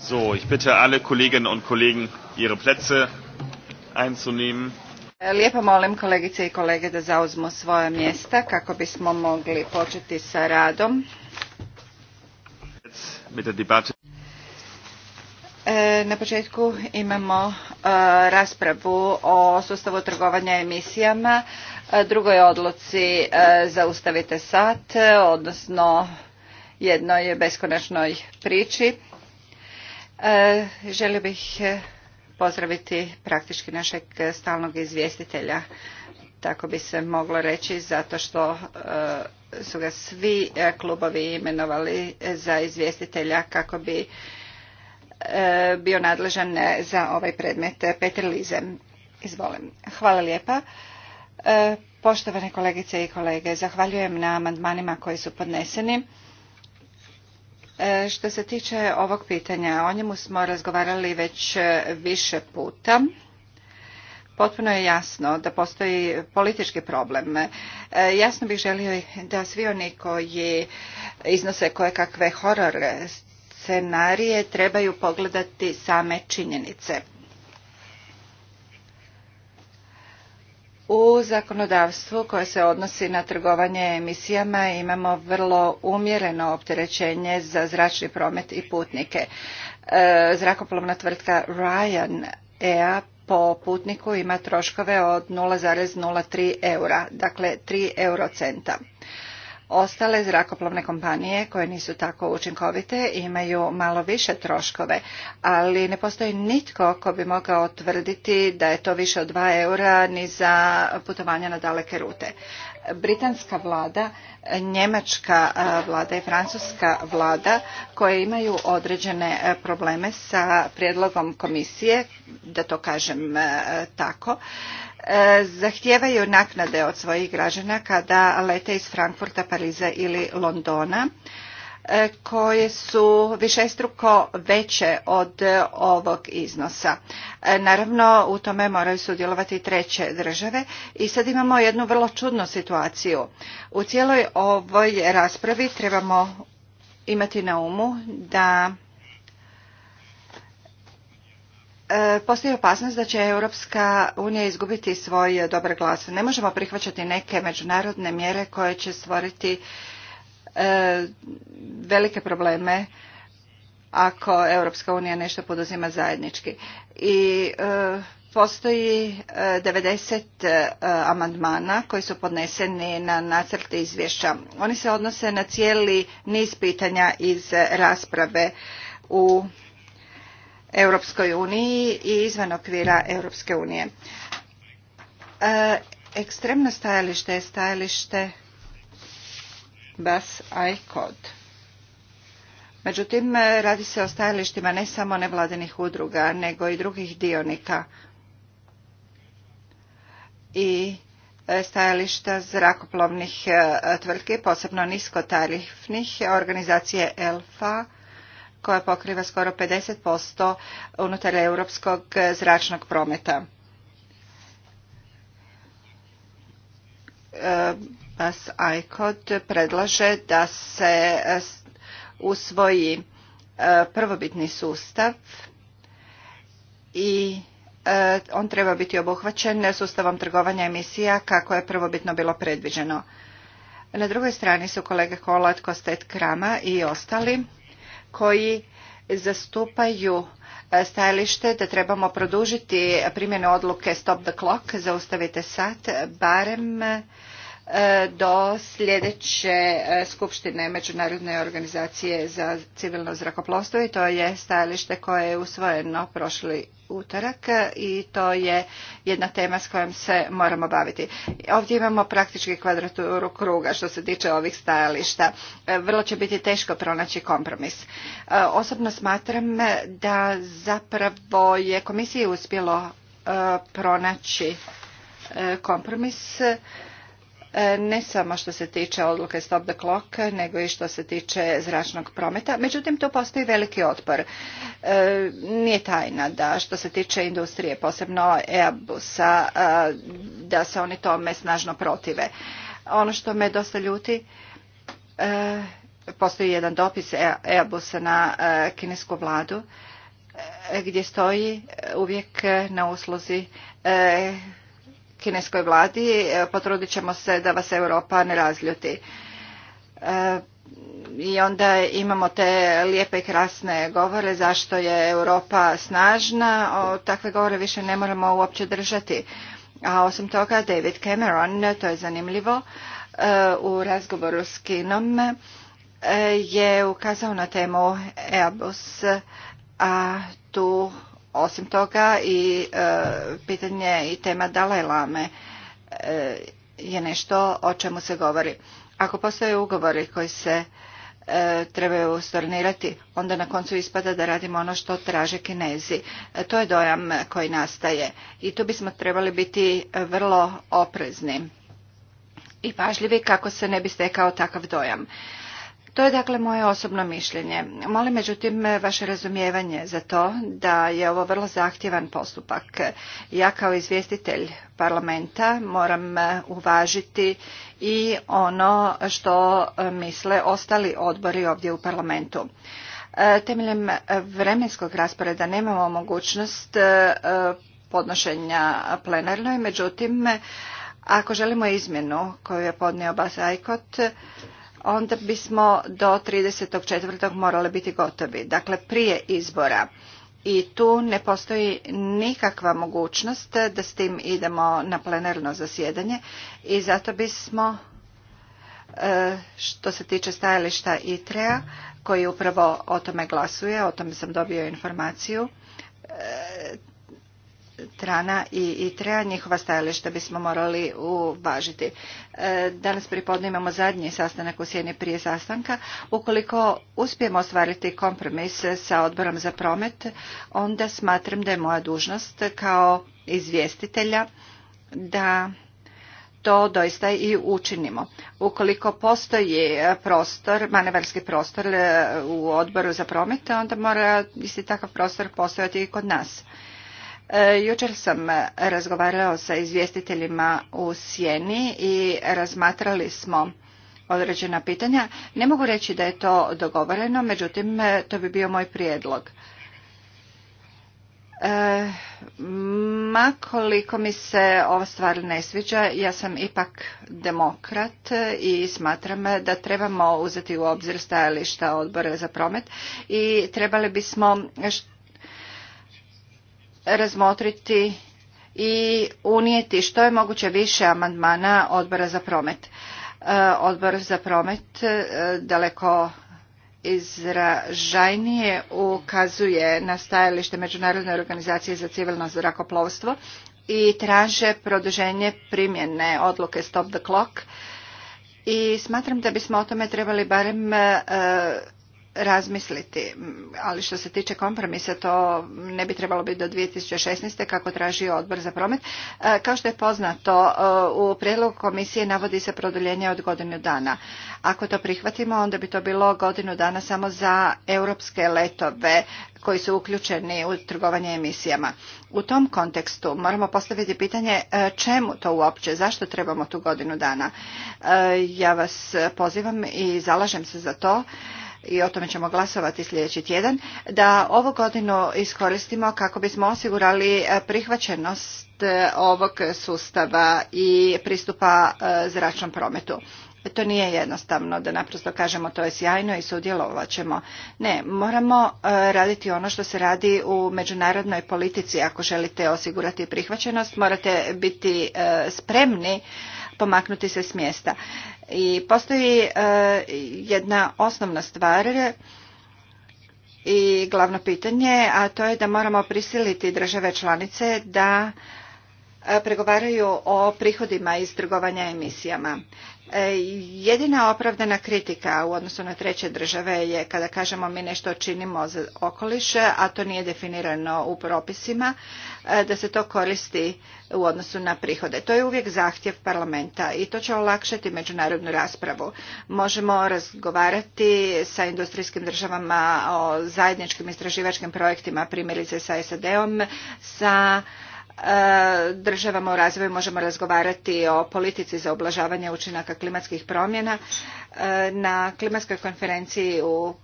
So, ich bitte alle Kolleginnen und Kollegen, ihre Plätze einzunehmen. E, lijepo molim kolegice i kolege da zauzmu svoje mjesta kako bismo mogli početi sa radom. E, na početku imamo e, raspravu o sustavu trgovanja emisijama, drugoj odluci zaustavite sat, odnosno jednoj beskonačnoj priči. E, želio bih e, pozdraviti praktički našeg stalnog izvjestitelja, tako bi se moglo reći, zato što e, su ga svi klubovi imenovali za izvjestitelja kako bi bio nadležan za ovaj predmet. Peter Lize, izvolim. Hvala lijepa. Poštovane kolegice i kolege, zahvaljujem na amandmanima koji su podneseni. E, što se tiče ovog pitanja, o njemu smo razgovarali već e, više puta. Potpuno je jasno da postoji politički problem. E, jasno bih želio da svi oni koji iznose kojekakve kakve horor scenarije trebaju pogledati same činjenice. U zakonodavstvu koje se odnosi na trgovanje emisijama imamo vrlo umjereno opterećenje za zračni promet i putnike. E, zrakoplovna tvrtka Ryan EA po putniku ima troškove od 0,03 eura, dakle 3 eurocenta. Ostale zrakoplovne kompanije koje nisu tako učinkovite imaju malo više troškove, ali ne postoji nitko ko bi mogao tvrditi da je to više od 2 eura ni za putovanja na daleke rute britanska vlada, njemačka vlada i francuska vlada koje imaju određene probleme sa prijedlogom komisije, da to kažem tako, zahtijevaju naknade od svojih građana kada lete iz Frankfurta, Pariza ili Londona E, koje su višestruko veće od e, ovog iznosa. E, naravno, u tome moraju sudjelovati treće države i sad imamo jednu vrlo čudnu situaciju. U cijeloj ovoj raspravi trebamo imati na umu da postoji opasnost da će Europska unija izgubiti svoj dobar glas. Ne možemo prihvaćati neke međunarodne mjere koje će stvoriti E, velike probleme ako Europska unija nešto poduzima zajednički. I e, postoji 90 e, amandmana koji su podneseni na nacrte izvješća. Oni se odnose na cijeli niz pitanja iz rasprave u Europskoj uniji i izvan okvira Europske unije. Ekstremno stajalište je stajalište Bas Međutim, radi se o stajalištima ne samo nevladinih udruga, nego i drugih dionika i e, stajališta zrakoplovnih e, tvrtki, posebno niskotarifnih, organizacije ELFA, koja pokriva skoro 50% unutar europskog e, zračnog prometa. Bas ICOD predlaže da se e, usvoji e, prvobitni sustav i e, on treba biti obuhvaćen sustavom trgovanja emisija kako je prvobitno bilo predviđeno. Na drugoj strani su kolege Kolat, Kostet Krama i ostali koji zastupaju stajalište da trebamo produžiti primjenu odluke stop the clock, zaustavite sat, barem E, do sljedeće e, skupštine Međunarodne organizacije za civilno zrakoplovstvo i to je stajalište koje je usvojeno prošli utorak i to je jedna tema s kojom se moramo baviti. Ovdje imamo praktički kvadraturu kruga što se tiče ovih stajališta. E, vrlo će biti teško pronaći kompromis. Osobno smatram da zapravo je komisiji uspjelo pronaći kompromis E, ne samo što se tiče odluke Stop the Clock, nego i što se tiče zračnog prometa. Međutim, tu postoji veliki otpor. E, nije tajna da što se tiče industrije, posebno Airbusa, e, da se oni tome snažno protive. Ono što me dosta ljuti, postoji jedan dopis Airbusa na kinesku vladu, gdje stoji uvijek na usluzi kineskoj vladi. E, potrudit ćemo se da vas Europa ne razljuti. E, I onda imamo te lijepe i krasne govore zašto je Europa snažna. O, takve govore više ne moramo uopće držati. A osim toga David Cameron, to je zanimljivo, e, u razgovoru s Kinom je ukazao na temu Airbus, a tu osim toga i e, pitanje i tema Dalaj Lame e, je nešto o čemu se govori. Ako postoje ugovori koji se e, trebaju stornirati, onda na koncu ispada da radimo ono što traže kinezi. To je dojam koji nastaje i tu bismo trebali biti vrlo oprezni i pažljivi kako se ne bi stekao takav dojam. To je dakle moje osobno mišljenje. Molim međutim vaše razumijevanje za to da je ovo vrlo zahtjevan postupak. Ja kao izvjestitelj parlamenta moram e, uvažiti i ono što e, misle ostali odbori ovdje u parlamentu. E, temeljem vremenskog rasporeda nemamo mogućnost podnošenja plenarnoj, međutim ako želimo izmjenu koju je podnio Bas Aikot, onda bismo do 34. morali biti gotovi, dakle prije izbora. I tu ne postoji nikakva mogućnost da s tim idemo na plenarno zasjedanje i zato bismo e, što se tiče stajališta ITREA koji upravo o tome glasuje, o tome sam dobio informaciju, e, Trana i treba njihova stajališta bismo morali uvažiti. E, danas pripodne imamo zadnji sastanak u sjeni prije sastanka. Ukoliko uspijemo ostvariti kompromis sa odborom za promet, onda smatram da je moja dužnost kao izvjestitelja da to doista i učinimo. Ukoliko postoji prostor, manevarski prostor e, u odboru za promet, onda mora isti takav prostor postojati i kod nas. E, jučer sam razgovarao sa izvjestiteljima u Sjeni i razmatrali smo određena pitanja. Ne mogu reći da je to dogovoreno, međutim e, to bi bio moj prijedlog. E, Makoliko mi se ova stvar ne sviđa, ja sam ipak demokrat i smatram da trebamo uzeti u obzir stajališta odbora za promet i trebali bismo razmotriti i unijeti što je moguće više amandmana odbora za promet. E, Odbor za promet e, daleko izražajnije ukazuje na stajalište Međunarodne organizacije za civilno zrakoplovstvo i traže produženje primjene odluke Stop the Clock i smatram da bismo o tome trebali barem e, razmisliti. Ali što se tiče kompromisa, to ne bi trebalo biti do 2016. kako traži odbor za promet. E, kao što je poznato, e, u prijedlogu komisije navodi se produljenje od godinu dana. Ako to prihvatimo, onda bi to bilo godinu dana samo za europske letove koji su uključeni u trgovanje emisijama. U tom kontekstu moramo postaviti pitanje e, čemu to uopće, zašto trebamo tu godinu dana. Ja vas pozivam i zalažem se za to i o tome ćemo glasovati sljedeći tjedan, da ovu godinu iskoristimo kako bismo osigurali e, prihvaćenost e, ovog sustava i pristupa e, zračnom prometu. To nije jednostavno da naprosto kažemo to je sjajno i sudjelovat ćemo. Ne, moramo raditi ono što se radi u međunarodnoj politici. Ako želite osigurati prihvaćenost, morate biti spremni pomaknuti se s mjesta. I postoji e, jedna osnovna stvar i glavno pitanje, a to je da moramo prisiliti države članice da e, pregovaraju o prihodima iz trgovanja emisijama. E, jedina opravdana kritika u odnosu na treće države je kada kažemo mi nešto činimo za okoliš, a to nije definirano u propisima, e, da se to koristi u odnosu na prihode. To je uvijek zahtjev parlamenta i to će olakšati međunarodnu raspravu. Možemo razgovarati sa industrijskim državama o zajedničkim istraživačkim projektima, primjerice sa SAD-om, sa E, državama u razvoju možemo razgovarati o politici za ublažavanje učinaka klimatskih promjena. E, na klimatskoj konferenciji u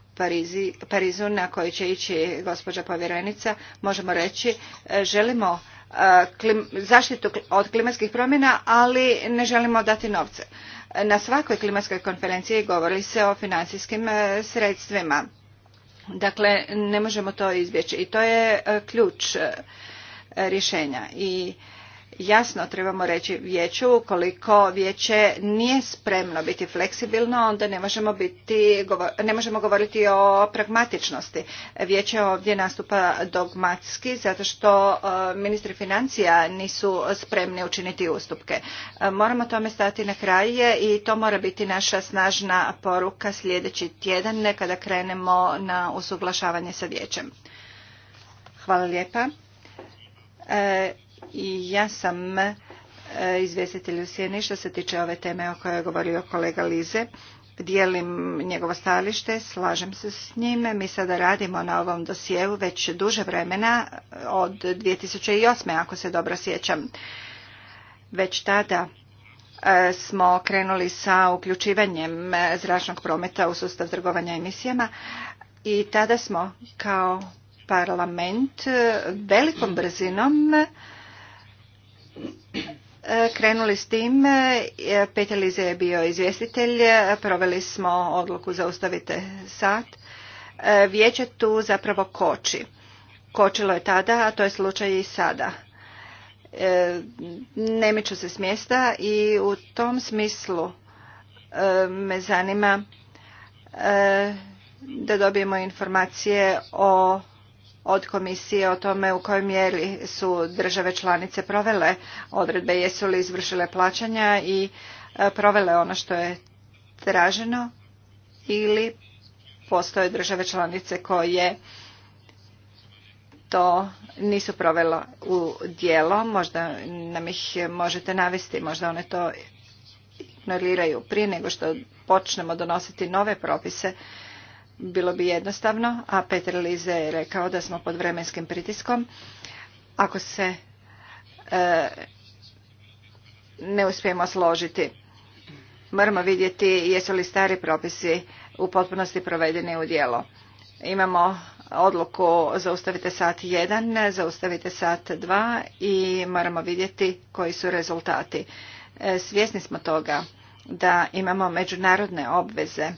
Parizu na kojoj će ići gospođa povjerenica možemo reći e, želimo zaštitu od klimatskih promjena, ali ne želimo dati novce. Na svakoj klimatskoj konferenciji govori se o financijskim sredstvima. Dakle, ne možemo to izbjeći i to je ključ rješenja. I jasno trebamo reći vijeću koliko vijeće nije spremno biti fleksibilno onda ne možemo, biti, ne možemo govoriti o pragmatičnosti vijeće ovdje nastupa dogmatski zato što e, ministri financija nisu spremni učiniti ustupke e, moramo tome stati na kraj i to mora biti naša snažna poruka sljedeći tjedan kada krenemo na usuglašavanje sa vijećem hvala lijepa E, I Ja sam e, izvjestitelj u Sjeni što se tiče ove teme o kojoj je govorio kolega Lize. Dijelim njegovo stajalište, slažem se s njime. Mi sada radimo na ovom dosjeu već duže vremena, e, od 2008. ako se dobro sjećam. Već tada smo krenuli sa uključivanjem zračnog prometa u sustav trgovanja emisijama i tada smo kao parlament e, velikom brzinom e, krenuli s tim. E, Petalize Lize je bio izvjestitelj, proveli smo odluku zaustavite sat. Vijeće tu zapravo koči. Kočilo je tada, a to je slučaj i sada. Ne miču se s mjesta i u tom smislu me zanima da dobijemo informacije o od komisije o tome u kojoj mjeri su države članice provele odredbe, jesu li izvršile plaćanja i e, provele ono što je traženo ili postoje države članice koje to nisu provele u dijelo, možda nam ih možete navesti, možda one to ignoriraju prije nego što počnemo donositi nove propise bilo bi jednostavno, a Peter Lize je rekao da smo pod vremenskim pritiskom. Ako se e, ne uspijemo složiti, moramo vidjeti jesu li stari propisi u potpunosti provedeni u djelo. Imamo odluku zaustavite sat 1, zaustavite sat 2 i moramo vidjeti koji su rezultati. E, svjesni smo toga da imamo međunarodne obveze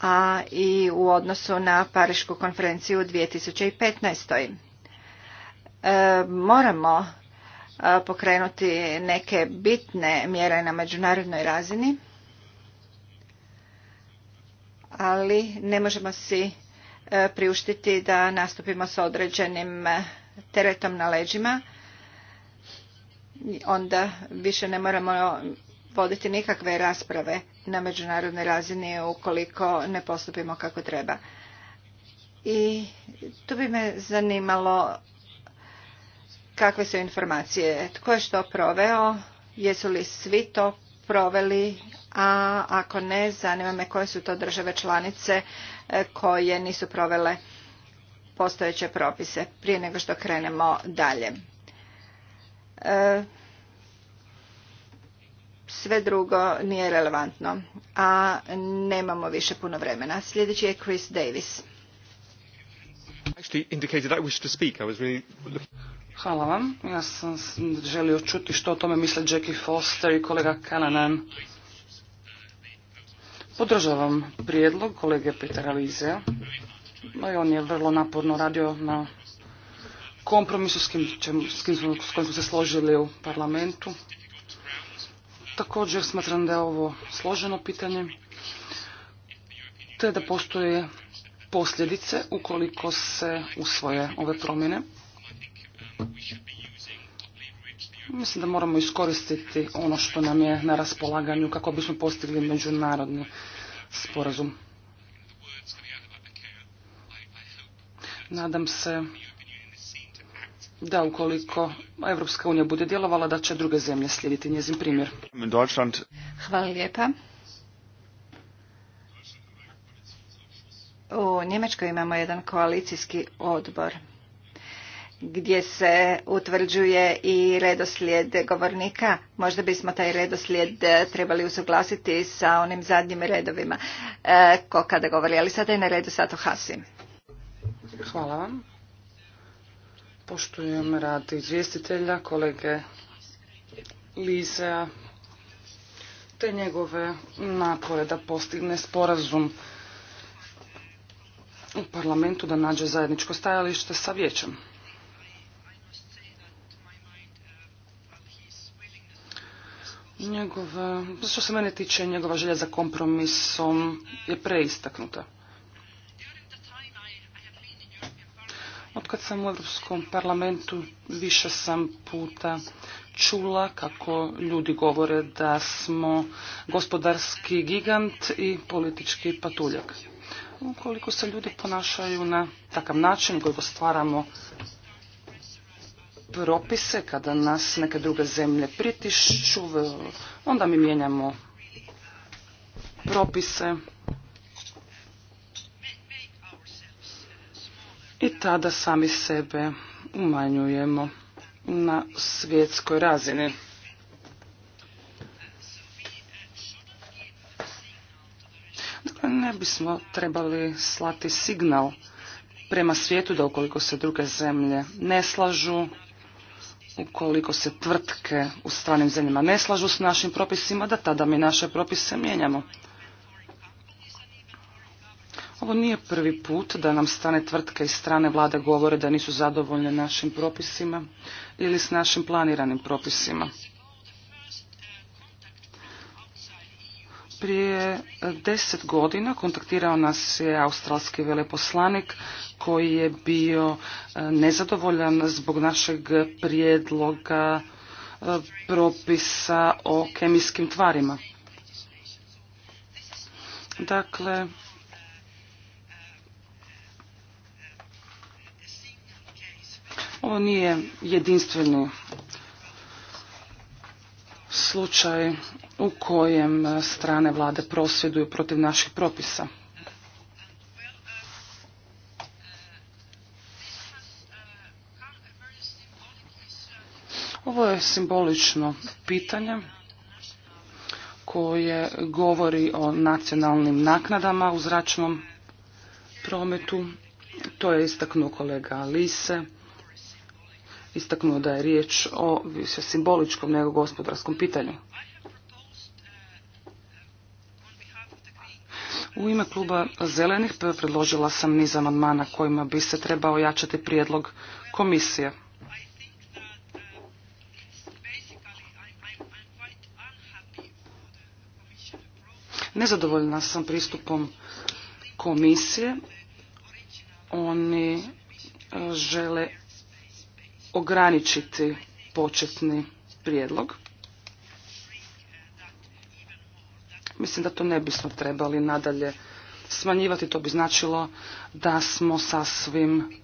a i u odnosu na Parišku konferenciju u 2015. E, moramo e, pokrenuti neke bitne mjere na međunarodnoj razini, ali ne možemo si e, priuštiti da nastupimo sa određenim teretom na leđima onda više ne moramo voditi nikakve rasprave na međunarodnoj razini ukoliko ne postupimo kako treba. I tu bi me zanimalo kakve su informacije, tko je što proveo, jesu li svi to proveli, a ako ne, zanima me koje su to države članice e, koje nisu provele postojeće propise prije nego što krenemo dalje. E, sve drugo nije relevantno, a nemamo više puno vremena. Sljedeći je Chris Davis. Hvala vam. Ja sam želio čuti što o tome misle Jackie Foster i kolega Kananan. Podržavam prijedlog kolege Petera Lizea. No on je vrlo naporno radio na kompromisu s, kim, s kojim smo se složili u parlamentu. Također smatram da je ovo složeno pitanje, te da postoje posljedice ukoliko se usvoje ove promjene. Mislim da moramo iskoristiti ono što nam je na raspolaganju kako bismo postigli međunarodni sporazum. Nadam se da ukoliko Evropska unija bude djelovala, da će druge zemlje slijediti njezin primjer. Hvala lijepa. U Njemačkoj imamo jedan koalicijski odbor gdje se utvrđuje i redoslijed govornika. Možda bismo taj redoslijed e, trebali usuglasiti sa onim zadnjim redovima e, ko kada govori, ali sada je na redu Sato Hasim. Hvala vam. Poštujem rad izvjestitelja, kolege Lisea te njegove napore da postigne sporazum u parlamentu da nađe zajedničko stajalište sa vijećem. Njegova, što se mene tiče, njegova želja za kompromisom je preistaknuta. Otkad sam u Europskom parlamentu više sam puta čula kako ljudi govore da smo gospodarski gigant i politički patuljak. Ukoliko se ljudi ponašaju na takav način, koliko stvaramo propise, kada nas neke druge zemlje pritišću, onda mi mijenjamo propise, i tada sami sebe umanjujemo na svjetskoj razini. Dakle, ne bismo trebali slati signal prema svijetu da ukoliko se druge zemlje ne slažu, ukoliko se tvrtke u stranim zemljama ne slažu s našim propisima, da tada mi naše propise mijenjamo. Ovo nije prvi put da nam stane tvrtke i strane vlade govore da nisu zadovoljne našim propisima ili s našim planiranim propisima. Prije deset godina kontaktirao nas je australski veleposlanik koji je bio e, nezadovoljan zbog našeg prijedloga e, propisa o kemijskim tvarima. Dakle, Ovo nije jedinstveni slučaj u kojem e, strane vlade prosvjeduju protiv naših propisa. Ovo je simbolično pitanje koje govori o nacionalnim naknadama u zračnom prometu. To je istaknuo kolega Lise istaknuo da je riječ o više simboličkom nego gospodarskom pitanju. U ime kluba Zelenih predložila sam niz amandmana kojima bi se trebao jačati prijedlog komisije. Nezadovoljna sam pristupom komisije. Oni e, žele ograničiti početni prijedlog. Mislim da to ne bismo trebali nadalje smanjivati, to bi značilo da smo sasvim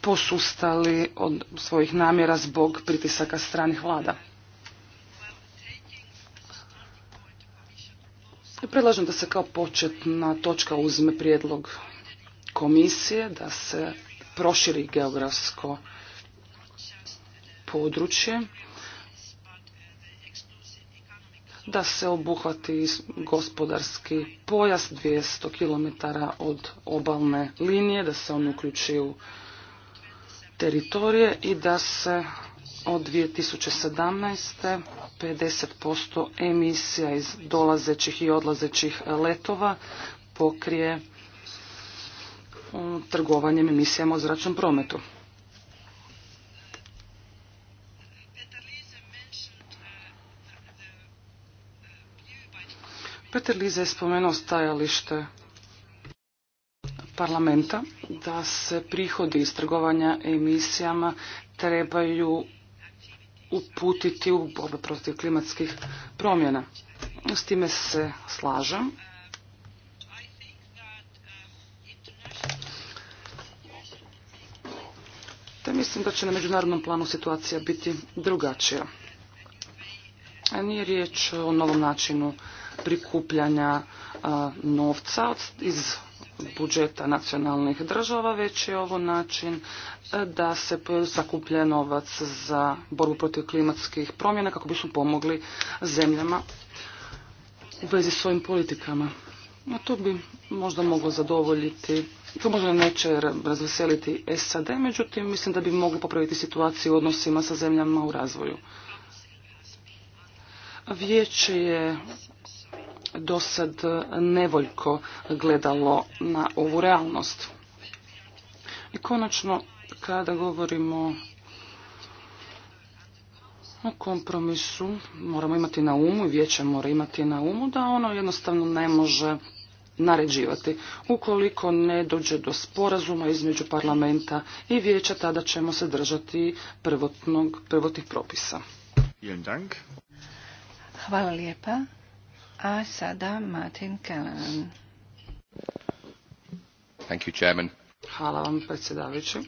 posustali od svojih namjera zbog pritisaka stranih vlada. Predlažem da se kao početna točka uzme prijedlog komisije, da se proširi geografsko područje da se obuhvati gospodarski pojas 200 km od obalne linije, da se on uključi u teritorije i da se od 2017. 50% emisija iz dolazećih i odlazećih letova pokrije mm, trgovanjem emisijama u zračnom prometu. Peter Lize je spomenuo stajalište parlamenta da se prihodi iz trgovanja emisijama trebaju uputiti u borbe protiv klimatskih promjena. S time se slažem. Te mislim da će na međunarodnom planu situacija biti drugačija. nije riječ o novom načinu prikupljanja novca iz budžeta nacionalnih država, već je ovo način e, da se sakuplja novac za borbu protiv klimatskih promjena kako bi su pomogli zemljama u vezi s ovim politikama. A to bi možda moglo zadovoljiti, to možda neće razveseliti SAD, međutim mislim da bi moglo popraviti situaciju u odnosima sa zemljama u razvoju. Vijeće je dosad nevoljko gledalo na ovu realnost. I konačno, kada govorimo o kompromisu, moramo imati na umu i vijeće mora imati na umu da ono jednostavno ne može naređivati. Ukoliko ne dođe do sporazuma između parlamenta i vijeća, tada ćemo se držati prvotnog, prvotnih propisa. Hvala lijepa. A sada Martin Thank you, Chairman. Hvala vam, predsjedavajući.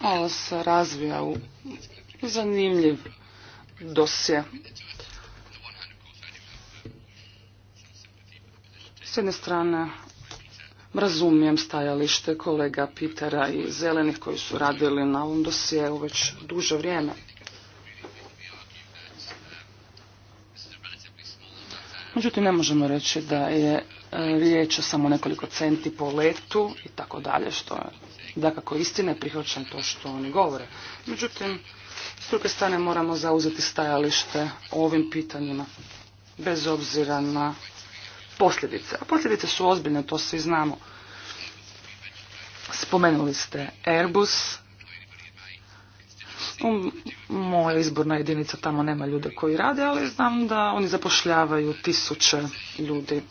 Ovo se razvija u zanimljiv dosje. S jedne strane, razumijem stajalište kolega Pitera i Zelenih koji su radili na ovom dosjeu već duže vrijeme. Međutim, ne možemo reći da je e, riječ o samo nekoliko centi po letu i tako dalje, što je dakako istina, prihvaćam to što oni govore. Međutim, s druge strane moramo zauzeti stajalište o ovim pitanjima, bez obzira na posljedice. A posljedice su ozbiljne, to svi znamo. Spomenuli ste Airbus, moja izborna jedinica tamo nema ljude koji rade, ali znam da oni zapošljavaju tisuće ljudi.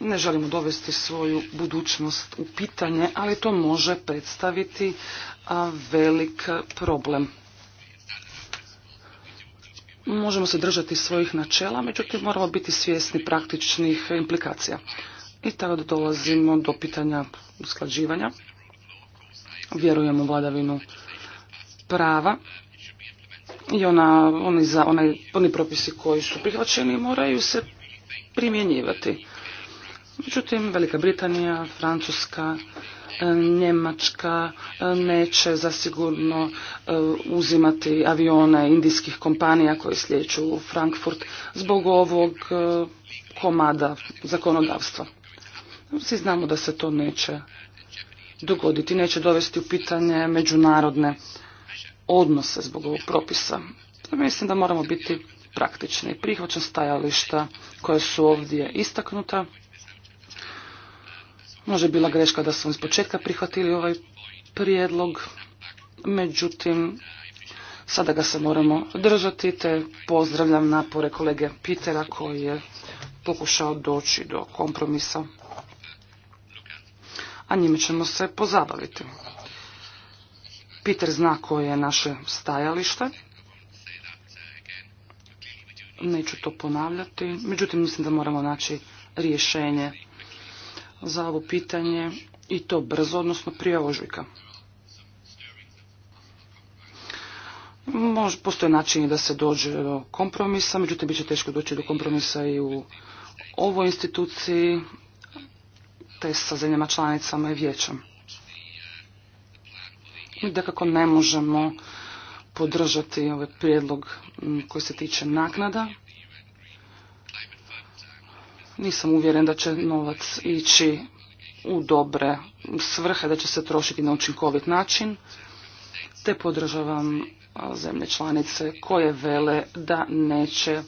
Ne želimo dovesti svoju budućnost u pitanje, ali to može predstaviti velik problem. Možemo se držati svojih načela, međutim moramo biti svjesni praktičnih implikacija. I tako dolazimo do pitanja usklađivanja. Vjerujemo u vladavinu prava i ona, oni, za, oni propisi koji su prihvaćeni moraju se primjenjivati. Međutim, Velika Britanija, Francuska, e, Njemačka e, neće zasigurno e, uzimati avione indijskih kompanija koji slijeću u Frankfurt zbog ovog komada zakonodavstva. Svi znamo da se to neće dogoditi. Neće dovesti u pitanje međunarodne odnose zbog ovog propisa. Mislim da moramo biti praktični. Prihvaćam stajališta koja su ovdje istaknuta. Može bila greška da smo iz početka prihvatili ovaj prijedlog, međutim, sada ga se moramo držati, te pozdravljam napore kolege Pitera koji je pokušao doći do kompromisa a njime ćemo se pozabaviti. Peter zna koje je naše stajalište. Neću to ponavljati, međutim mislim da moramo naći rješenje za ovo pitanje i to brzo, odnosno prije ožujka. postoje načini da se dođe do kompromisa, međutim bit će teško doći do kompromisa i u ovoj instituciji, sa zemljama članicama i vijećom. Mi dakako ne možemo podržati ovaj prijedlog koji se tiče naknada. Nisam uvjeren da će novac ići u dobre svrhe, da će se trošiti na učinkovit način, te podržavam zemlje članice koje vele da neće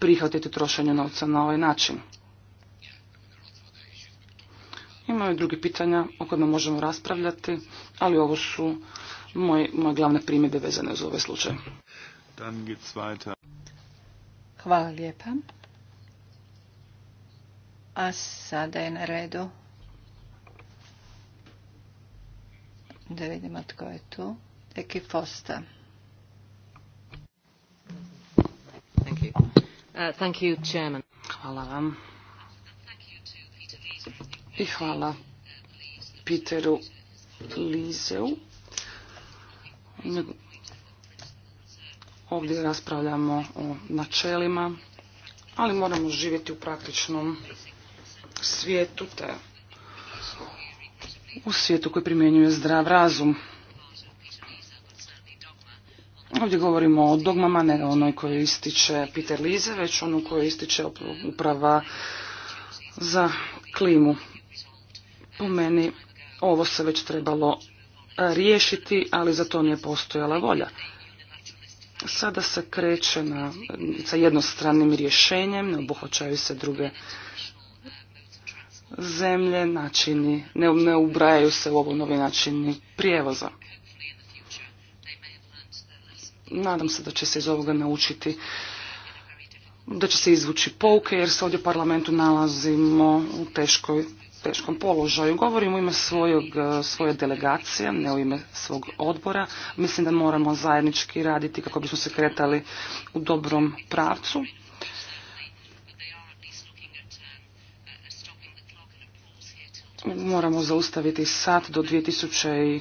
prihvatiti trošenje novca na ovaj način. Ima i drugi pitanja o kojima možemo raspravljati, ali ovo su moje, glavne primjede vezane uz ovaj slučaj. Hvala lijepa. A sada je na redu da vidimo tko je tu. Eki Fosta. Thank uh, Hvala vam. I hvala Peteru Lizeu. Ovdje raspravljamo o načelima, ali moramo živjeti u praktičnom svijetu, te u svijetu koji primjenjuje zdrav razum. Ovdje govorimo o dogmama, ne onoj koju ističe Peter Lize, već onu koju ističe uprava za klimu. Po meni ovo se već trebalo e, riješiti, ali za to nije postojala volja. Sada se kreće na, sa jednostranim rješenjem, ne obuhvaćaju se druge zemlje, načini, ne, ne ubrajaju se u ovo novi načini prijevoza. Nadam se da će se iz ovoga naučiti, da će se izvući pouke jer se ovdje u parlamentu nalazimo u teškoj teškom položaju. Govorim u ime e, svoje delegacije, ne u ime svog odbora. Mislim da moramo zajednički raditi kako bismo se kretali u dobrom pravcu. Moramo zaustaviti sat do 2016.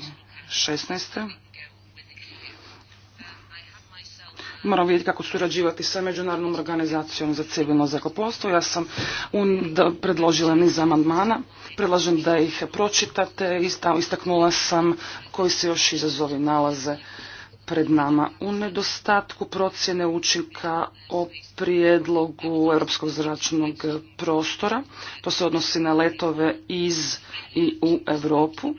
moramo vidjeti kako surađivati sa Međunarodnom organizacijom za civilno zakoplostvo. Ja sam predložila niz amandmana, predlažem da ih pročitate, istaknula sam koji se još izazovi nalaze pred nama u nedostatku procjene učinka o prijedlogu europskog zračnog prostora. To se odnosi na letove iz i u Europu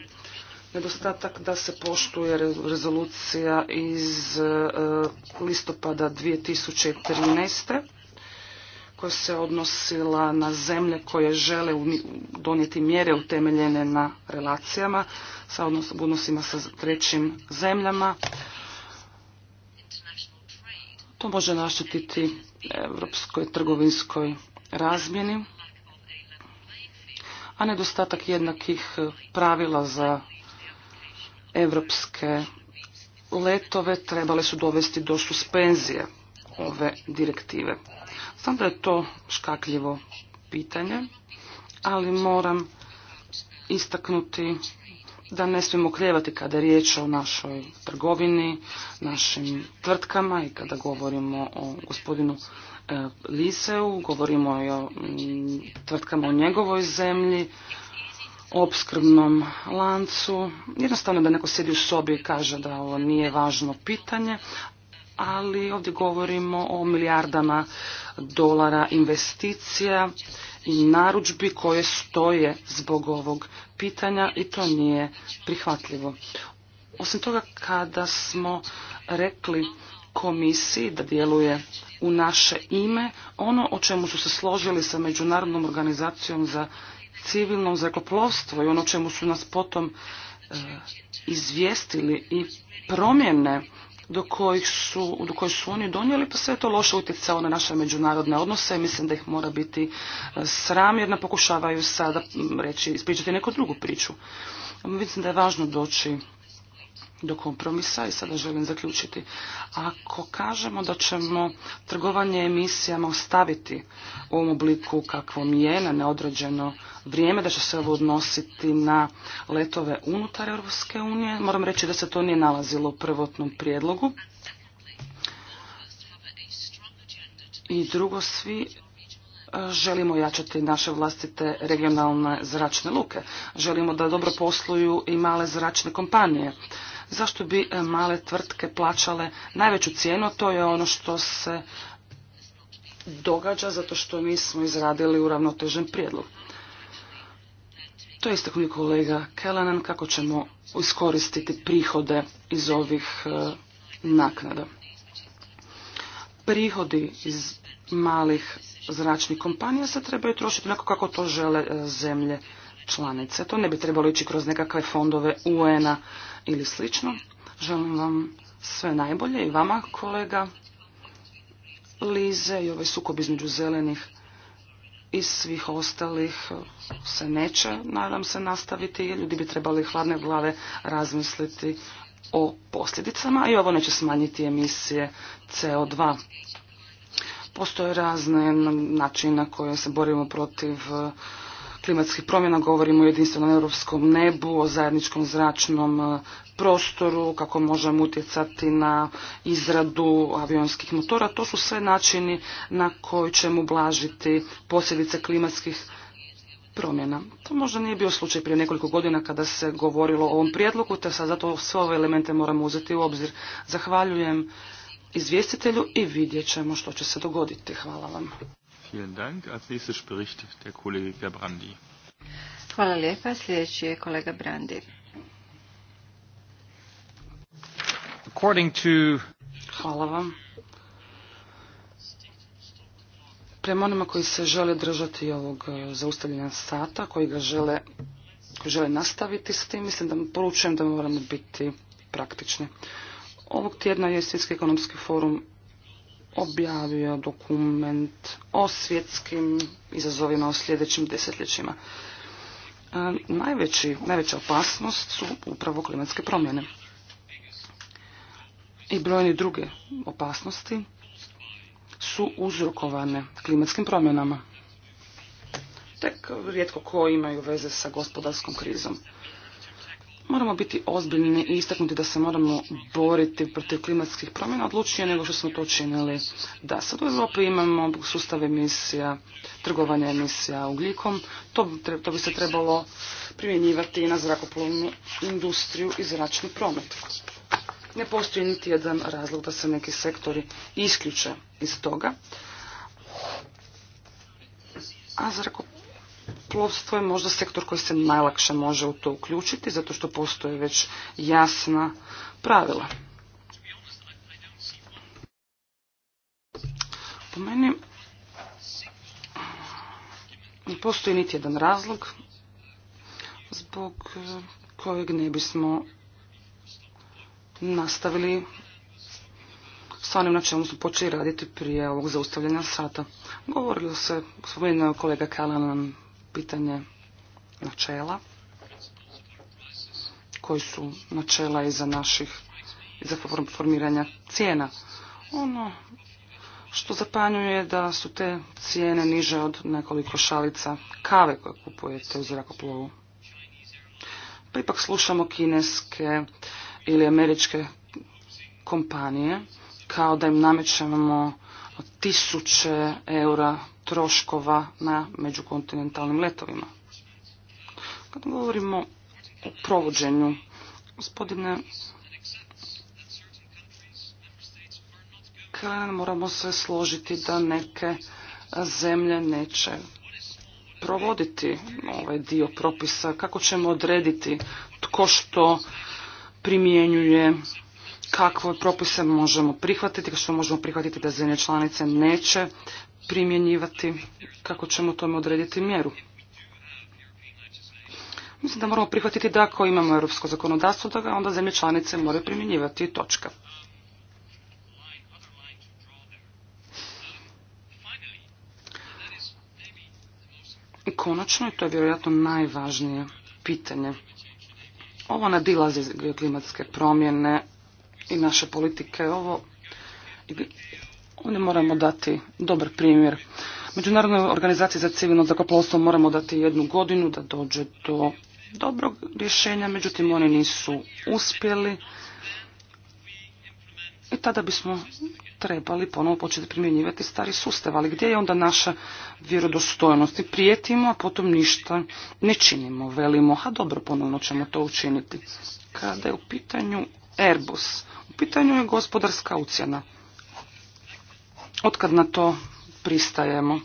nedostatak da se poštuje rezolucija iz e, listopada 2013 koja se odnosila na zemlje koje žele donijeti mjere utemeljene na relacijama sa odnosima sa trećim zemljama. To može naštititi evropskoj trgovinskoj razmjeni, a nedostatak jednakih pravila za Evropske letove trebale su dovesti do suspenzije ove direktive. Znam da je to škakljivo pitanje, ali moram istaknuti da ne smijemo krijevati kada je riječ o našoj trgovini, našim tvrtkama i kada govorimo o gospodinu e, Liseu, govorimo i o tvrtkama u njegovoj zemlji, opskrbnom lancu. Jednostavno da neko sjedi u sobi i kaže da ovo nije važno pitanje, ali ovdje govorimo o milijardama dolara investicija i narudžbi koje stoje zbog ovog pitanja i to nije prihvatljivo. Osim toga kada smo rekli komisiji da djeluje u naše ime, ono o čemu su se složili sa Međunarodnom organizacijom za civilnom zrakoplovstvu i ono čemu su nas potom e, izvijestili i promjene do kojih su, do kojih su oni donijeli, pa sve je to loše utjecalo na naše međunarodne odnose i mislim da ih mora biti e, sram jer nam pokušavaju sada reći, ispričati neku drugu priču. Mislim da je važno doći do kompromisa i sada želim zaključiti. Ako kažemo da ćemo trgovanje emisijama ostaviti u ovom obliku kakvom je na neodređeno vrijeme, da će se ovo odnositi na letove unutar Europske unije, moram reći da se to nije nalazilo u prvotnom prijedlogu. I drugo, svi e, želimo jačati naše vlastite regionalne zračne luke. Želimo da dobro posluju i male zračne kompanije zašto bi e, male tvrtke plaćale najveću cijenu, to je ono što se događa zato što mi smo izradili uravnotežen prijedlog. To je istaknuo kolega Kelanan kako ćemo iskoristiti prihode iz ovih e, naknada. Prihodi iz malih zračnih kompanija se trebaju trošiti onako kako to žele e, zemlje članice. To ne bi trebalo ići kroz nekakve fondove UN-a ili slično. Želim vam sve najbolje i vama kolega Lize i ovaj sukob između zelenih i svih ostalih se neće, nadam se, nastaviti. Ljudi bi trebali hladne glave razmisliti o posljedicama i ovo neće smanjiti emisije CO2. Postoje razne načine na koje se borimo protiv klimatskih promjena, govorimo o jedinstvenom europskom nebu, o zajedničkom zračnom e, prostoru, kako možemo utjecati na izradu avionskih motora. To su sve načini na koji ćemo ublažiti posljedice klimatskih promjena. To možda nije bio slučaj prije nekoliko godina kada se govorilo o ovom prijedlogu, te sad zato sve ove elemente moramo uzeti u obzir. Zahvaljujem izvjestitelju i vidjet ćemo što će se dogoditi. Hvala vam. Dank. Als der Kollege Hvala lijepa. Sljedeći je kolega Brandi. Hvala vam. Prema onima koji se žele držati ovog e, zaustavljena sata, koji ga žele, žele nastaviti s tim, mislim da poručujem da moramo biti praktični. Ovog tjedna je Svjetski ekonomski forum objavio dokument o svjetskim izazovima u sljedećim desetljećima. E, najveći, najveća opasnost su upravo klimatske promjene i brojne druge opasnosti su uzrokovane klimatskim promjenama. Tek rijetko ko imaju veze sa gospodarskom krizom moramo biti ozbiljni i istaknuti da se moramo boriti protiv klimatskih promjena odlučnije nego što smo to činili da sad u Europi imamo sustav emisija, trgovanja emisija ugljikom, to, bi se trebalo primjenjivati i na zrakoplovnu industriju i zračni promet. Ne postoji niti jedan razlog da se neki sektori isključe iz toga, a Plovstvo je možda sektor koji se najlakše može u to uključiti, zato što postoje već jasna pravila. Po meni ne postoji niti jedan razlog zbog eh, kojeg ne bismo nastavili sa onim na čemu smo počeli raditi prije ovog zaustavljanja sata. Govorilo se, spomenuo kolega Kalanan, pitanje načela koji su načela iza naših za formiranja cijena. Ono što zapanjuje da su te cijene niže od nekoliko šalica kave koje kupujete u zrakoplovu. Pa ipak slušamo kineske ili američke kompanije kao da im namećemo tisuće eura troškova na međukontinentalnim letovima. Kad govorimo o provođenju, gospodine moramo se složiti da neke zemlje neće provoditi ovaj dio propisa, kako ćemo odrediti tko što primjenjuje, kakve propise možemo prihvatiti, što možemo prihvatiti da zemlje članice neće primjenjivati, kako ćemo tome odrediti mjeru. Mislim da moramo prihvatiti da ako imamo europsko zakonodavstvo, da ga onda zemlje članice moraju primjenjivati točka. I konačno, i to je vjerojatno najvažnije pitanje, ovo nadilazi klimatske promjene i naše politike, ovo Onda moramo dati dobar primjer. Međunarodnoj organizaciji za civilno zakoplovstvo moramo dati jednu godinu da dođe do dobrog rješenja, međutim oni nisu uspjeli. I tada bismo trebali ponovo početi primjenjivati stari sustav, ali gdje je onda naša vjerodostojnost? I prijetimo, a potom ništa ne činimo, velimo, a dobro, ponovno ćemo to učiniti. Kada je u pitanju Airbus, u pitanju je gospodarska ucjena otkad na to pristajemo.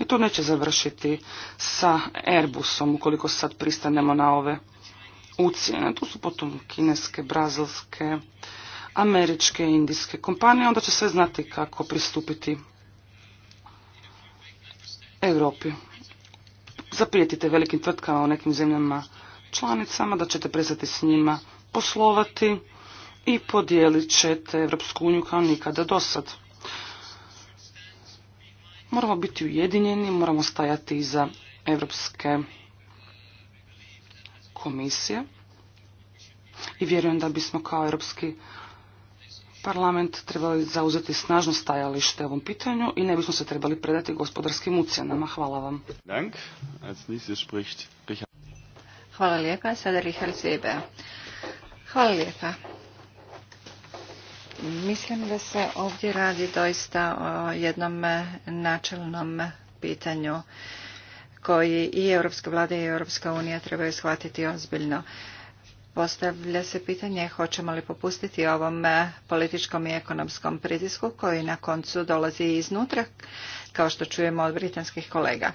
I to neće završiti sa Airbusom ukoliko sad pristanemo na ove ucijene. Tu su potom kineske, brazilske, američke, indijske kompanije. Onda će sve znati kako pristupiti Europi. Zaprijetite velikim tvrtkama u nekim zemljama članicama da ćete prestati s njima poslovati i podijelit ćete Europsku uniju kao nikada do sad. Moramo biti ujedinjeni, moramo stajati iza Europske komisije i vjerujem da bismo kao Europski parlament trebali zauzeti snažno stajalište ovom pitanju i ne bismo se trebali predati gospodarskim ucjenama. Hvala vam. Hvala lijepa. Hvala lijepa. Mislim da se ovdje radi doista o jednom e, načelnom pitanju koji i Europska vlada i Europska unija trebaju shvatiti ozbiljno. Postavlja se pitanje hoćemo li popustiti ovom e, političkom i ekonomskom pritisku koji na koncu dolazi iznutra, kao što čujemo od britanskih kolega.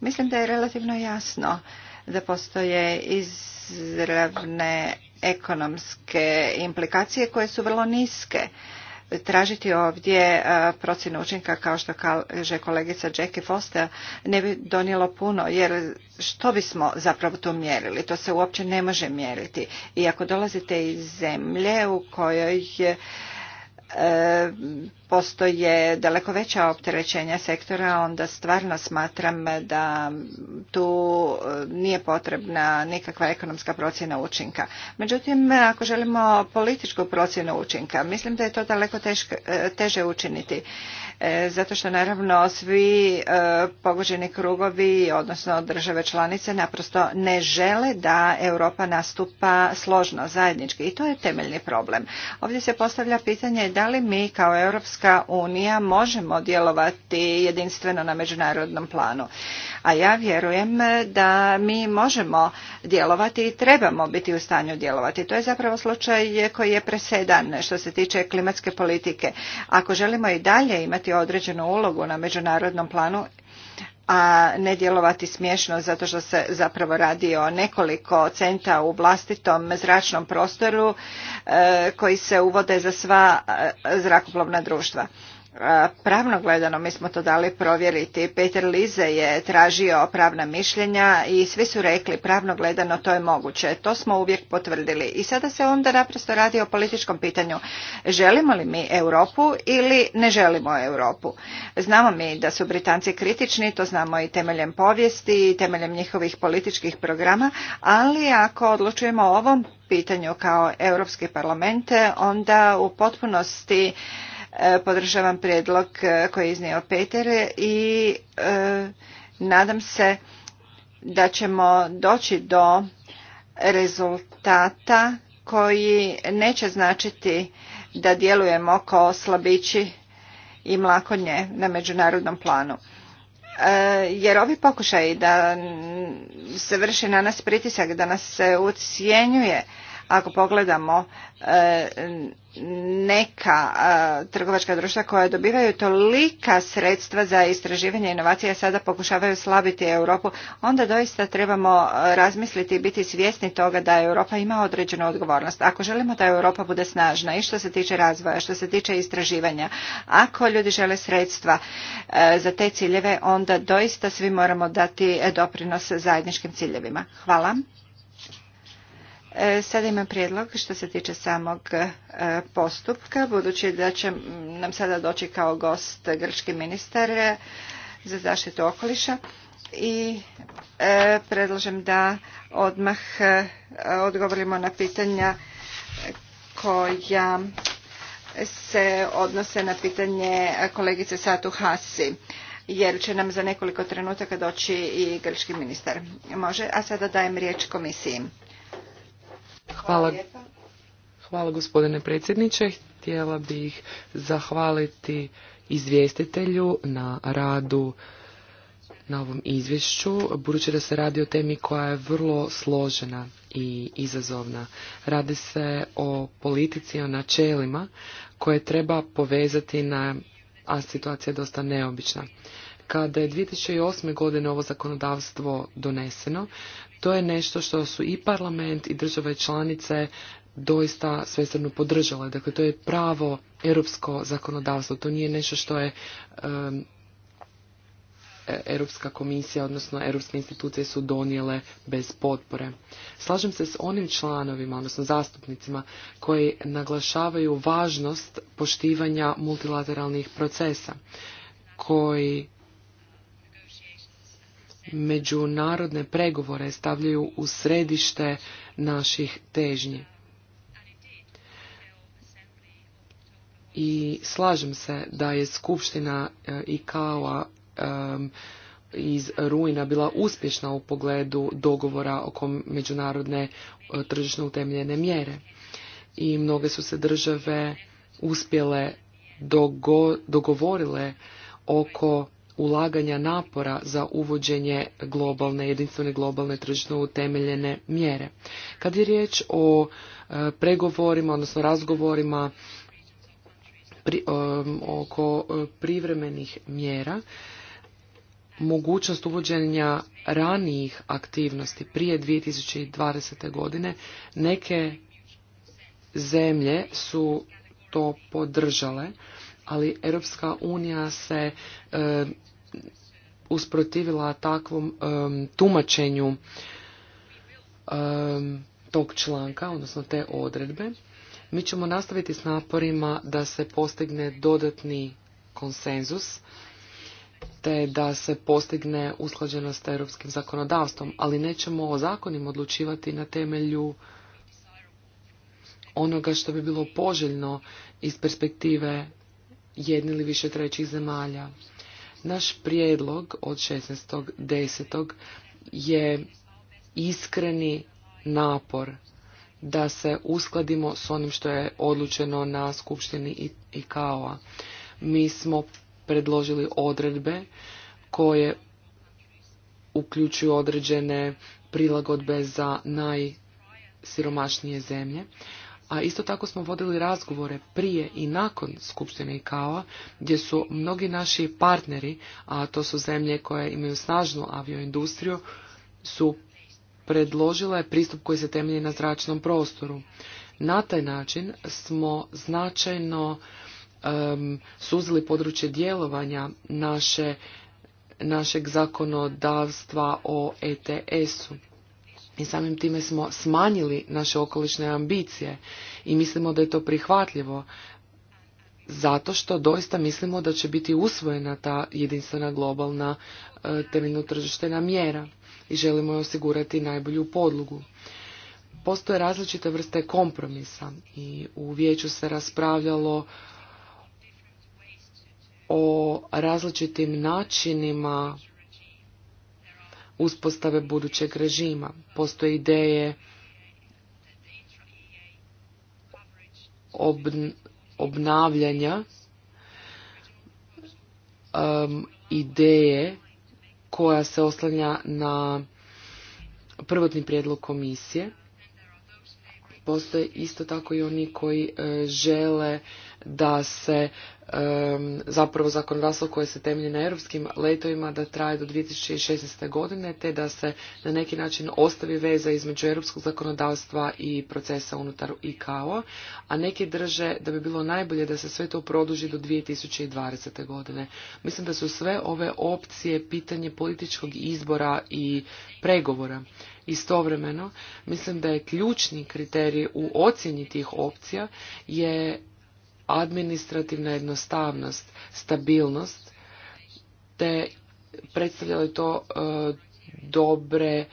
Mislim da je relativno jasno da postoje izravne ekonomske implikacije koje su vrlo niske. Tražiti ovdje e, procjenu učinka kao što kaže kolegica Jackie Foster ne bi donijelo puno jer što bismo zapravo to mjerili? To se uopće ne može mjeriti. I ako dolazite iz zemlje u kojoj je postoje daleko veća opterećenja sektora, onda stvarno smatram da tu e, nije potrebna nikakva ekonomska procjena učinka. Međutim, ako želimo političku procjenu učinka, mislim da je to daleko e, teže učiniti. E, zato što naravno svi pogođeni krugovi, odnosno države članice, naprosto ne žele da Europa nastupa složno, zajednički. I to je temeljni problem. Ovdje se postavlja pitanje da li mi kao Europska unija možemo djelovati jedinstveno na međunarodnom planu. A ja vjerujem da mi možemo djelovati i trebamo biti u stanju djelovati. To je zapravo slučaj koji je presedan što se tiče klimatske politike. Ako želimo i dalje imati određenu ulogu na međunarodnom planu, a ne djelovati smiješno zato što se zapravo radi o nekoliko centa u vlastitom zračnom prostoru e, koji se uvode za sva e, zrakoplovna društva. Pravno gledano mi smo to dali provjeriti. Peter Lize je tražio pravna mišljenja i svi su rekli pravno gledano to je moguće. To smo uvijek potvrdili. I sada se onda naprosto radi o političkom pitanju. Želimo li mi Europu ili ne želimo Europu? Znamo mi da su Britanci kritični, to znamo i temeljem povijesti i temeljem njihovih političkih programa, ali ako odlučujemo o ovom pitanju kao Europski parlament, onda u potpunosti podržavam prijedlog e, koji je iznio Peter i e, nadam se da ćemo doći do rezultata koji neće značiti da djelujemo kao slabići i mlakonje na međunarodnom planu. E, jer ovi pokušaji da se vrši na nas pritisak, da nas se ucijenjuje, ako pogledamo e, neka e, trgovačka društva koja dobivaju tolika sredstva za istraživanje inovacija sada pokušavaju slabiti Europu, onda doista trebamo e, razmisliti i biti svjesni toga da Europa ima određenu odgovornost. Ako želimo da Europa bude snažna i što se tiče razvoja, što se tiče istraživanja, ako ljudi žele sredstva za te ciljeve, onda doista svi moramo dati doprinos zajedničkim ciljevima. Hvala. E, sada imam prijedlog što se tiče samog e, postupka, budući da će nam sada doći kao gost grčki ministar e, za zaštitu okoliša i predlažem da odmah odgovorimo na pitanja koja se odnose na pitanje kolegice Satu Hasi jer će nam za nekoliko trenutaka doći i grčki ministar. Može, a sada dajem riječ komisiji. Hvala. Hvala gospodine predsjedniče. Htjela bih zahvaliti izvjestitelju na radu na ovom izvješću, budući da se radi o temi koja je vrlo složena i izazovna. Radi se o politici, o načelima koje treba povezati na, a situacija je dosta neobična. Kada je 2008. godine ovo zakonodavstvo doneseno, to je nešto što su i parlament i države članice doista svesrno podržale. Dakle, to je pravo europsko zakonodavstvo. To nije nešto što je e, Europska komisija, odnosno europske institucije su donijele bez potpore. Slažem se s onim članovima, odnosno zastupnicima, koji naglašavaju važnost poštivanja multilateralnih procesa, koji međunarodne pregovore stavljaju u središte naših težnji. I slažem se da je skupština e, Ikao a iz rujna bila uspješna u pogledu dogovora oko međunarodne e, tržišno utemljene mjere. I mnoge su se države uspjele dogovorile oko ulaganja napora za uvođenje globalne, jedinstvene globalne tržišno utemeljene mjere. Kad je riječ o e, pregovorima, odnosno razgovorima e, oko e, privremenih mjera, mogućnost uvođenja ranijih aktivnosti prije 2020. godine, neke zemlje su to podržale, ali Europska unija se e, usprotivila takvom e, tumačenju e, tog članka, odnosno te odredbe. Mi ćemo nastaviti s naporima da se postigne dodatni konsenzus te da se postigne usklađenost s europskim zakonodavstvom, ali nećemo o zakonima odlučivati na temelju onoga što bi bilo poželjno iz perspektive jedne ili više trećih zemalja. Naš prijedlog od 16.10. je iskreni napor da se uskladimo s onim što je odlučeno na Skupštini i a Mi smo predložili odredbe koje uključuju određene prilagodbe za najsiromašnije zemlje, a isto tako smo vodili razgovore prije i nakon Skupštine ICAO-a, gdje su mnogi naši partneri, a to su zemlje koje imaju snažnu avioindustriju, su predložile pristup koji se temelji na zračnom prostoru. Na taj način smo značajno suzili područje djelovanja naše, našeg zakonodavstva o ETS-u i samim time smo smanjili naše okolišne ambicije i mislimo da je to prihvatljivo zato što doista mislimo da će biti usvojena ta jedinstvena globalna e, temeljno tržištena mjera i želimo je osigurati najbolju podlugu. Postoje različite vrste kompromisa i u vijeću se raspravljalo o različitim načinima uspostave budućeg režima. Postoje ideje obnavljanja um, ideje koja se oslanja na prvotni prijedlog komisije. Postoje isto tako i oni koji e, žele da se zapravo zakonodavstvo koje se temelji na europskim letovima da traje do 2016. godine te da se na neki način ostavi veza između europskog zakonodavstva i procesa unutar ICAO, a neki drže da bi bilo najbolje da se sve to produži do 2020. godine. Mislim da su sve ove opcije pitanje političkog izbora i pregovora. Istovremeno, mislim da je ključni kriterij u ocjeni tih opcija je administrativna jednostavnost, stabilnost, te predstavljalo je to e, dobre e,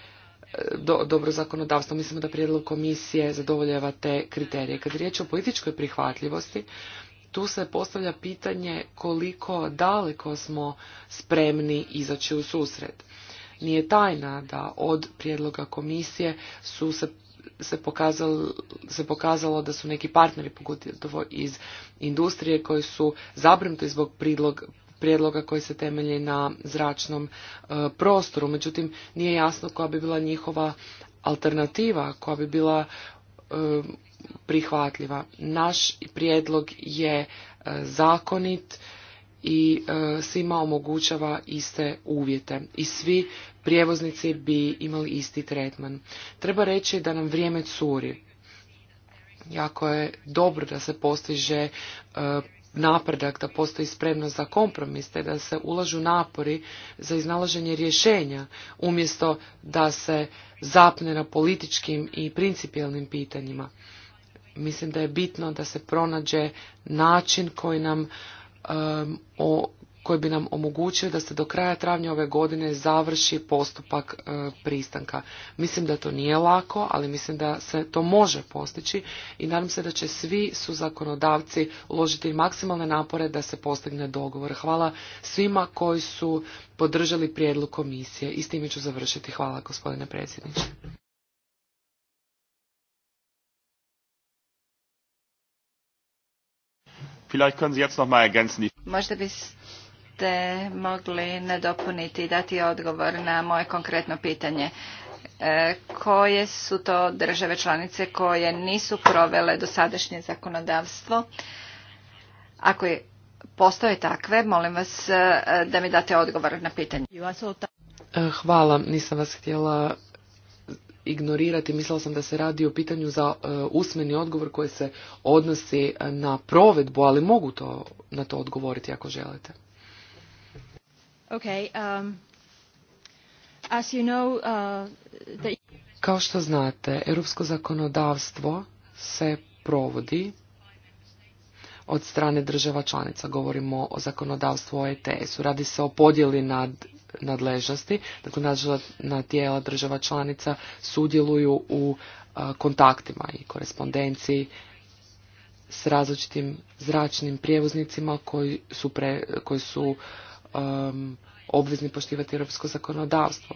dobro zakonodavstvo. Mislimo da prijedlog komisije zadovoljava te kriterije. Kad je riječ o političkoj prihvatljivosti, tu se postavlja pitanje koliko daleko smo spremni izaći u susret. Nije tajna da od prijedloga komisije su se se pokazalo, se pokazalo da su neki partneri, pogotovo iz industrije, koji su zabrinuti zbog prijedloga koji se temelji na zračnom e, prostoru. Međutim, nije jasno koja bi bila njihova alternativa, koja bi bila e, prihvatljiva. Naš prijedlog je e, zakonit, i e, svima omogućava iste uvjete i svi prijevoznici bi imali isti tretman. Treba reći da nam vrijeme curi. Jako je dobro da se postiže e, napredak, da postoji spremnost za kompromis, te da se ulažu napori za iznalaženje rješenja, umjesto da se zapne na političkim i principijelnim pitanjima. Mislim da je bitno da se pronađe način koji nam o koji bi nam omogućio da se do kraja travnja ove godine završi postupak pristanka. Mislim da to nije lako, ali mislim da se to može postići i nadam se da će svi su zakonodavci uložiti maksimalne napore da se postigne dogovor. Hvala svima koji su podržali prijedlog komisije i s time ću završiti. Hvala gospodine predsjedniče. Vielleicht können Sie jetzt noch mal Možda biste mogli nadopuniti i dati odgovor na moje konkretno pitanje. E, koje su to države članice koje nisu provele dosadašnje zakonodavstvo? Ako je, postoje takve, molim vas e, da mi date odgovor na pitanje. E, hvala, nisam vas htjela ignorirati. Mislila sam da se radi o pitanju za e, usmeni odgovor koji se odnosi na provedbu, ali mogu to, na to odgovoriti ako želite. Okay, um, as you know, uh, Kao što znate, europsko zakonodavstvo se provodi od strane država članica. Govorimo o zakonodavstvu o e u Radi se o podjeli nad nadležnosti, dakle nadležna tijela država članica sudjeluju u kontaktima i korespondenciji s različitim zračnim prijevoznicima koji su, koji su obvezni poštivati europsko zakonodavstvo.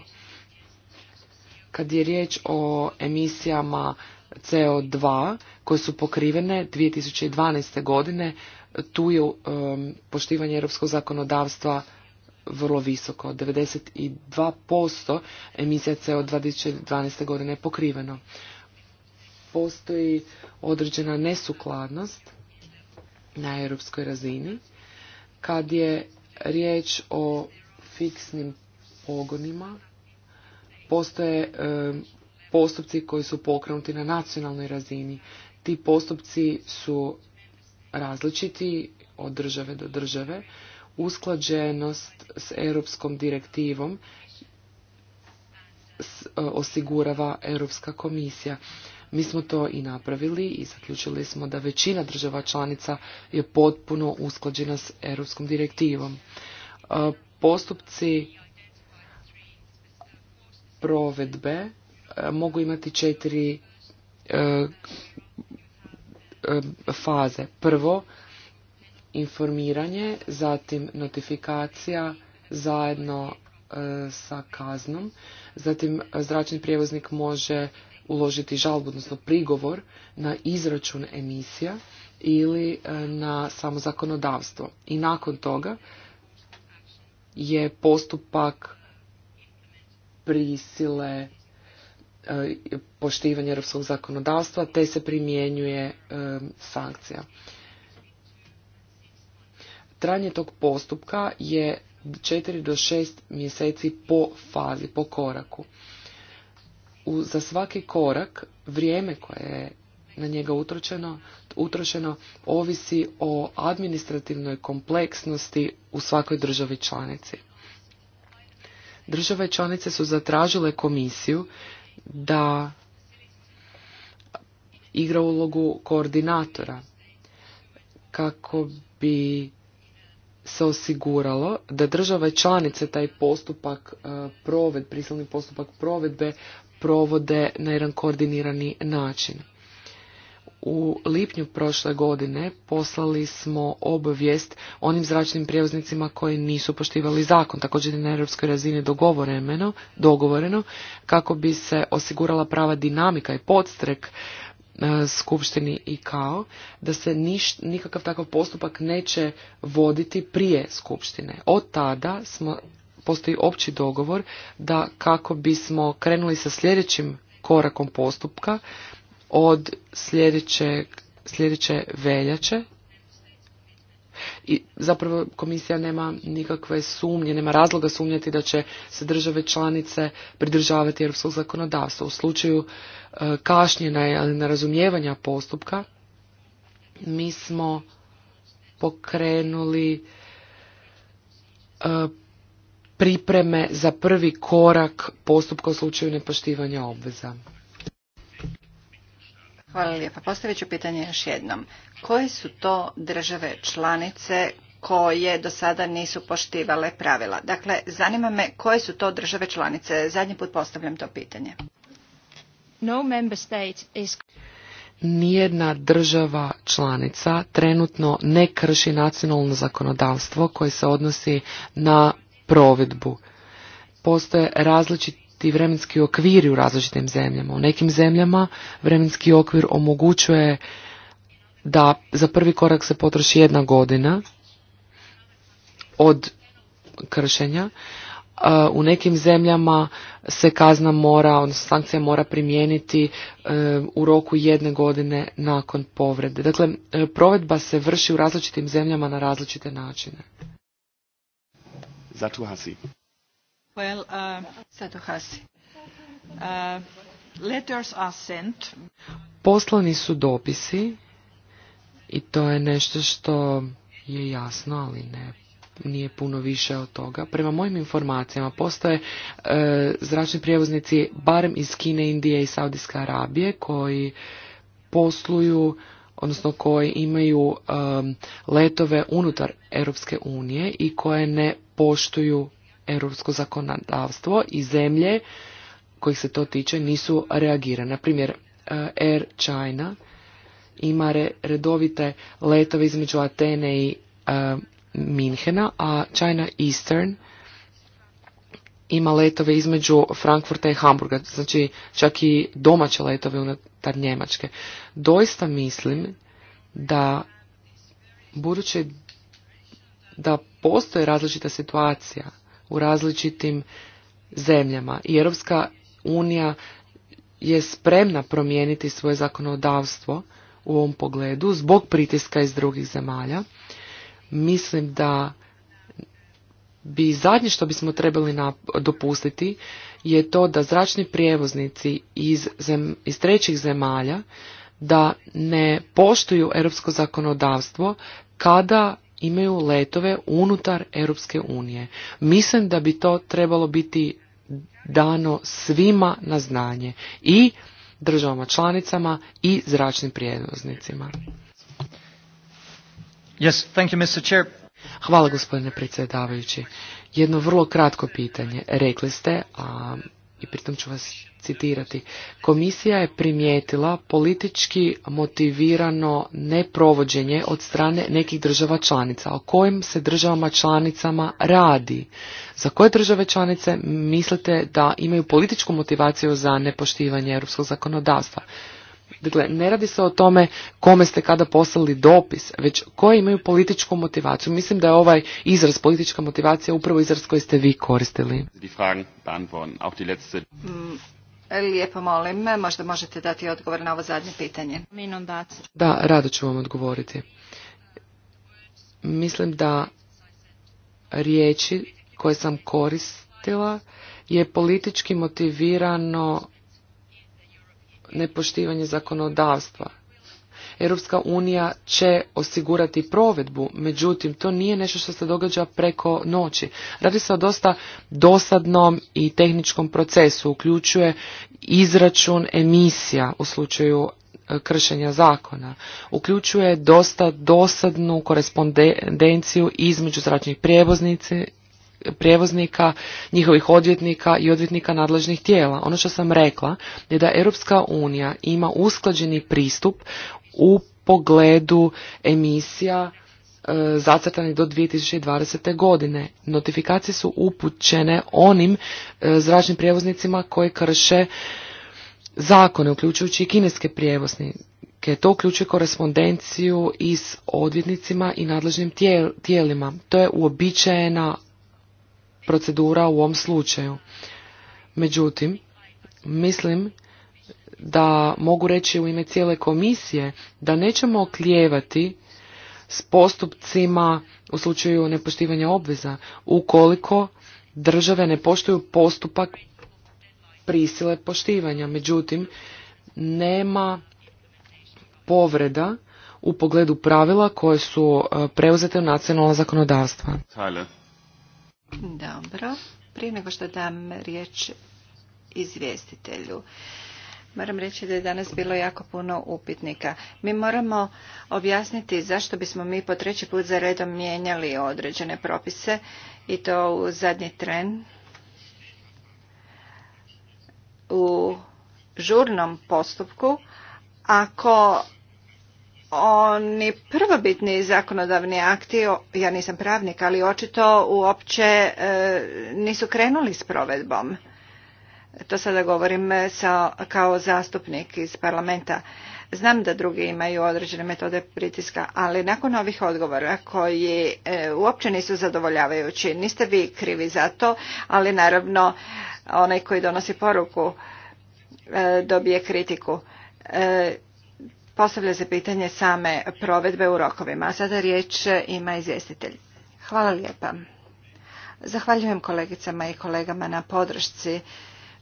Kad je riječ o emisijama CO2 koje su pokrivene 2012. godine, tu je poštivanje europskog zakonodavstva vrlo visoko. 92% emisija CO2 2012. godine je pokriveno. Postoji određena nesukladnost na europskoj razini kad je riječ o fiksnim pogonima postoje postupci koji su pokrenuti na nacionalnoj razini. Ti postupci su različiti od države do države usklađenost s europskom direktivom e, osigurava Europska komisija. Mi smo to i napravili i zaključili smo da većina država članica je potpuno usklađena s Europskom direktivom. E, postupci provedbe e, mogu imati četiri faze. Prvo, informiranje, zatim notifikacija zajedno e, sa kaznom, zatim e, zračni prijevoznik može uložiti žalbu, odnosno prigovor na izračun emisija ili e, na samo zakonodavstvo. I nakon toga je postupak prisile poštivanje europskog zakonodavstva te se primjenjuje sankcija. Trajanje tog postupka je 4 do 6 mjeseci po fazi, po koraku. za svaki korak vrijeme koje je na njega utročeno, utrošeno ovisi o administrativnoj kompleksnosti u svakoj državi članici. Države članice su zatražile komisiju da igra ulogu koordinatora kako bi se osiguralo da države članice taj postupak e, proved, prisilni postupak provedbe provode na jedan koordinirani način. U lipnju prošle godine poslali smo obavijest onim zračnim prijevoznicima koji nisu poštivali zakon, također na europskoj razini dogovoreno kako bi se osigurala prava dinamika i podstrek E, skupštini i kao da se niš, nikakav takav postupak neće voditi prije skupštine. Od tada smo, postoji opći dogovor da kako bismo krenuli sa sljedećim korakom postupka od sljedeće, sljedeće veljače i zapravo komisija nema nikakve sumnje, nema razloga sumnjati da će se države članice pridržavati europskog zakonodavstva. U slučaju e, kašnjenja kašnjena ili nerazumijevanja postupka mi smo pokrenuli e, pripreme za prvi korak postupka u slučaju nepoštivanja obveza. Hvala lijepa. Postavit ću pitanje još jednom. Koje su to države članice koje do sada nisu poštivale pravila? Dakle, zanima me koje su to države članice. Zadnji put postavljam to pitanje. No member state is... Nijedna država članica trenutno ne krši nacionalno zakonodavstvo koje se odnosi na provedbu. Postoje različit ti vremenski okviri u različitim zemljama. U nekim zemljama vremenski okvir omogućuje da za prvi korak se potroši jedna godina od kršenja. U nekim zemljama se kazna mora, odnosno sankcija mora primijeniti e, u roku jedne godine nakon povrede. Dakle, e, provedba se vrši u različitim zemljama na različite načine. Well, uh, uh Poslani su dopisi i to je nešto što je jasno, ali ne nije puno više od toga. Prema mojim informacijama postoje e, zračni prijevoznici barem iz Kine, Indije i Saudijske Arabije koji posluju odnosno koji imaju e, letove unutar Europske unije i koje ne poštuju europsko zakonodavstvo i zemlje kojih se to tiče nisu reagirane. Na primjer, eh, Air China ima redovite letove između Atene i eh, Minhena, a China Eastern ima letove između Frankfurta i Hamburga, znači čak i domaće letove unutar Njemačke. Doista mislim da budući da postoje različita situacija u različitim zemljama i Europska unija je spremna promijeniti svoje zakonodavstvo u ovom pogledu zbog pritiska iz drugih zemalja. Mislim da bi zadnje što bismo trebali dopustiti je to da zračni prijevoznici iz, iz trećih zemalja da ne poštuju europsko zakonodavstvo kada imaju letove unutar Europske unije. Mislim da bi to trebalo biti dano svima na znanje i državama članicama i zračnim prijevoznicima. Yes, thank you, Mr. Chair. Hvala gospodine predsjedavajući. Jedno vrlo kratko pitanje. Rekli ste, a i pritom ću vas citirati, komisija je primijetila politički motivirano neprovođenje od strane nekih država članica. O kojim se državama članicama radi? Za koje države članice mislite da imaju političku motivaciju za nepoštivanje europskog zakonodavstva? Dakle, ne radi se o tome kome ste kada poslali dopis, već koje imaju političku motivaciju. Mislim da je ovaj izraz politička motivacija upravo izraz koji ste vi koristili. Mm, lijepo molim, možda možete dati odgovor na ovo zadnje pitanje. Da, rado ću vam odgovoriti. Mislim da riječi koje sam koristila je politički motivirano nepoštivanje zakonodavstva. Europska unija će osigurati provedbu, međutim to nije nešto što se događa preko noći. Radi se o dosta dosadnom i tehničkom procesu, uključuje izračun emisija u slučaju e, kršenja zakona, uključuje dosta dosadnu korespondenciju između zračnih prijevoznici prijevoznika, njihovih odvjetnika i odvjetnika nadležnih tijela. Ono što sam rekla je da Europska unija ima usklađeni pristup u pogledu emisija e, zacrtani do 2020. godine. Notifikacije su upućene onim e, zračnim prijevoznicima koji krše zakone, uključujući i kineske prijevoznike. To uključuje korespondenciju i s odvjetnicima i nadležnim tijelima. To je uobičajena procedura u ovom slučaju. Međutim, mislim da mogu reći u ime cijele komisije da nećemo oklijevati s postupcima u slučaju nepoštivanja obveza ukoliko države ne poštuju postupak prisile poštivanja. Međutim, nema povreda u pogledu pravila koje su e, preuzete u nacionalna zakonodavstva. Dobro. Prije nego što dam riječ izvjestitelju. Moram reći da je danas bilo jako puno upitnika. Mi moramo objasniti zašto bismo mi po treći put za redom mijenjali određene propise i to u zadnji tren u žurnom postupku ako oni prvobitni zakonodavni akti, ja nisam pravnik, ali očito uopće e, nisu krenuli s provedbom. To sada govorim e, sa, kao zastupnik iz parlamenta. Znam da drugi imaju određene metode pritiska, ali nakon ovih odgovora koji e, uopće nisu zadovoljavajući, niste vi krivi za to, ali naravno onaj koji donosi poruku dobije kritiku Postavlja se pitanje same provedbe u rokovima. A sada riječ ima izvjestitelj. Hvala lijepa. Zahvaljujem kolegicama i kolegama na podršci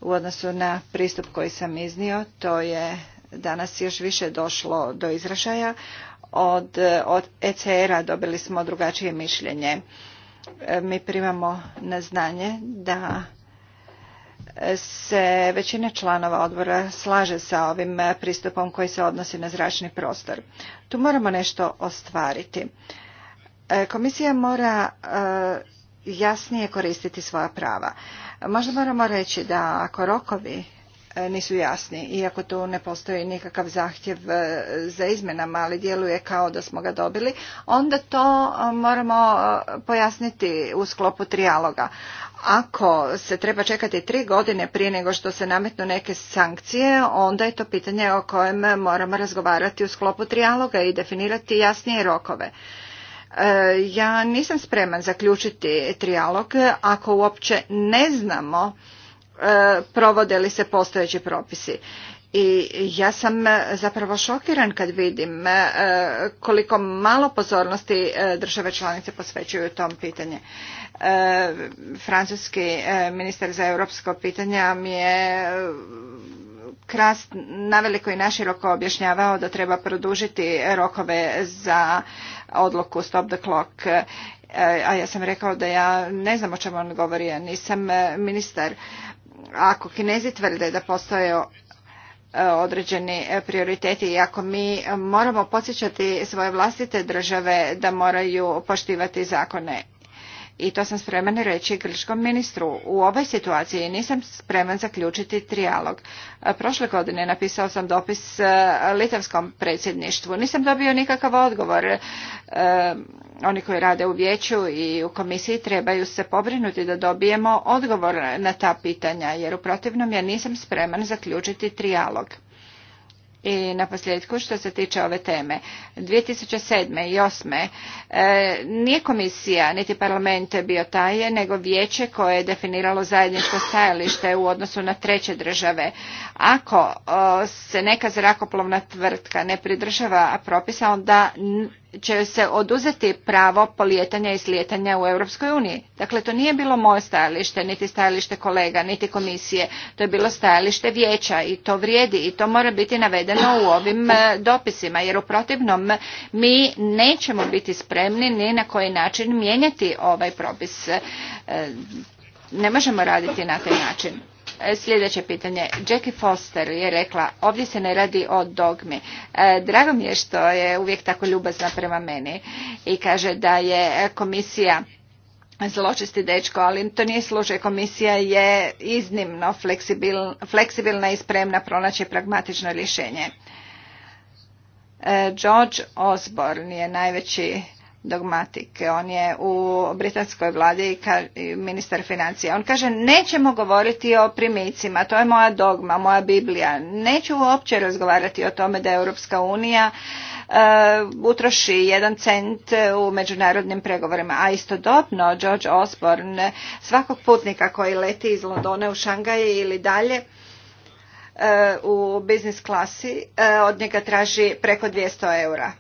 u odnosu na pristup koji sam iznio. To je danas još više došlo do izražaja. Od, od ECR-a dobili smo drugačije mišljenje. E, mi primamo na znanje da se većina članova odbora slaže sa ovim e, pristupom koji se odnosi na zračni prostor. Tu moramo nešto ostvariti. E, komisija mora e, jasnije koristiti svoja prava. Možda moramo reći da ako rokovi nisu jasni, iako tu ne postoji nikakav zahtjev za izmenama, ali djeluje kao da smo ga dobili, onda to moramo pojasniti u sklopu trijaloga. Ako se treba čekati tri godine prije nego što se nametnu neke sankcije, onda je to pitanje o kojem moramo razgovarati u sklopu trijaloga i definirati jasnije rokove. E, ja nisam spreman zaključiti trijalog ako uopće ne znamo e, provode li se postojeći propisi. I ja sam zapravo šokiran kad vidim e, koliko malo pozornosti države članice posvećuju tom pitanju. E, francuski e, ministar za europsko pitanja mi je e, krast veliko i naširoko objašnjavao da treba produžiti rokove za odluku stop the clock a ja sam rekao da ja ne znam o čemu on govori ja nisam ministar ako kinezi tvrde da postoje određeni prioriteti i ako mi moramo podsjećati svoje vlastite države da moraju poštivati zakone i to sam spreman reći grčkom ministru. U ovoj situaciji nisam spreman zaključiti trijalog. E, prošle godine napisao sam dopis e, litavskom predsjedništvu. Nisam dobio nikakav odgovor. E, oni koji rade u vijeću i u komisiji trebaju se pobrinuti da dobijemo odgovor na ta pitanja, jer u protivnom ja nisam spreman zaključiti trijalog. I na posljedku što se tiče ove teme, 2007. i 2008. E, nije komisija niti parlament bio taj, nego vijeće koje je definiralo zajedničko stajalište u odnosu na treće države. Ako e, se neka zrakoplovna tvrtka ne pridržava propisa, onda će se oduzeti pravo polijetanja i slijetanja u Europskoj uniji. Dakle, to nije bilo moje stajalište, niti stajalište kolega, niti komisije. To je bilo stajalište vijeća i to vrijedi i to mora biti navedeno u ovim e, dopisima, jer u protivnom mi nećemo biti spremni ni na koji način mijenjati ovaj propis. E, ne možemo raditi na taj način. E, sljedeće pitanje. Jackie Foster je rekla, ovdje se ne radi o dogmi. E, drago mi je što je uvijek tako ljubazna prema meni i kaže da je komisija zločisti dečko, ali to nije slučaj. Komisija je iznimno fleksibilna i spremna pronaći pragmatično rješenje. E, George Osborne je najveći dogmatike. On je u britanskoj vladi ministar financija. On kaže nećemo govoriti o primicima, to je moja dogma, moja Biblija. Neću uopće razgovarati o tome da je Europska unija e, utroši jedan cent u međunarodnim pregovorima. A istodobno George Osborne svakog putnika koji leti iz Londona u Šangaje ili dalje e, u biznis klasi e, od njega traži preko 200 eura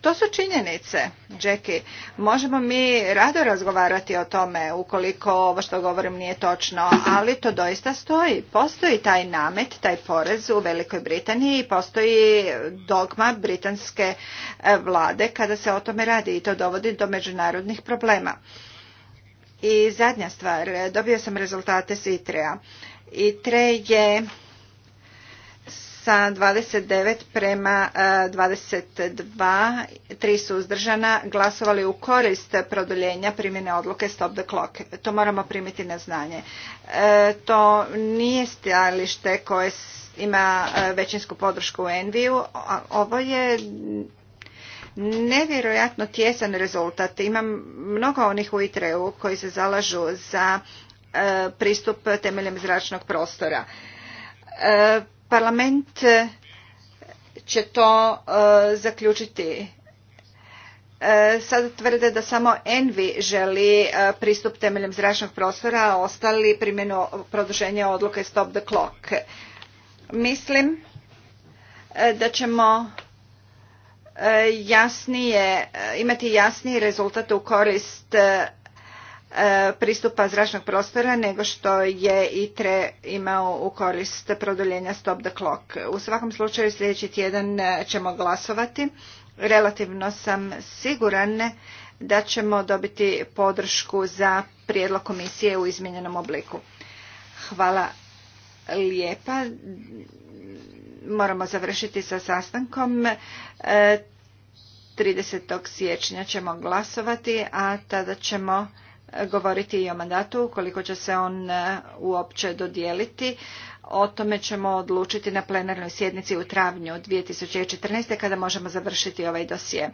to su činjenice, Jackie. Možemo mi rado razgovarati o tome ukoliko ovo što govorim nije točno, ali to doista stoji. Postoji taj namet, taj porez u Velikoj Britaniji i postoji dogma britanske e, vlade kada se o tome radi i to dovodi do međunarodnih problema. I zadnja stvar, e, dobio sam rezultate s ITREA. ITRE je sa 29 prema 22, e, tri su uzdržana, glasovali u korist produljenja primjene odluke Stop the Clock. To moramo primiti na znanje. E, to nije stajalište koje ima e, većinsku podršku u Enviju. Ovo je nevjerojatno tjesan rezultat. Imam mnogo onih u ITRE-u koji se zalažu za pristup temeljem zračnog prostora Parlament e, će to e, zaključiti. E, Sada tvrde da samo Envi želi pristup temeljem zračnog prostora, a ostali primjenu produženja odluke Stop the Clock. Mislim da ćemo imati jasniji rezultat u korist pristupa zračnog prostora nego što je ITRE imao u korist produljenja Stop the Clock. U svakom slučaju sljedeći tjedan ćemo glasovati. Relativno sam siguran da ćemo dobiti podršku za prijedlog komisije u izmijenjenom obliku. Hvala lijepa. Moramo završiti sa sastankom. 30. E, siječnja ćemo glasovati, a tada ćemo govoriti i o mandatu, koliko će se on e, uopće dodijeliti. O tome ćemo odlučiti na plenarnoj sjednici u travnju 2014. kada možemo završiti ovaj dosje.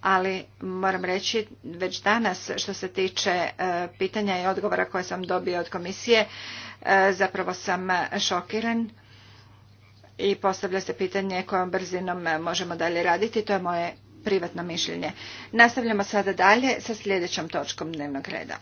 Ali moram reći već danas što se tiče e, pitanja i odgovora koje sam dobio od komisije, e, zapravo sam šokiran i postavlja se pitanje kojom brzinom možemo dalje raditi. To je moje privatno mišljenje. Nastavljamo sada dalje sa sljedećom točkom dnevnog reda.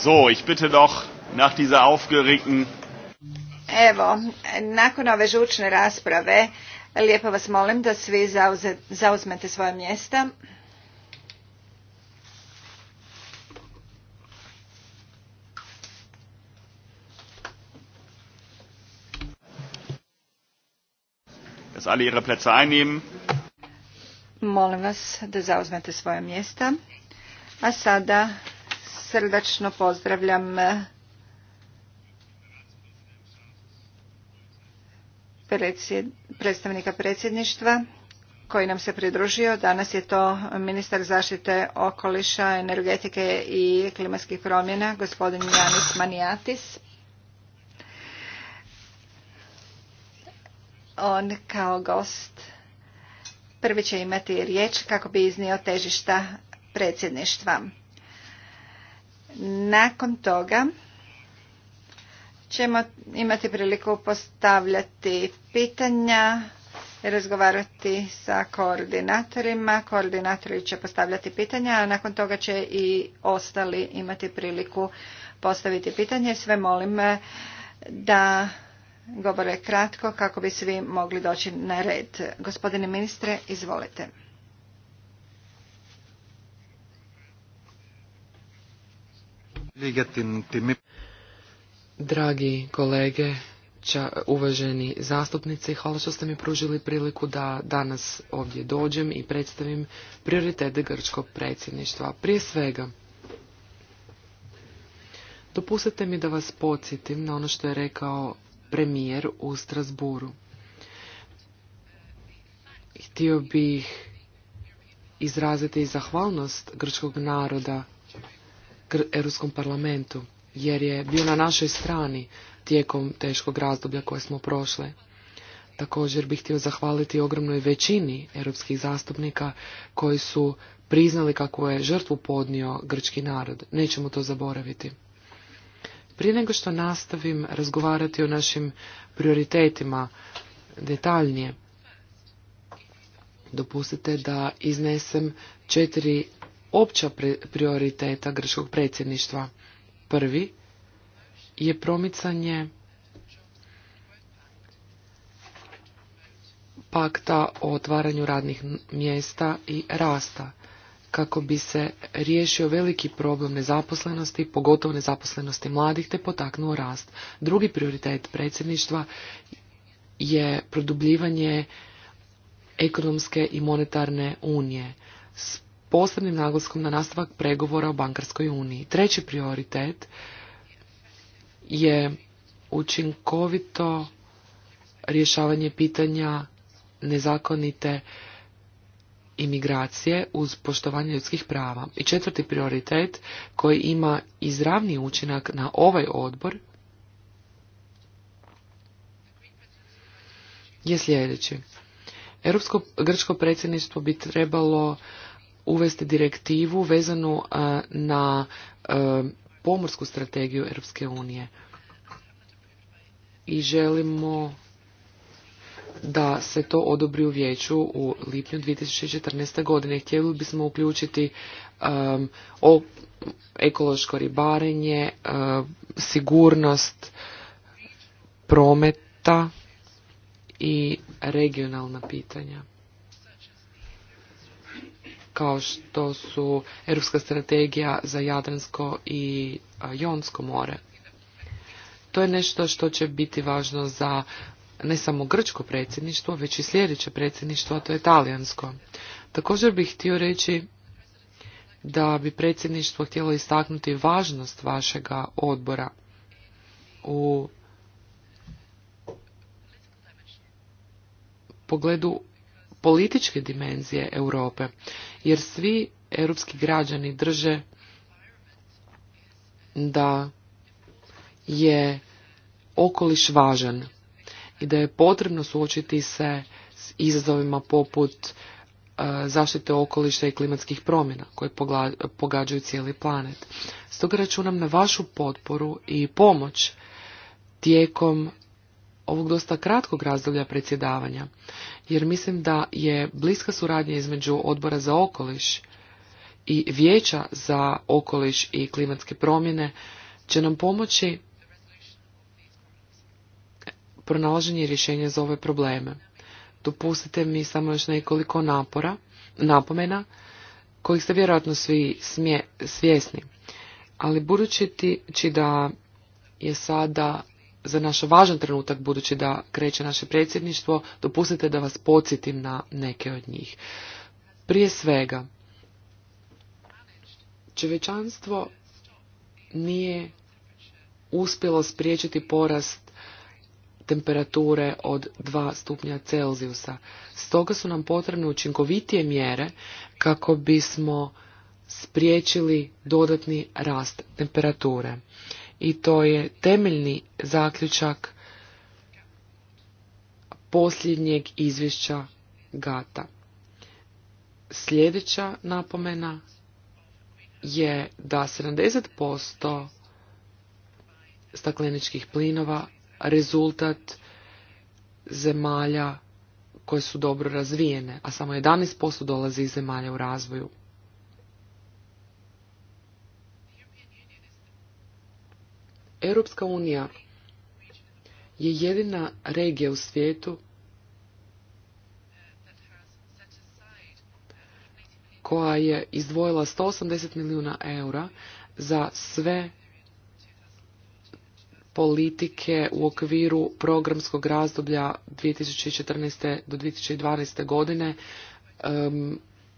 So, ich bitte doch nach dieser aufgeregten... Evo, nakon ove žučne rasprave, lijepo vas molim da svi zauzmete svoje mjesta. dass alle ihre Plätze einnehmen. Molim vas da zauzmete svoje mjesta. A sada srdačno pozdravljam e, predstavnika predsjedništva koji nam se pridružio. Danas je to ministar zaštite okoliša, energetike i klimatskih promjena, gospodin Janis Manijatis. On kao gost prvi će imati riječ kako bi iznio težišta predsjedništva. Nakon toga ćemo imati priliku postavljati pitanja, razgovarati sa koordinatorima. Koordinatori će postavljati pitanja, a nakon toga će i ostali imati priliku postaviti pitanje. Sve molim eh, da govore kratko kako bi svi mogli doći na red. Gospodine ministre, izvolite. Dragi kolege, uvaženi zastupnici, hvala što ste mi pružili priliku da danas ovdje dođem i predstavim prioritete grčkog predsjedništva. Prije svega, dopustite mi da vas podsjetim na ono što je rekao premijer u Strasburu. Htio bih izraziti zahvalnost grčkog naroda Europskom parlamentu, jer je bio na našoj strani tijekom teškog razdoblja koje smo prošle. Također bih htio zahvaliti ogromnoj većini europskih zastupnika koji su priznali kako je žrtvu podnio grčki narod. Nećemo to zaboraviti. Prije nego što nastavim razgovarati o našim prioritetima detaljnije, dopustite da iznesem četiri opća prioriteta grčkog predsjedništva. Prvi je promicanje pakta o otvaranju radnih mjesta i rasta kako bi se riješio veliki problem nezaposlenosti, pogotovo nezaposlenosti mladih, te potaknuo rast. Drugi prioritet predsjedništva je produbljivanje ekonomske i monetarne unije s posebnim naglaskom na nastavak pregovora o bankarskoj uniji. Treći prioritet je učinkovito rješavanje pitanja nezakonite imigracije uz poštovanje ljudskih prava. I četvrti prioritet koji ima izravni učinak na ovaj odbor je sljedeći. Europsko grčko predsjedništvo bi trebalo uvesti direktivu vezanu e, na e, pomorsku strategiju Europske unije. I želimo da se to odobri u vijeću u lipnju 2014. godine. Htjeli bismo uključiti o ekološko ribarenje, e, sigurnost prometa i regionalna pitanja kao što su Europska strategija za Jadransko i Jonsko more. To je nešto što će biti važno za ne samo grčko predsjedništvo, već i sljedeće predsjedništvo, a to je talijansko. Također bih htio reći da bi predsjedništvo htjelo istaknuti važnost vašega odbora u pogledu političke dimenzije Europe, jer svi europski građani drže da je okoliš važan i da je potrebno suočiti se s izazovima poput e, zaštite okoliša i klimatskih promjena koje pogađaju cijeli planet. Stoga računam na vašu potporu i pomoć tijekom ovog dosta kratkog razdoblja predsjedavanja, jer mislim da je bliska suradnja između odbora za okoliš i vijeća za okoliš i klimatske promjene će nam pomoći pronalaženje rješenja za ove probleme. Dopustite mi samo još nekoliko napora, napomena, kojih ste vjerojatno svi svjesni. Ali budući ti, da je sada za naš važan trenutak, budući da kreće naše predsjedništvo, dopustite da vas podsjetim na neke od njih. Prije svega, čovječanstvo nije uspjelo spriječiti porast temperature od 2 stupnja Celzijusa. Stoga su nam potrebne učinkovitije mjere kako bismo spriječili dodatni rast temperature i to je temeljni zaključak posljednjeg izvješća Gata. Sljedeća napomena je da 70% stakleničkih plinova rezultat zemalja koje su dobro razvijene, a samo 11% dolazi iz zemalja u razvoju. Europska unija je jedina regija u svijetu koja je izdvojila 180 milijuna eura za sve politike u okviru programskog razdoblja 2014. do 2012. godine,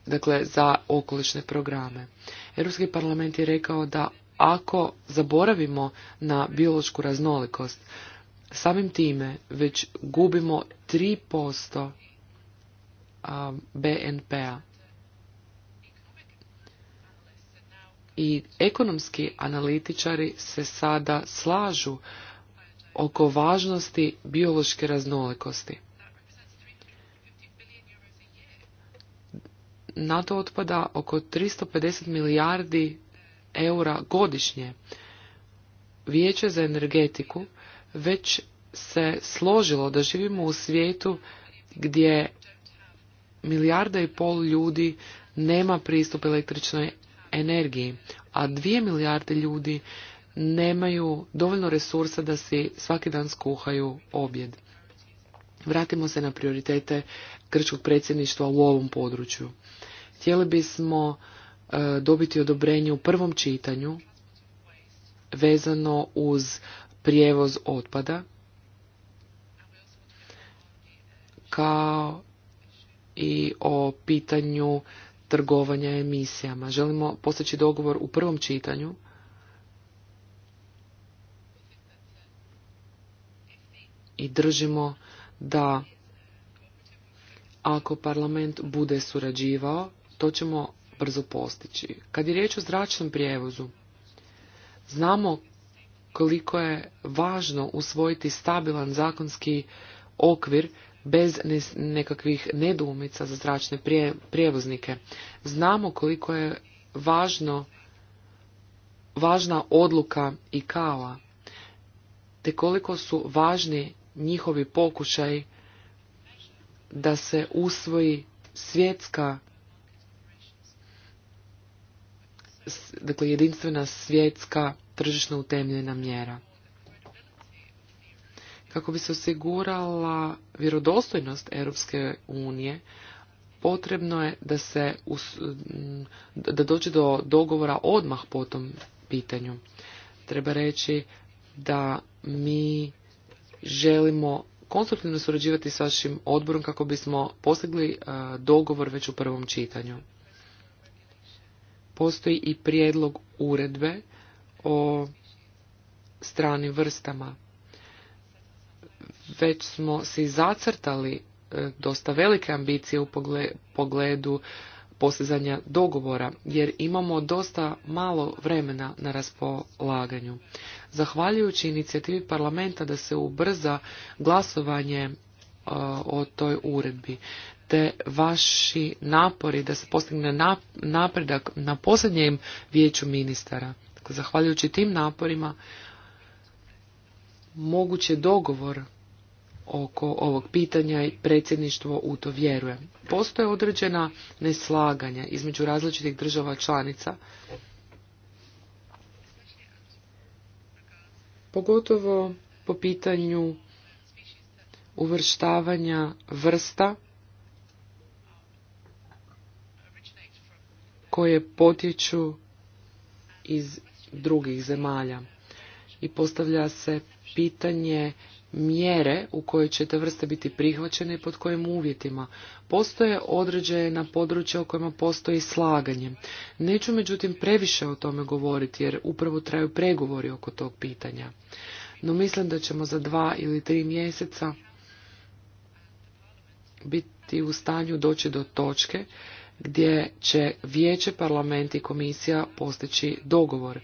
dakle za okolišne programe. Europski parlament je rekao da ako zaboravimo na biološku raznolikost, samim time već gubimo 3% BNP-a. I ekonomski analitičari se sada slažu oko važnosti biološke raznolikosti. Na to otpada oko 350 milijardi eura godišnje. Vijeće za energetiku već se složilo da živimo u svijetu gdje milijarda i pol ljudi nema pristup električnoj energiji, a dvije milijarde ljudi nemaju dovoljno resursa da si svaki dan skuhaju objed. Vratimo se na prioritete grčkog predsjedništva u ovom području. Htjeli bismo E, dobiti odobrenje u prvom čitanju vezano uz prijevoz otpada kao i o pitanju trgovanja emisijama. Želimo postići dogovor u prvom čitanju. I držimo da ako parlament bude surađivao, to ćemo brzo postići. Kad je riječ o zračnom prijevozu, znamo koliko je važno usvojiti stabilan zakonski okvir bez nekakvih nedoumica za zračne prijevoznike. Znamo koliko je važno, važna odluka i kava, te koliko su važni njihovi pokušaj da se usvoji svjetska dakle jedinstvena svjetska tržišno utemljena mjera. Kako bi se osigurala vjerodostojnost Europske unije, potrebno je da se da dođe do dogovora odmah po tom pitanju. Treba reći da mi želimo konstruktivno surađivati s vašim odborom kako bismo postigli dogovor već u prvom čitanju postoji i prijedlog uredbe o stranim vrstama. Već smo si zacrtali e, dosta velike ambicije u pogledu postizanja dogovora, jer imamo dosta malo vremena na raspolaganju. Zahvaljujući inicijativi parlamenta da se ubrza glasovanje o toj uredbi te vaši napori da se postigne napredak na posljednjem vijeću ministara. Dakle, zahvaljujući tim naporima moguće dogovor oko ovog pitanja i predsjedništvo u to vjeruje. Postoje određena neslaganja između različitih država članica, pogotovo po pitanju uvrštavanja vrsta koje potječu iz drugih zemalja. I postavlja se pitanje mjere u kojoj će te vrste biti prihvaćene i pod kojim uvjetima. Postoje određena područja u kojima postoji slaganje. Neću međutim previše o tome govoriti jer upravo traju pregovori oko tog pitanja. No mislim da ćemo za dva ili tri mjeseca biti u stanju doći do točke gdje će vijeće, parlament i komisija postići dogovor.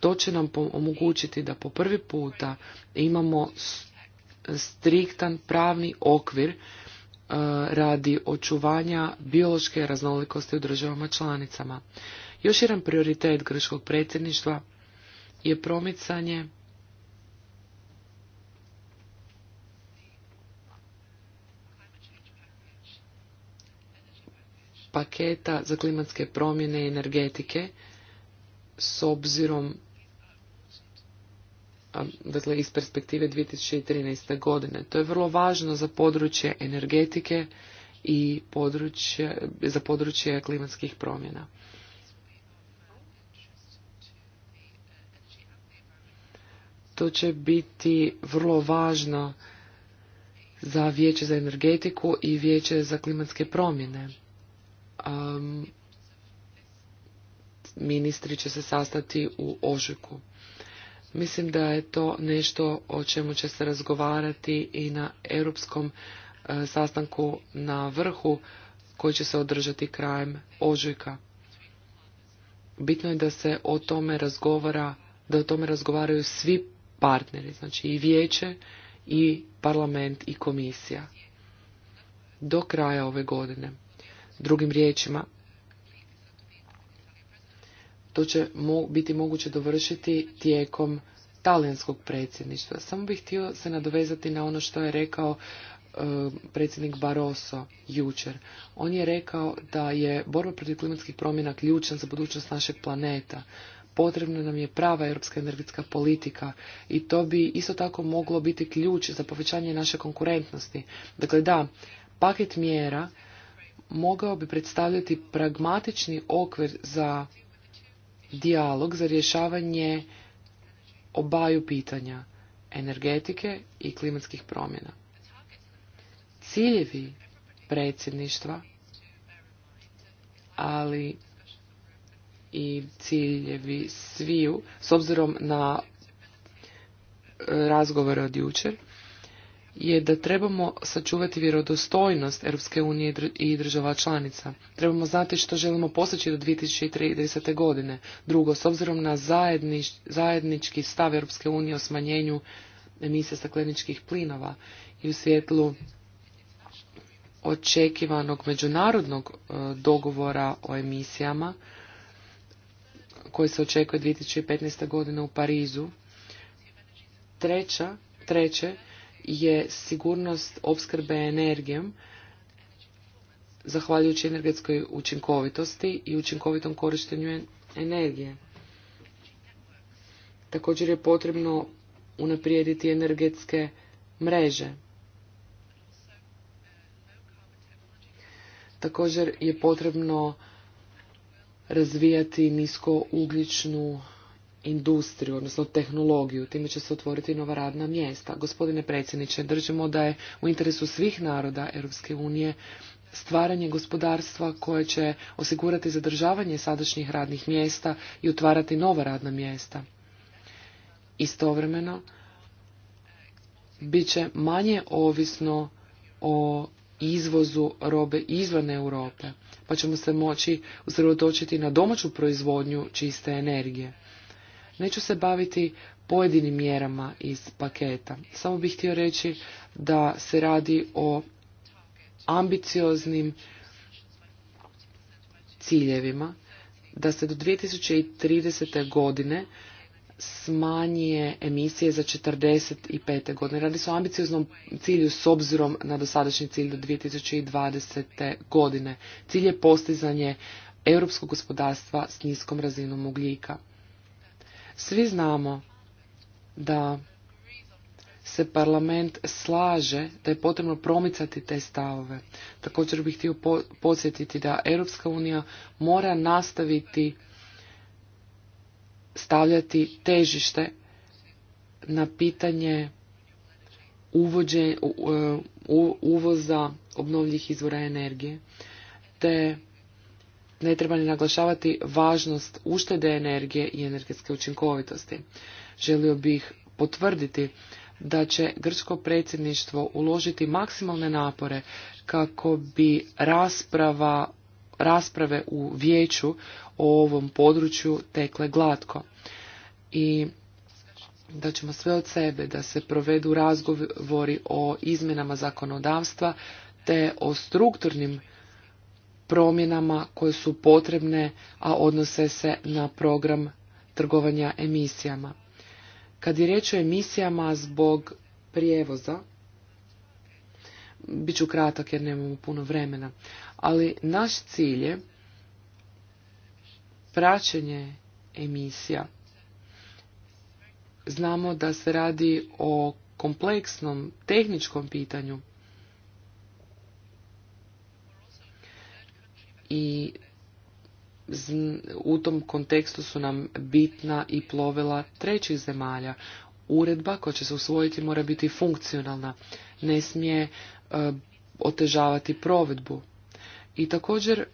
To će nam omogućiti da po prvi puta imamo striktan pravni okvir e, radi očuvanja biološke raznolikosti u državama članicama. Još jedan prioritet grčkog predsjedništva je promicanje paketa za klimatske promjene i energetike s obzirom dakle iz perspektive 2013. godine. To je vrlo važno za područje energetike i područje, za područje klimatskih promjena. To će biti vrlo važno za vijeće za energetiku i vijeće za klimatske promjene um, ministri će se sastati u ožujku. Mislim da je to nešto o čemu će se razgovarati i na europskom e, sastanku na vrhu koji će se održati krajem ožujka. Bitno je da se o tome razgovara, da o tome razgovaraju svi partneri, znači i vijeće i parlament i komisija do kraja ove godine. Drugim riječima, to će mo biti moguće dovršiti tijekom talijanskog predsjedništva. Samo bih htio se nadovezati na ono što je rekao e, predsjednik Barroso jučer. On je rekao da je borba protiv klimatskih promjena ključan za budućnost našeg planeta. Potrebna nam je prava europska energetska politika i to bi isto tako moglo biti ključ za povećanje naše konkurentnosti. Dakle, da, paket mjera mogao bi predstavljati pragmatični okvir za dijalog za rješavanje obaju pitanja energetike i klimatskih promjena. Ciljevi predsjedništva, ali i ciljevi sviju, s obzirom na e, razgovore od jučer, je da trebamo sačuvati vjerodostojnost Europske unije i država članica. Trebamo znati što želimo postići do 2030. godine. Drugo, s obzirom na zajednič, zajednički stav Europske unije o smanjenju emisija stakleničkih plinova i u svjetlu očekivanog međunarodnog e, dogovora o emisijama koji se očekuje 2015. godine u Parizu. Treća, treće, je sigurnost opskrbe energijom zahvaljujući energetskoj učinkovitosti i učinkovitom korištenju energije. Također je potrebno unaprijediti energetske mreže. Također je potrebno razvijati niskougljičnu industriju, odnosno tehnologiju. Time će se otvoriti nova radna mjesta. Gospodine predsjedniče, držimo da je u interesu svih naroda Europske unije stvaranje gospodarstva koje će osigurati zadržavanje sadašnjih radnih mjesta i otvarati nova radna mjesta. Istovremeno, bit će manje ovisno o izvozu robe izvan Europe, pa ćemo se moći usredotočiti na domaću proizvodnju čiste energije. Neću se baviti pojedinim mjerama iz paketa. Samo bih htio reći da se radi o ambicioznim ciljevima da se do 2030. godine smanje emisije za 45. godine. Radi se o ambicioznom cilju s obzirom na dosadašnji cilj do 2020. godine. Cilj je postizanje europskog gospodarstva s niskom razinom ugljika. Svi znamo da se parlament slaže da je potrebno promicati te stavove. Također bih htio podsjetiti da Europska unija mora nastaviti stavljati težište na pitanje uvođe, uvoza obnovljivih izvora energije te ne treba ni naglašavati važnost uštede energije i energetske učinkovitosti. Želio bih potvrditi da će grčko predsjedništvo uložiti maksimalne napore kako bi rasprava, rasprave u vijeću o ovom području tekle glatko. I da ćemo sve od sebe da se provedu razgovori o izmjenama zakonodavstva te o strukturnim promjenama koje su potrebne, a odnose se na program trgovanja emisijama. Kad je riječ o emisijama zbog prijevoza, bit ću kratak jer nemamo puno vremena, ali naš cilj je praćenje emisija. Znamo da se radi o kompleksnom tehničkom pitanju i u tom kontekstu su nam bitna i plovila trećih zemalja. Uredba koja će se usvojiti mora biti funkcionalna, ne smije e, otežavati provedbu. I također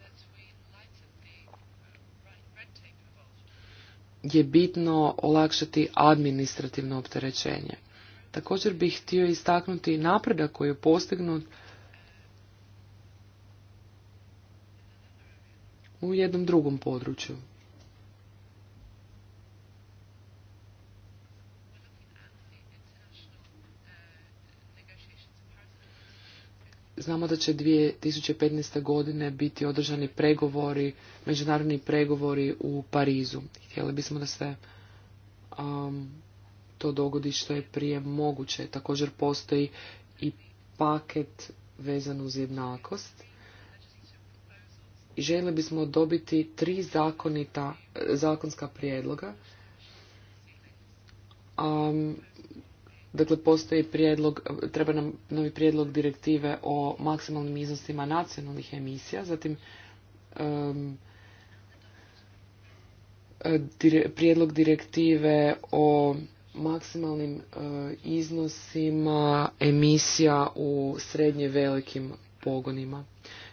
je bitno olakšati administrativno opterećenje. Također bih htio istaknuti napredak koji je postignut u jednom drugom području. Znamo da će 2015. godine biti održani pregovori, međunarodni pregovori u Parizu. Htjeli bismo da se um, to dogodi što je prije moguće. Također postoji i paket vezan uz jednakost i željeli bismo dobiti tri zakonita, e, zakonska prijedloga. dakle, postoji prijedlog, treba nam novi prijedlog direktive o maksimalnim iznosima nacionalnih emisija, zatim e, prijedlog direktive o maksimalnim e, iznosima emisija u srednje velikim pogonima.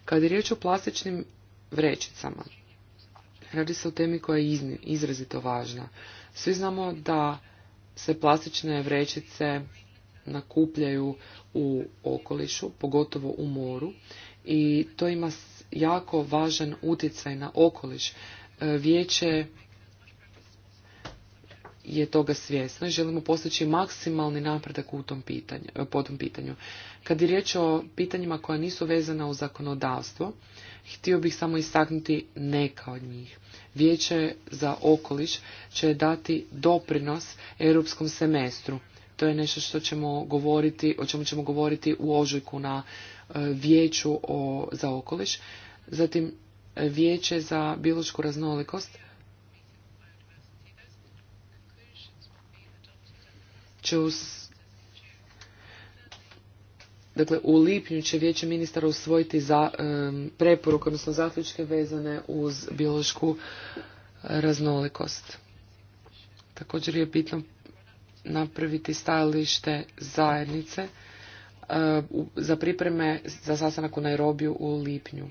Kad je riječ o plastičnim vrećicama. Radi se o temi koja je izrazito važna. Svi znamo da se plastične vrećice nakupljaju u okolišu, pogotovo u moru, i to ima jako važan utjecaj na okoliš. E, vijeće je toga svjesna i želimo postići maksimalni napredak u tom pitanju, po tom pitanju. Kad je riječ o pitanjima koja nisu vezana u zakonodavstvo, htio bih samo istaknuti neka od njih. Vijeće za okoliš će dati doprinos europskom semestru. To je nešto što ćemo govoriti, o čemu ćemo govoriti u ožujku na e, vijeću za okoliš. Zatim e, vijeće za biološku raznolikost Dakle, u lipnju će vijeće ministara usvojiti za, odnosno zaključke vezane uz biološku raznolikost. Također je bitno napraviti stajalište zajednice za pripreme za sastanak u Nairobiju u lipnju.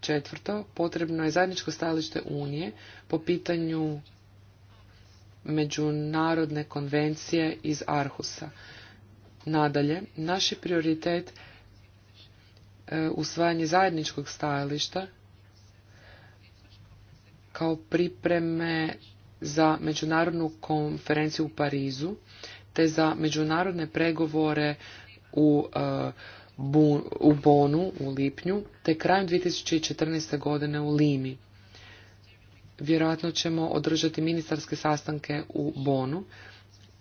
četvrto, potrebno je zajedničko stajalište Unije po pitanju međunarodne konvencije iz Arhusa. Nadalje, naš je prioritet e, usvajanje zajedničkog stajališta kao pripreme za međunarodnu konferenciju u Parizu te za međunarodne pregovore u, e, u Bonu u lipnju te krajem 2014. godine u Limi vjerojatno ćemo održati ministarske sastanke u Bonu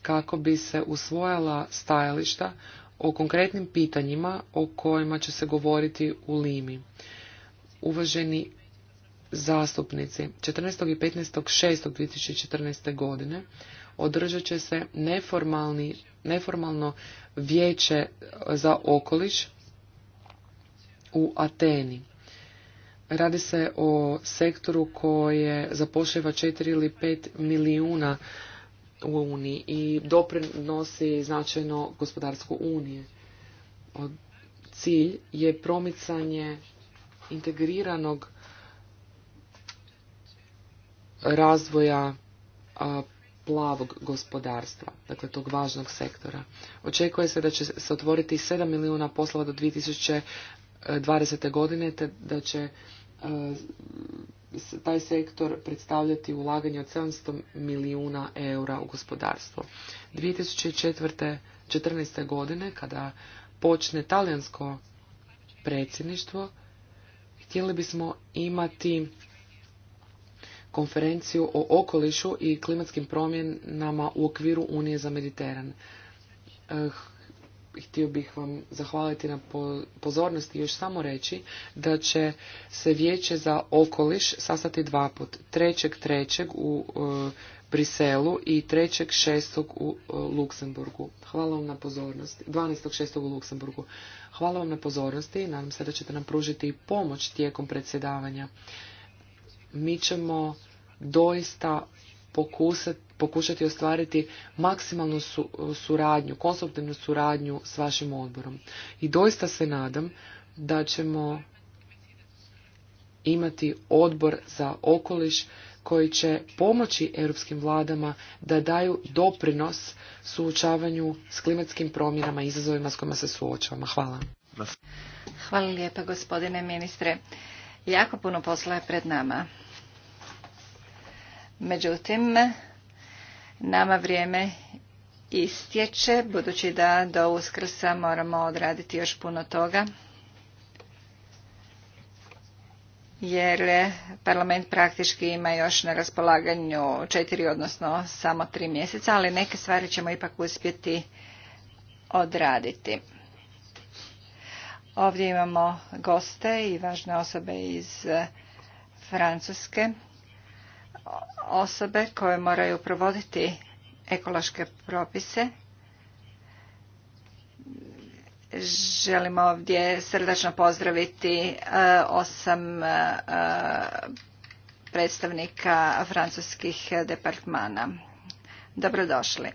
kako bi se usvojala stajališta o konkretnim pitanjima o kojima će se govoriti u Limi. Uvaženi zastupnici, 14. i 15. 6. 2014. godine održat će se neformalno vijeće za okoliš u Ateni. Radi se o sektoru koje zapošljava 4 ili 5 milijuna u Uniji i doprinosi značajno gospodarsku unije. Cilj je promicanje integriranog razvoja plavog gospodarstva, dakle tog važnog sektora. Očekuje se da će se otvoriti 7 milijuna poslova do 2020. godine, te da će e, taj sektor predstavljati ulaganje od 700 milijuna eura u gospodarstvo. 2014. četrnaest godine, kada počne talijansko predsjedništvo, htjeli bismo imati konferenciju o okolišu i klimatskim promjenama u okviru Unije za Mediteran. Eh, htio bih vam zahvaliti na pozornosti i još samo reći da će se vijeće za okoliš sastati dva put. 3.3. u e, Briselu i 3.6. u e, Luksemburgu. Hvala vam na pozornosti. 12.6. u Luksemburgu. Hvala vam na pozornosti i nadam se da ćete nam pružiti i pomoć tijekom predsjedavanja. Mi ćemo doista pokušati ostvariti maksimalnu suradnju, konstruktivnu suradnju s vašim odborom. I doista se nadam da ćemo imati odbor za okoliš koji će pomoći europskim vladama da daju doprinos suočavanju s klimatskim promjenama i izazovima s kojima se suočavamo. Hvala. Hvala lijepa gospodine ministre. Jako puno posla je pred nama. Međutim, nama vrijeme istječe, budući da do uskrsa moramo odraditi još puno toga. jer parlament praktički ima još na raspolaganju četiri, odnosno samo tri mjeseca, ali neke stvari ćemo ipak uspjeti odraditi. Ovdje imamo goste i važne osobe iz Francuske osobe koje moraju provoditi ekološke propise. Želimo ovdje srdačno pozdraviti e, osam e, predstavnika francuskih departmana. Dobrodošli.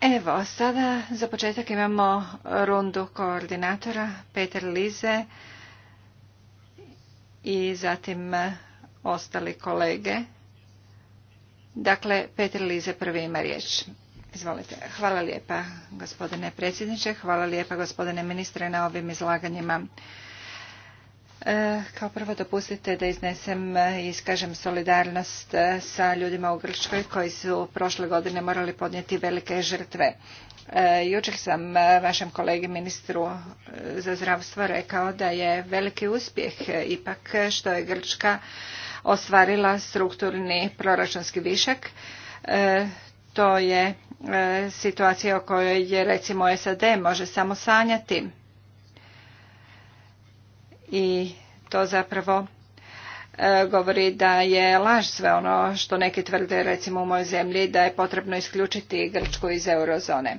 Evo, sada za početak imamo rundu koordinatora Peter Lize i zatim ostali kolege. Dakle, Peter Lize prvi ima riječ. Izvolite. Hvala lijepa gospodine predsjedniče, hvala lijepa gospodine ministre na ovim izlaganjima. E, kao prvo dopustite da iznesem i iskažem solidarnost e, sa ljudima u Grčkoj koji su prošle godine morali podnijeti velike žrtve. E, jučer sam vašem kolegi ministru za zdravstvo rekao da je veliki uspjeh ipak što je Grčka ostvarila strukturni proračunski višak. To je situacija o kojoj je recimo SAD može samo sanjati i to zapravo e, govori da je laž sve ono što neki tvrde recimo u mojoj zemlji da je potrebno isključiti Grčku iz eurozone.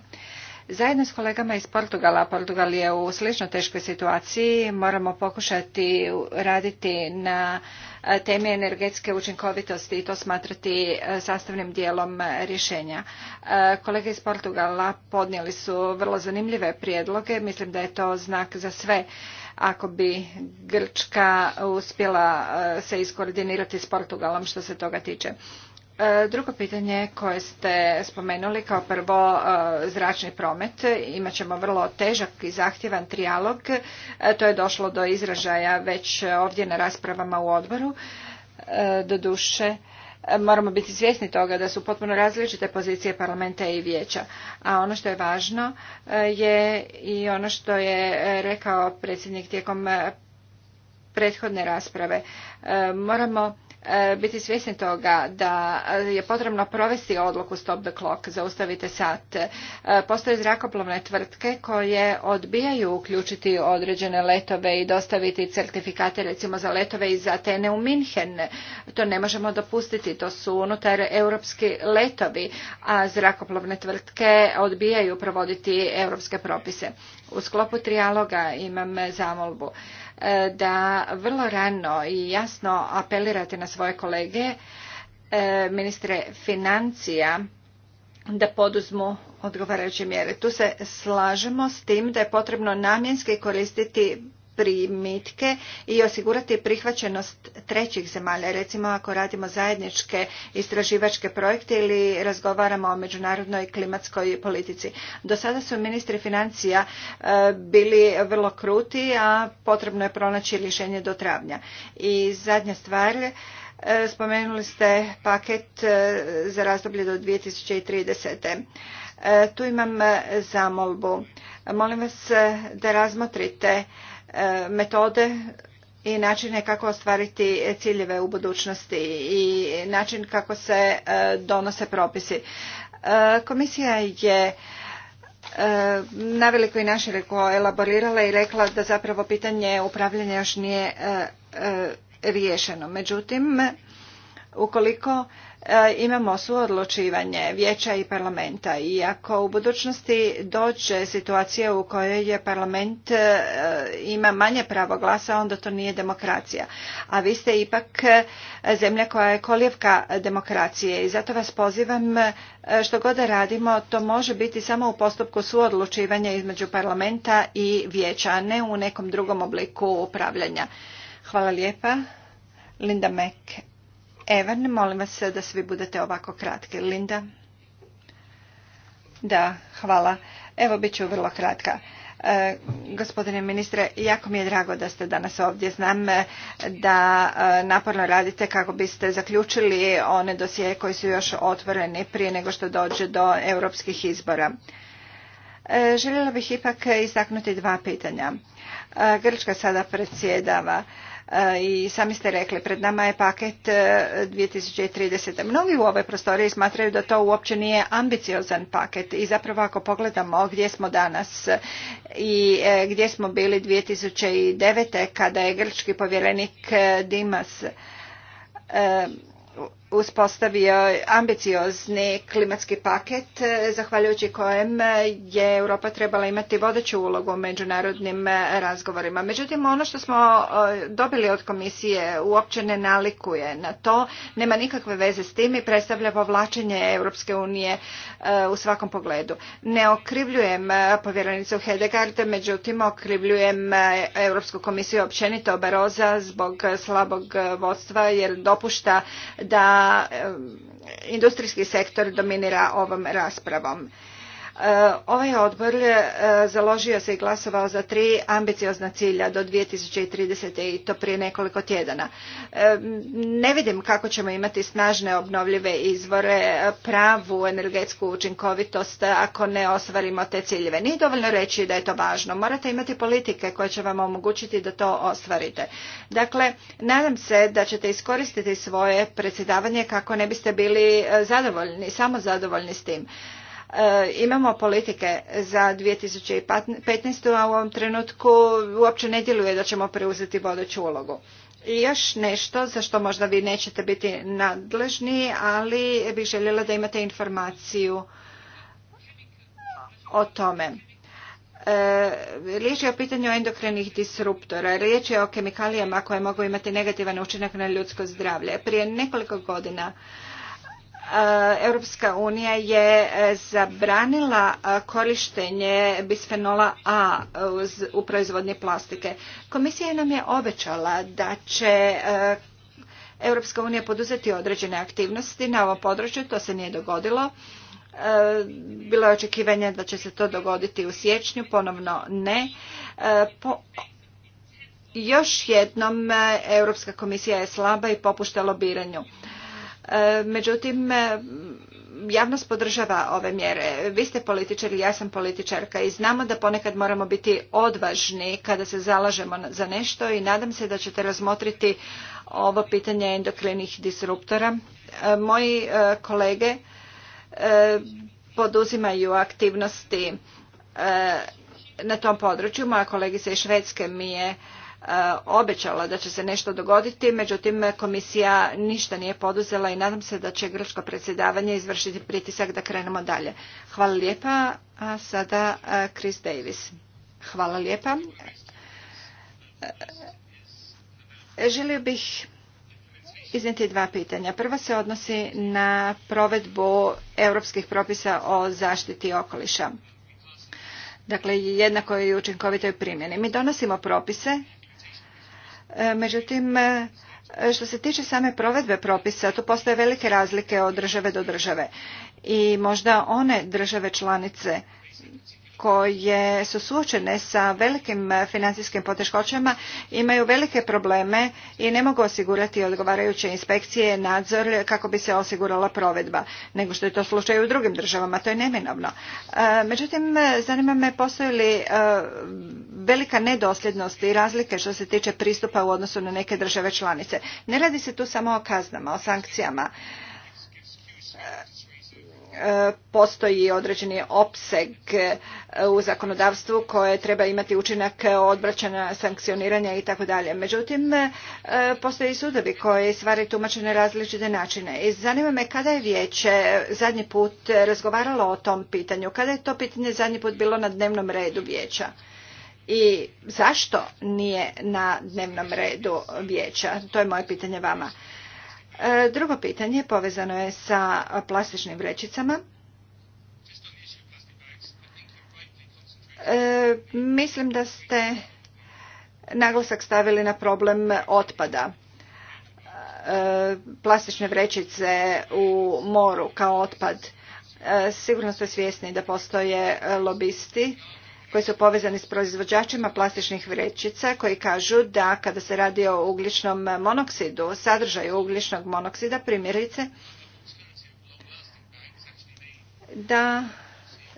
Zajedno s kolegama iz Portugala, Portugal je u slično teškoj situaciji, moramo pokušati raditi na e, temi energetske učinkovitosti i to smatrati e, sastavnim dijelom rješenja. Kolege iz Portugala podnijeli su vrlo zanimljive prijedloge, mislim da je to znak za sve ako bi Grčka uspjela e, se iskoordinirati s Portugalom što se toga tiče. E, drugo pitanje koje ste spomenuli kao prvo e, zračni promet. ćemo vrlo težak i zahtjevan trijalog. To je došlo do izražaja već ovdje na raspravama u odboru. Doduše, E, moramo biti svjesni toga da su potpuno različite pozicije parlamenta i vijeća. A ono što je važno e, je i ono što je e, rekao predsjednik tijekom prethodne rasprave. Moramo E, biti svjesni toga da je potrebno provesti odluku stop the clock, zaustavite sat. E, postoje zrakoplovne tvrtke koje odbijaju uključiti određene letove i dostaviti certifikate recimo za letove iz Atene u Minhen. To ne možemo dopustiti, to su unutar europski letovi, a zrakoplovne tvrtke odbijaju provoditi europske propise. U sklopu trijaloga imam zamolbu E, da vrlo rano i jasno apelirate na svoje kolege, e, ministre financija, da poduzmu odgovarajuće mjere. Tu se slažemo s tim da je potrebno namjenski koristiti primitke i osigurati prihvaćenost trećih zemalja. Recimo ako radimo zajedničke istraživačke projekte ili razgovaramo o međunarodnoj klimatskoj politici. Do sada su ministri financija e, bili vrlo kruti, a potrebno je pronaći rješenje do travnja. I zadnja stvar, e, spomenuli ste paket e, za razdoblje do 2030. Tu imam zamolbu. Molim vas da razmotrite E, metode i načine kako ostvariti ciljeve u budućnosti i način kako se e, donose propisi. E, komisija je veliko i našireko elaborirala i rekla da zapravo pitanje upravljanja još nije riješeno. Međutim, ukoliko E, imamo suodlučivanje vijeća i parlamenta i ako u budućnosti dođe situacija u kojoj je parlament e, ima manje pravo glasa onda to nije demokracija a vi ste ipak e, zemlja koja je kolijevka demokracije i zato vas pozivam što god da radimo to može biti samo u postupku suodlučivanja između parlamenta i vijeća a ne u nekom drugom obliku upravljanja hvala lijepa Linda Mek Evan, molim vas da svi budete ovako kratki. Linda? Da, hvala. Evo, bit ću vrlo kratka. E, gospodine ministre, jako mi je drago da ste danas ovdje. Znam e, da e, naporno radite kako biste zaključili one dosije koji su još otvoreni prije nego što dođe do europskih izbora. željela bih ipak istaknuti dva pitanja. Grčka sada predsjedava. E, i sami ste rekli, pred nama je paket 2030. E, Mnogi u ovoj prostoriji smatraju da to uopće nije ambiciozan paket i zapravo ako pogledamo gdje smo danas i e, gdje smo bili 2009. kada je grčki povjerenik Dimas uspostavio ambiciozni klimatski paket e, zahvaljujući kojem je Europa trebala imati vodeću ulogu u međunarodnim e, razgovorima. Međutim, ono što smo e, dobili od komisije uopće ne nalikuje na to, nema nikakve veze s tim i predstavlja povlačenje Europske unije u svakom pogledu. Ne okrivljujem povjerenicu Hedegard, međutim okrivljujem Europsku komisiju općenito Baroza zbog slabog vodstva jer dopušta da industrijski sektor dominira ovom raspravom. E, ovaj odbor e, založio se i glasovao za tri ambiciozna cilja do 2030. i to prije nekoliko tjedana. E, ne vidim kako ćemo imati snažne obnovljive izvore, pravu energetsku učinkovitost ako ne ostvarimo te ciljeve. Nije dovoljno reći da je to važno. Morate imati politike koje će vam omogućiti da to ostvarite. Dakle, nadam se da ćete iskoristiti svoje predsjedavanje kako ne biste bili zadovoljni, samo zadovoljni s tim. E, imamo politike za 2015. a u ovom trenutku uopće ne djeluje da ćemo preuzeti vodeću ulogu. I još nešto za što možda vi nećete biti nadležni, ali bih željela da imate informaciju o tome. E, riječ je o pitanju endokrinih disruptora, riječ je o kemikalijama koje mogu imati negativan učinak na ljudsko zdravlje. Prije nekoliko godina E, Europska unija je e, zabranila e, korištenje bisfenola A u proizvodnji plastike. Komisija nam je obećala da će Europska unija poduzeti određene aktivnosti na ovom području, to se nije dogodilo. Bilo je očekivanje da će se to dogoditi u siječnju, ponovno ne. još jednom Europska komisija je slaba i popušta lobiranju. Međutim, javnost podržava ove mjere. Vi ste političar i ja sam političarka i znamo da ponekad moramo biti odvažni kada se zalažemo za nešto i nadam se da ćete razmotriti ovo pitanje endokrinih disruptora. E, moji e, kolege e, poduzimaju aktivnosti na tom području. Moja kolegica iz Švedske mi je E, obećala da će se nešto dogoditi, međutim komisija ništa nije poduzela i nadam se da će grčko predsjedavanje izvršiti pritisak da krenemo dalje. Hvala lijepa, a sada e, Chris Davis. Hvala lijepa. E, želio bih iznijeti dva pitanja. Prva se odnosi na provedbu europskih propisa o zaštiti okoliša. Dakle, jednako je i učinkovitoj primjeni. Mi donosimo propise Međutim, što se tiče same provedbe propisa, tu postoje velike razlike od države do države. I možda one države članice koje su suočene sa velikim financijskim poteškoćama imaju velike probleme i ne mogu osigurati odgovarajuće inspekcije nadzor kako bi se osigurala provedba nego što je to slučaj u drugim državama to je neminovno e, međutim zanima me postoji li e, velika nedosljednost i razlike što se tiče pristupa u odnosu na neke države članice ne radi se tu samo o kaznama o sankcijama postoji određeni opseg e, u zakonodavstvu koje treba imati učinak odbraćanja, sankcioniranja i tako dalje. Međutim, e, postoje i sudovi koji stvari tumače na različite načine. I zanima me kada je vijeće zadnji put razgovaralo o tom pitanju, kada je to pitanje zadnji put bilo na dnevnom redu vijeća i zašto nije na dnevnom redu vijeća? To je moje pitanje vama. E, drugo pitanje povezano je sa plastičnim vrećicama. E, mislim da ste naglasak stavili na problem otpada e, plastične vrećice u moru kao otpad. Sigurno ste svjesni da postoje lobisti koji su povezani s proizvođačima plastičnih vrećica koji kažu da kada se radi o ugljičnom monoksidu, sadržaju ugljičnog monoksida primjerice, da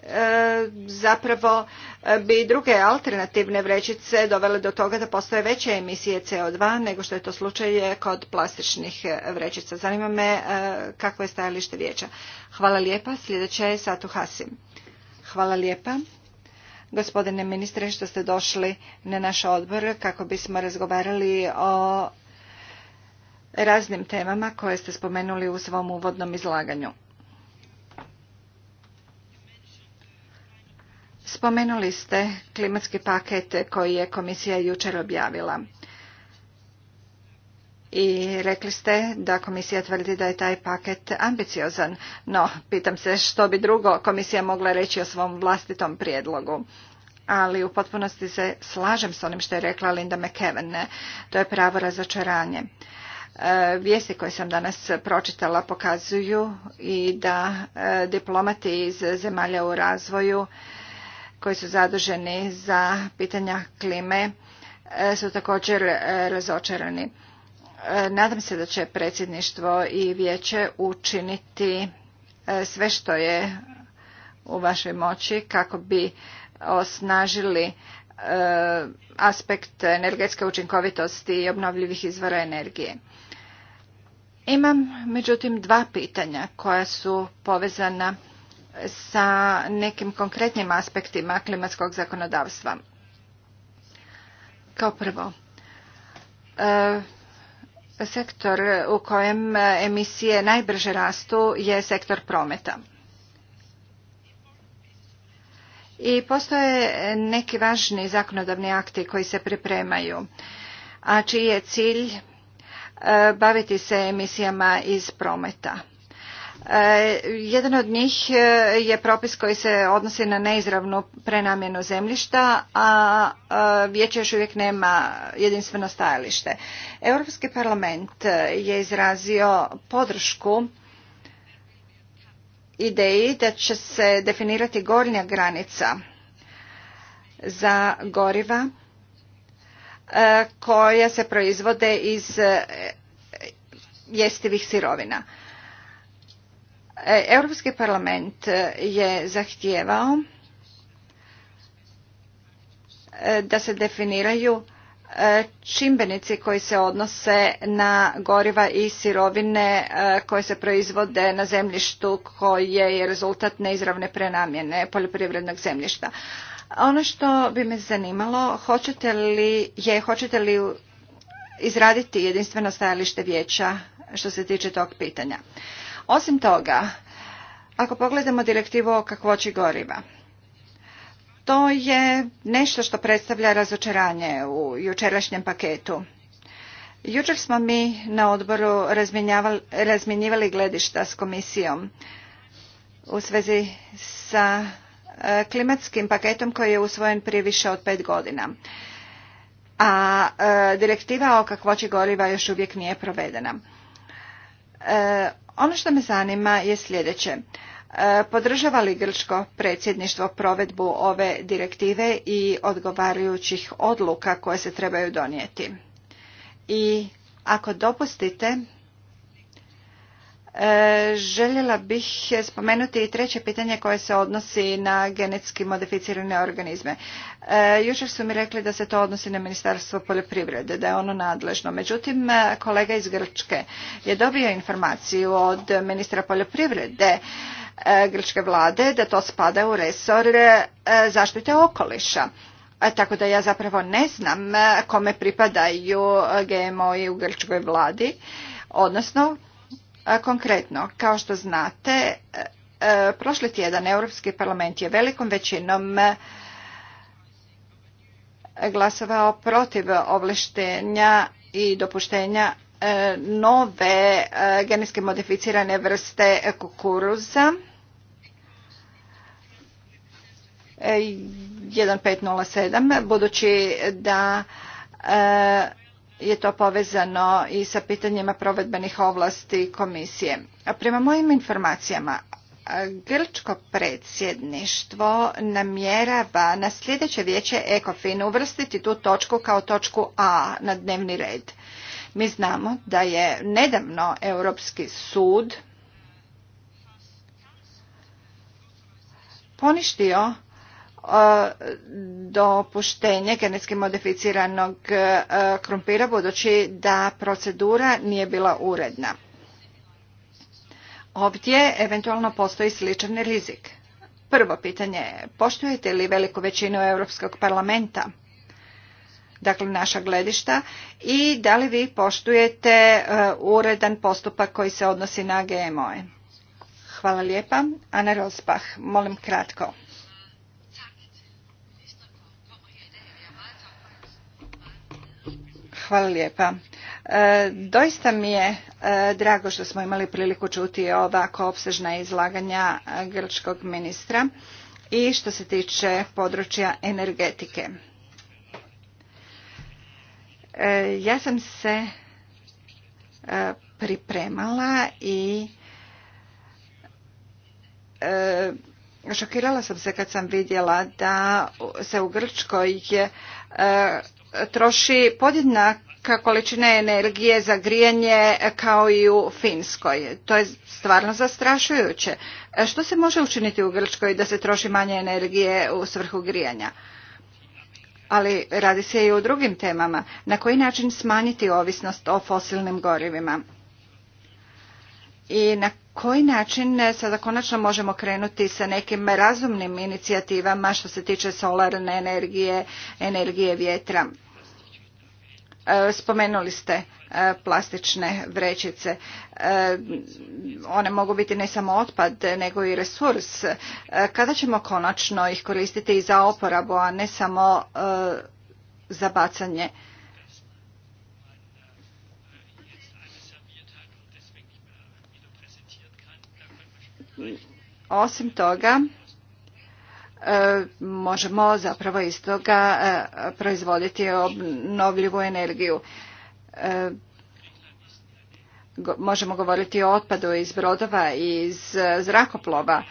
e, zapravo e, bi druge alternativne vrećice dovele do toga da postoje veće emisije CO2 nego što je to slučaj kod plastičnih vrećica. Zanima me e, kako je stajalište vijeća. Hvala lijepa. Sljedeća je Satu Hasim. Hvala lijepa gospodine ministre što ste došli na naš odbor kako bismo razgovarali o raznim temama koje ste spomenuli u svom uvodnom izlaganju. Spomenuli ste klimatski paket koji je komisija jučer objavila i rekli ste da komisija tvrdi da je taj paket ambiciozan, no pitam se što bi drugo komisija mogla reći o svom vlastitom prijedlogu. Ali u potpunosti se slažem s onim što je rekla Linda McKeven. To je pravo razočaranje. E, vijesti koje sam danas pročitala pokazuju i da e, diplomati iz zemalja u razvoju koji su zaduženi za pitanja klime e, su također razočarani. E, nadam se da će predsjedništvo i vijeće učiniti e, sve što je u vašoj moći kako bi osnažili e, aspekt energetske učinkovitosti i obnovljivih izvora energije. Imam međutim dva pitanja koja su povezana sa nekim konkretnim aspektima klimatskog zakonodavstva. Kao prvo, sektor u kojem emisije najbrže rastu je sektor prometa. I postoje neki važni zakonodavni akti koji se pripremaju, a čiji je cilj e, baviti se emisijama iz prometa. E, jedan od njih e, je propis koji se odnosi na neizravnu prenamjenu zemljišta, a e, vijeće još uvijek nema jedinstveno stajalište. Europski parlament je izrazio podršku ideji da će se definirati gornja granica za goriva koja se proizvode iz jestivih sirovina. E, Europski parlament e, je zahtijevao e, da se definiraju čimbenici koji se odnose na goriva i sirovine koje se proizvode na zemljištu koje je rezultat neizravne prenamjene poljoprivrednog zemljišta. Ono što bi me zanimalo hoćete li, je hoćete li izraditi jedinstveno stajalište vijeća što se tiče tog pitanja. Osim toga, ako pogledamo direktivu o kakvoći goriva, to je nešto što predstavlja razočaranje u jučerašnjem paketu. Jučer smo mi na odboru razmjenjivali gledišta s komisijom u svezi sa e, klimatskim paketom koji je usvojen prije više od pet godina. A e, direktiva o kakvoći goriva još uvijek nije provedena. E, ono što me zanima je sljedeće. E, podržava li Grčko predsjedništvo provedbu ove direktive i odgovarajućih odluka koje se trebaju donijeti? I ako dopustite, E, željela bih spomenuti i treće pitanje koje se odnosi na genetski modificirane organizme. E, jučer su mi rekli da se to odnosi na Ministarstvo poljoprivrede, da je ono nadležno. Međutim, e, kolega iz Grčke je dobio informaciju od ministra poljoprivrede grčke vlade da to spada u resor zaštite okoliša. Tako da ja zapravo ne znam kome pripadaju GMO i u grčkoj vladi, odnosno Konkretno, kao što znate, e, e, prošli tjedan Europski parlament je velikom većinom e, glasovao protiv ovlaštenja i dopuštenja nove genetski modificirane vrste kukuruza 1507 budući da je to povezano i sa pitanjima provedbenih ovlasti komisije. A prema mojim informacijama, Grčko predsjedništvo namjerava na sljedeće vijeće ECOFIN uvrstiti tu točku kao točku A na dnevni red. Mi znamo da je nedavno Europski sud poništio E, dopuštenje genetski modificiranog e, krumpira budući da procedura nije bila uredna. Ovdje eventualno postoji sličan rizik. Prvo pitanje poštujete li veliku većinu Europskog parlamenta? dakle naša gledišta i da li vi poštujete e, uredan postupak koji se odnosi na gmo Hvala lijepa. Ana Rozpah, molim kratko. Hvala lijepa. E, doista mi je e, drago što smo imali priliku čuti ovako opsežna izlaganja e, grčkog ministra i što se tiče područja energetike. Ja sam se pripremala i šokirala sam se kad sam vidjela da se u Grčkoj je troši podjednaka količina energije za grijanje kao i u Finskoj. To je stvarno zastrašujuće. E, što se može učiniti u Grčkoj da se troši manje energije u svrhu grijanja? Ali radi se i o drugim temama. Na koji način smanjiti ovisnost o fosilnim gorivima? i na koji način sada konačno možemo krenuti sa nekim razumnim inicijativama što se tiče solarne energije, energije vjetra. E, spomenuli ste e, plastične vrećice. E, one mogu biti ne samo otpad, nego i resurs. Kada ćemo konačno ih koristiti i za oporabu, a ne samo za bacanje? Osim toga, e, možemo zapravo iz toga e, proizvoditi obnovljivu energiju. E, možemo govoriti o otpadu iz brodova i iz zrakoplova.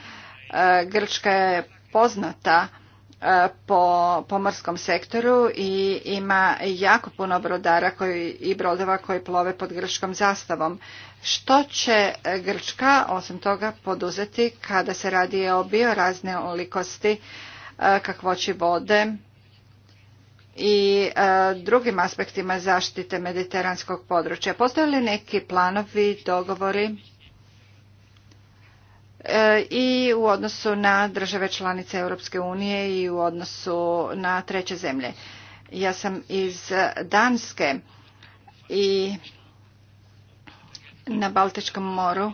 Grčka je poznata po pomorskom sektoru i ima jako puno brodara koji, i brodova koji plove pod grčkom zastavom. Što će e, Grčka osim toga poduzeti kada se radi o biorazne olikosti, e, kakvoći vode i e, drugim aspektima zaštite mediteranskog područja? Postoje li neki planovi, dogovori i u odnosu na države članice Europske unije i u odnosu na treće zemlje? Ja sam iz Danske i na Baltičkom moru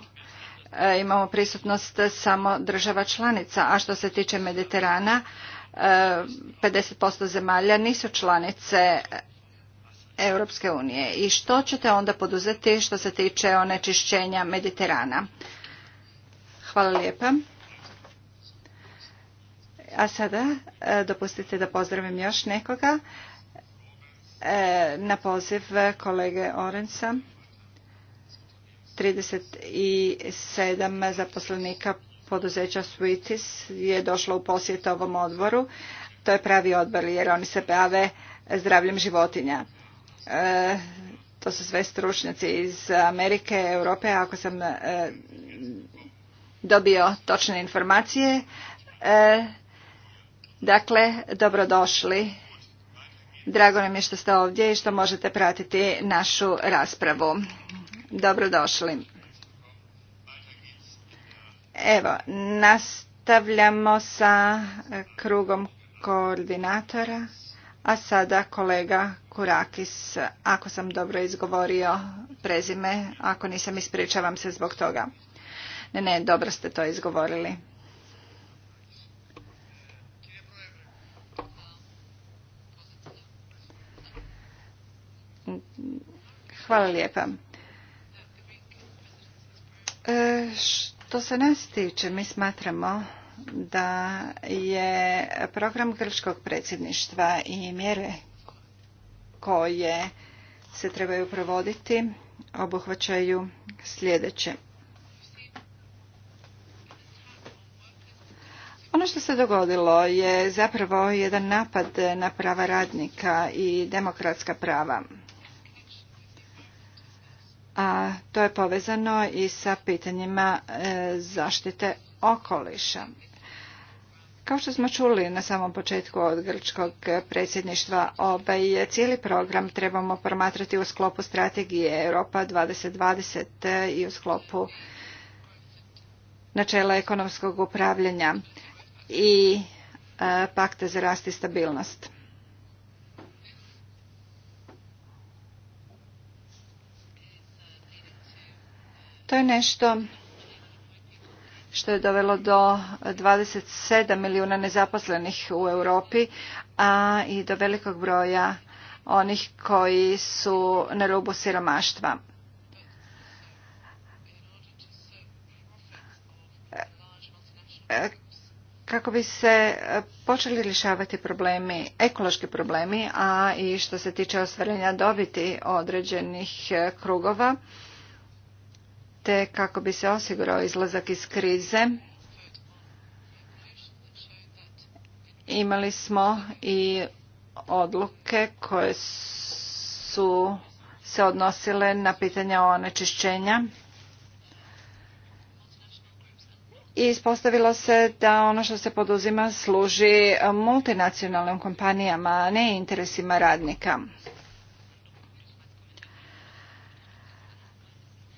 e, imamo prisutnost samo država članica, a što se tiče Mediterana, 50% e, zemalja nisu članice Europske unije. I što ćete onda poduzeti što se tiče onečišćenja Mediterana? Hvala lijepa. A sada e, dopustite da pozdravim još nekoga na poziv kolege Orensa. 37 zaposlenika poduzeća Suitis je došlo u posjet ovom odboru. To je pravi odbor jer oni se bave zdravljem životinja. E, to su sve stručnjaci iz Amerike, Europe. Ako sam e, dobio točne informacije, e, dakle, dobrodošli. Drago nam je što ste ovdje i što možete pratiti našu raspravu. Dobrodošli. Evo, nastavljamo sa krugom koordinatora, a sada kolega Kurakis, ako sam dobro izgovorio prezime, ako nisam ispričavam se zbog toga. Ne, ne, dobro ste to izgovorili. Hvala lijepa. E, što se nas tiče, mi smatramo da je program grčkog predsjedništva i mjere koje se trebaju provoditi obuhvaćaju sljedeće. Ono što se dogodilo je zapravo jedan napad na prava radnika i demokratska prava a to je povezano i sa pitanjima e, zaštite okoliša. Kao što smo čuli na samom početku od grčkog predsjedništva, je ovaj cijeli program trebamo promatrati u sklopu strategije Europa 2020 i u sklopu načela ekonomskog upravljanja i e, pakta za rast i stabilnost. To je nešto što je dovelo do 27 milijuna nezaposlenih u Europi, a i do velikog broja onih koji su na rubu siromaštva. kako bi se počeli rješavati problemi, ekološki problemi, a i što se tiče ostvarenja dobiti određenih krugova, te kako bi se osigurao izlazak iz krize. Imali smo i odluke koje su se odnosile na pitanja o onečišćenja. I ispostavilo se da ono što se poduzima služi multinacionalnim kompanijama, a ne interesima radnika.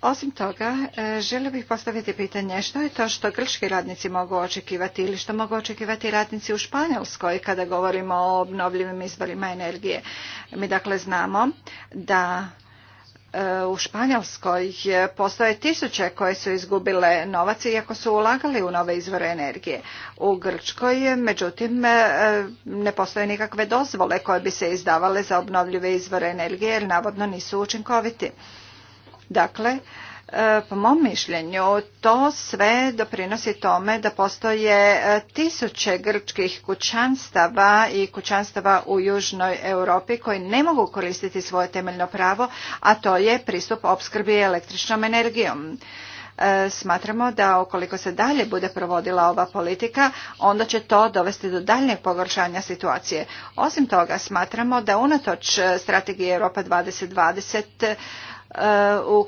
Osim toga, e, želio bih postaviti pitanje što je to što grčki radnici mogu očekivati ili što mogu očekivati radnici u Španjolskoj kada govorimo o obnovljivim izvorima energije. Mi dakle znamo da e, u Španjolskoj postoje tisuće koje su izgubile novac iako su ulagali u nove izvore energije. U Grčkoj, međutim, e, ne postoje nikakve dozvole koje bi se izdavale za obnovljive izvore energije jer navodno nisu učinkoviti. Dakle, e, po mom mišljenju to sve doprinosi tome da postoje e, tisuće grčkih kućanstava i kućanstava u južnoj Europi koji ne mogu koristiti svoje temeljno pravo, a to je pristup opskrbi električnom energijom. E, smatramo da ukoliko se dalje bude provodila ova politika, onda će to dovesti do daljnjeg pogoršanja situacije. Osim toga, smatramo da unatoč strategije Europa 2020 u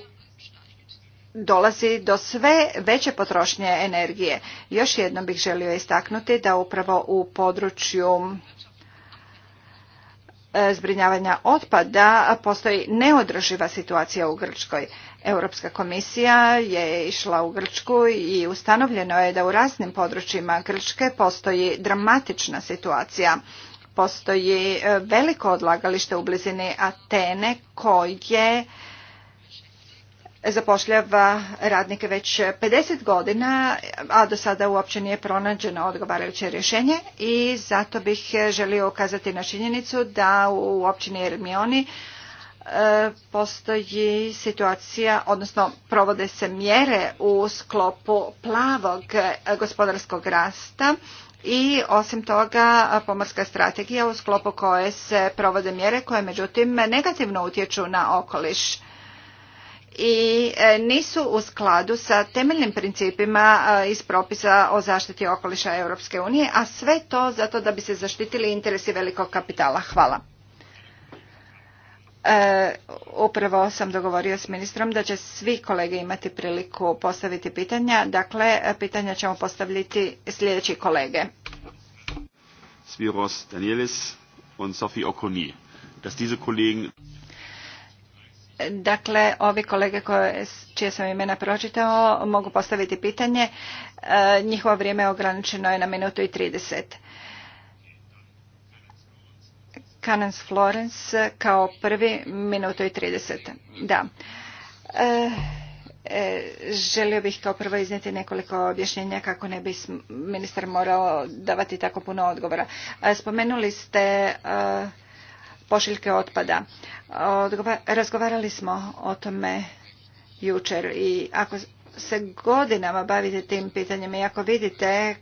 dolazi do sve veće potrošnje energije. Još jednom bih želio istaknuti da upravo u području e, zbrinjavanja otpada postoji neodrživa situacija u Grčkoj. Europska komisija je išla u Grčku i ustanovljeno je da u raznim područjima Grčke postoji dramatična situacija. Postoji e, veliko odlagalište u blizini Atene koje zapošljava radnike već 50 godina, a do sada uopće nije pronađeno odgovarajuće rješenje i zato bih želio ukazati na činjenicu da u općini Ermioni e, postoji situacija, odnosno provode se mjere u sklopu plavog gospodarskog rasta i osim toga pomorska strategija u sklopu koje se provode mjere koje međutim negativno utječu na okoliš i e, nisu u skladu sa temeljnim principima e, iz propisa o zaštiti okoliša Europske unije, a sve to zato da bi se zaštitili interesi velikog kapitala. Hvala. E, upravo sam dogovorio s ministrom da će svi kolege imati priliku postaviti pitanja. Dakle, pitanja ćemo postaviti sljedeći kolege. Spiros Danielis i Sophie Okoni. Dass diese Dakle, ovi kolege koje, čije sam imena pročitao mogu postaviti pitanje. E, njihovo vrijeme ograničeno je na minutu i 30. Canons Florence kao prvi minutu i 30. Da. E, e, želio bih kao prvo iznijeti nekoliko objašnjenja kako ne bi ministar morao davati tako puno odgovora. E, spomenuli ste pošiljke otpada. razgovarali smo o tome jučer i ako se godinama bavite tim pitanjem i ako vidite e,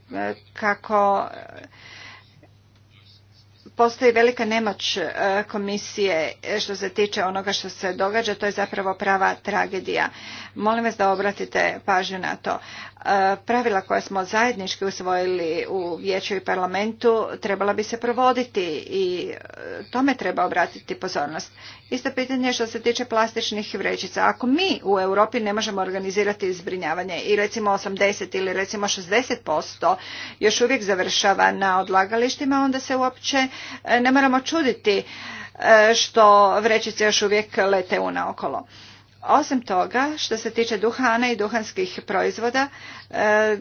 kako e, postoji velika nemoć e, komisije što se tiče onoga što se događa to je zapravo prava tragedija molim vas da obratite pažnju na to E, pravila koja smo zajednički usvojili u vijeću i parlamentu trebala bi se provoditi i e, tome treba obratiti pozornost. Isto pitanje što se tiče plastičnih vrećica. Ako mi u Europi ne možemo organizirati zbrinjavanje i recimo 80 ili recimo 60% još uvijek završava na odlagalištima, onda se uopće e, ne moramo čuditi što vrećice još uvijek lete unaokolo. okolo. Osim toga, što se tiče duhana i duhanskih proizvoda, e,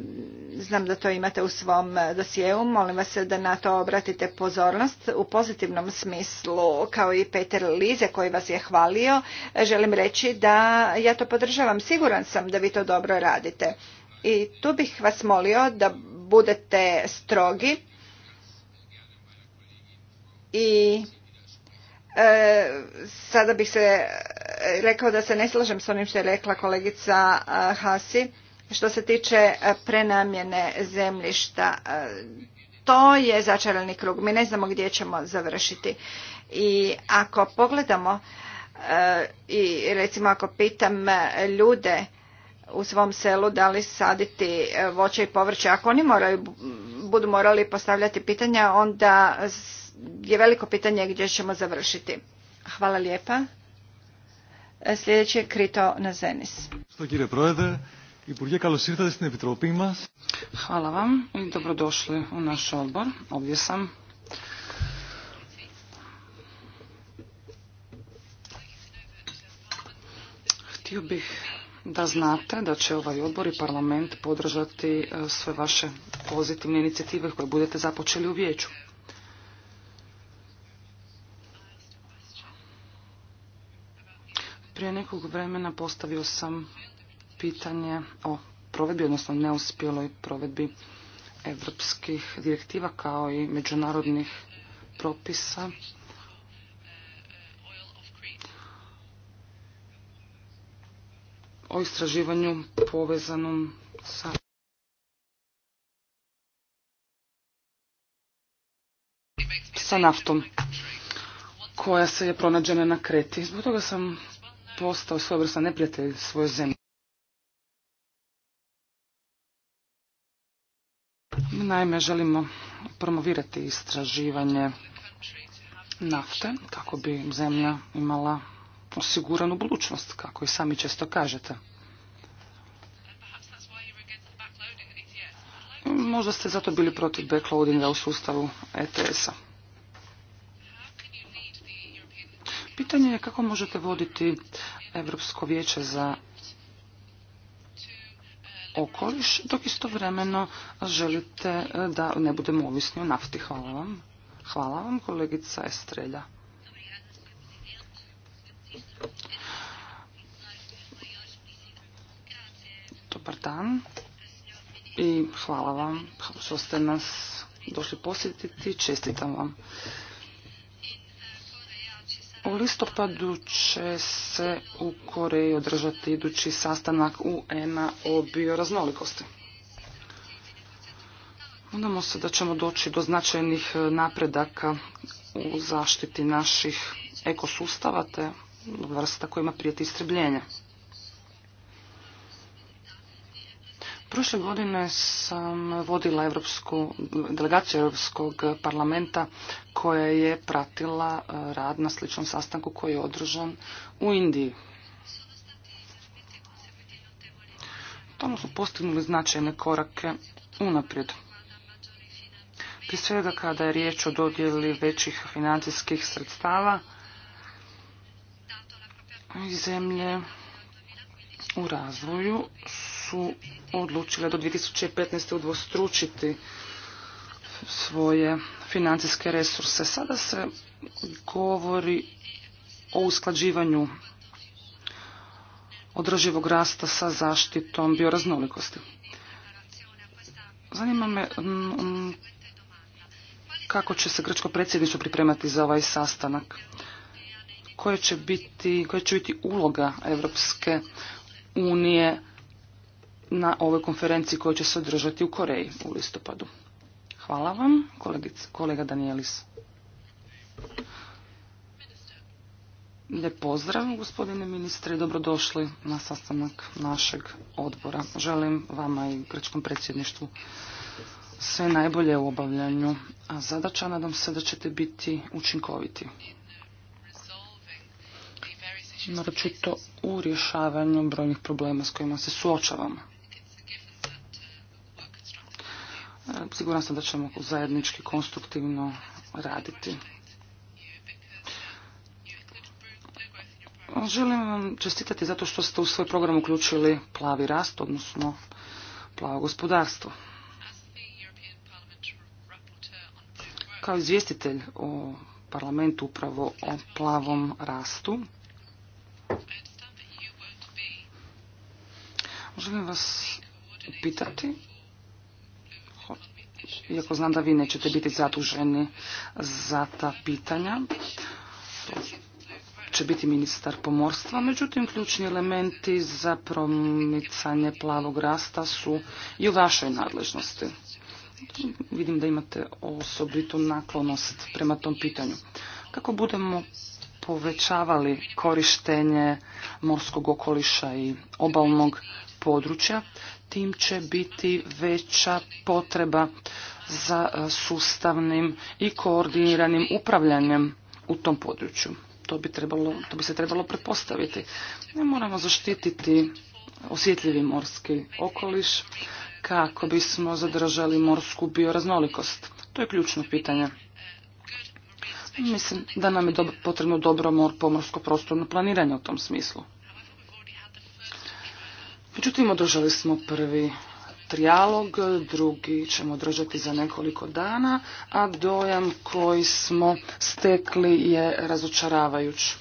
znam da to imate u svom dosjeu, molim vas da na to obratite pozornost u pozitivnom smislu, kao i Peter Lize koji vas je hvalio. Želim reći da ja to podržavam, siguran sam da vi to dobro radite. I tu bih vas molio da budete strogi i e, sada bih se E, rekao da se ne slažem s onim što je rekla kolegica e, Hasi što se tiče e, prenamjene zemljišta. To je začarani krug. Mi ne znamo gdje ćemo završiti. I ako pogledamo i recimo ako pitam ljude u svom selu da li saditi voće i povrće, ako oni moraju, budu morali postavljati pitanja, onda je veliko pitanje gdje ćemo završiti. Hvala lijepa. Sljedeće je Krito Nazenis. Hvala vam i dobrodošli u naš odbor. Ovdje sam. Htio bih da znate da će ovaj odbor i parlament podržati e, sve vaše pozitivne inicijative koje budete započeli u vijeću. Prije nekog vremena postavio sam pitanje o provedbi, odnosno neuspjeloj provedbi evropskih direktiva kao i međunarodnih propisa. o istraživanju povezanom sa naftom koja se je pronađena na Kreti. Zbog toga sam postao svojevrstan neprijatelj svoje zemlje. naime želimo promovirati istraživanje nafte kako bi zemlja imala osiguranu budućnost, kako i sami često kažete. Možda ste zato bili protiv backloadinga u sustavu ETS-a. Pitanje je kako možete voditi Europsko vijeće za okoliš, dok istovremeno želite e, da ne budemo ovisni o nafti. Hvala vam. Hvala vam, kolegica Estrelja. Dobar dan i hvala vam što ste nas došli posjetiti. Čestitam vam. U listopadu će se u Koreji održati idući sastanak UN-a o bioraznolikosti. Nadamo se da ćemo doći do značajnih napredaka u zaštiti naših ekosustava te vrsta kojima prijeti istrebljenje. Prošle godine sam vodila Evropsku, delegaciju Europskog parlamenta koja je pratila e, rad na sličnom sastanku koji je održan u Indiji. Tamo su postignuli značajne korake unaprijed. Prije svega kada je riječ o dodjeli većih financijskih sredstava i zemlje u razvoju su odlučile do 2015. udvostručiti svoje financijske resurse. Sada se govori o usklađivanju održivog rasta sa zaštitom bioraznolikosti. Zanima me mm, kako će se grčko predsjedništvo pripremati za ovaj sastanak. Koje će biti, koja će biti uloga Europske unije na ovoj konferenciji koja će se održati u Koreji u listopadu. Hvala vam, kolega Danielis. Lijep pozdrav, gospodine ministre, dobrodošli na sastanak našeg odbora. Želim vama i grčkom predsjedništvu sve najbolje u obavljanju a zadaća. Nadam se da ćete biti učinkoviti. Naročito u rješavanju brojnih problema s kojima se suočavamo. E, Siguran sam da ćemo zajednički konstruktivno raditi. Želim vam čestitati zato što ste u svoj program uključili plavi rast, odnosno plavo gospodarstvo. Kao izvjestitelj o parlamentu upravo o plavom rastu, želim vas pitati iako znam da vi nećete biti zaduženi za ta pitanja. To će biti ministar pomorstva, međutim ključni elementi za promicanje plavog rasta su i u vašoj nadležnosti. Vidim da imate osobitu naklonost prema tom pitanju. Kako budemo povećavali korištenje morskog okoliša i obalnog područja, tim će biti veća potreba za e, sustavnim i koordiniranim upravljanjem u tom području. To bi, trebalo, to bi se trebalo pretpostaviti. Mi moramo zaštititi osjetljivi morski okoliš kako bismo zadržali morsku bioraznolikost. To je ključno pitanje. Mislim da nam je potrebno dobro pomorsko prostorno planiranje u tom smislu. Međutim, održali smo prvi trijalog, drugi ćemo održati za nekoliko dana, a dojam koji smo stekli je razočaravajuć.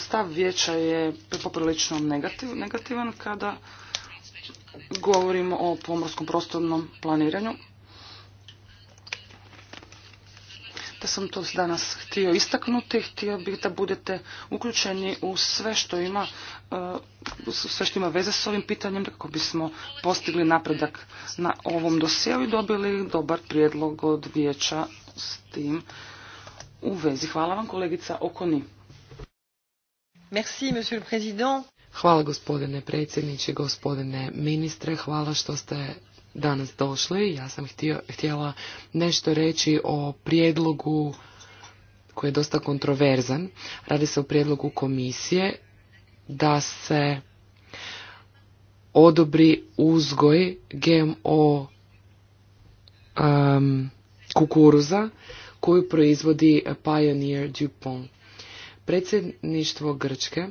Stav, vijeća je poprilično negativ, negativan kada govorimo o pomorskom prostornom planiranju. Dakle, sam to danas htio istaknuti. Htio bih da budete uključeni u sve što ima e, sve što ima veze s ovim pitanjem kako bismo postigli napredak na ovom dosjeu i dobili dobar prijedlog od vijeća s tim u vezi. Hvala vam kolegica Okoni. Merci, monsieur le président. Hvala gospodine predsjedniče, gospodine ministre, hvala što ste danas došli. Ja sam htio, htjela nešto reći o prijedlogu koji je dosta kontroverzan. Radi se o prijedlogu komisije da se odobri uzgoj GMO um, kukuruza koju proizvodi Pioneer DuPont. Predsjedništvo Grčke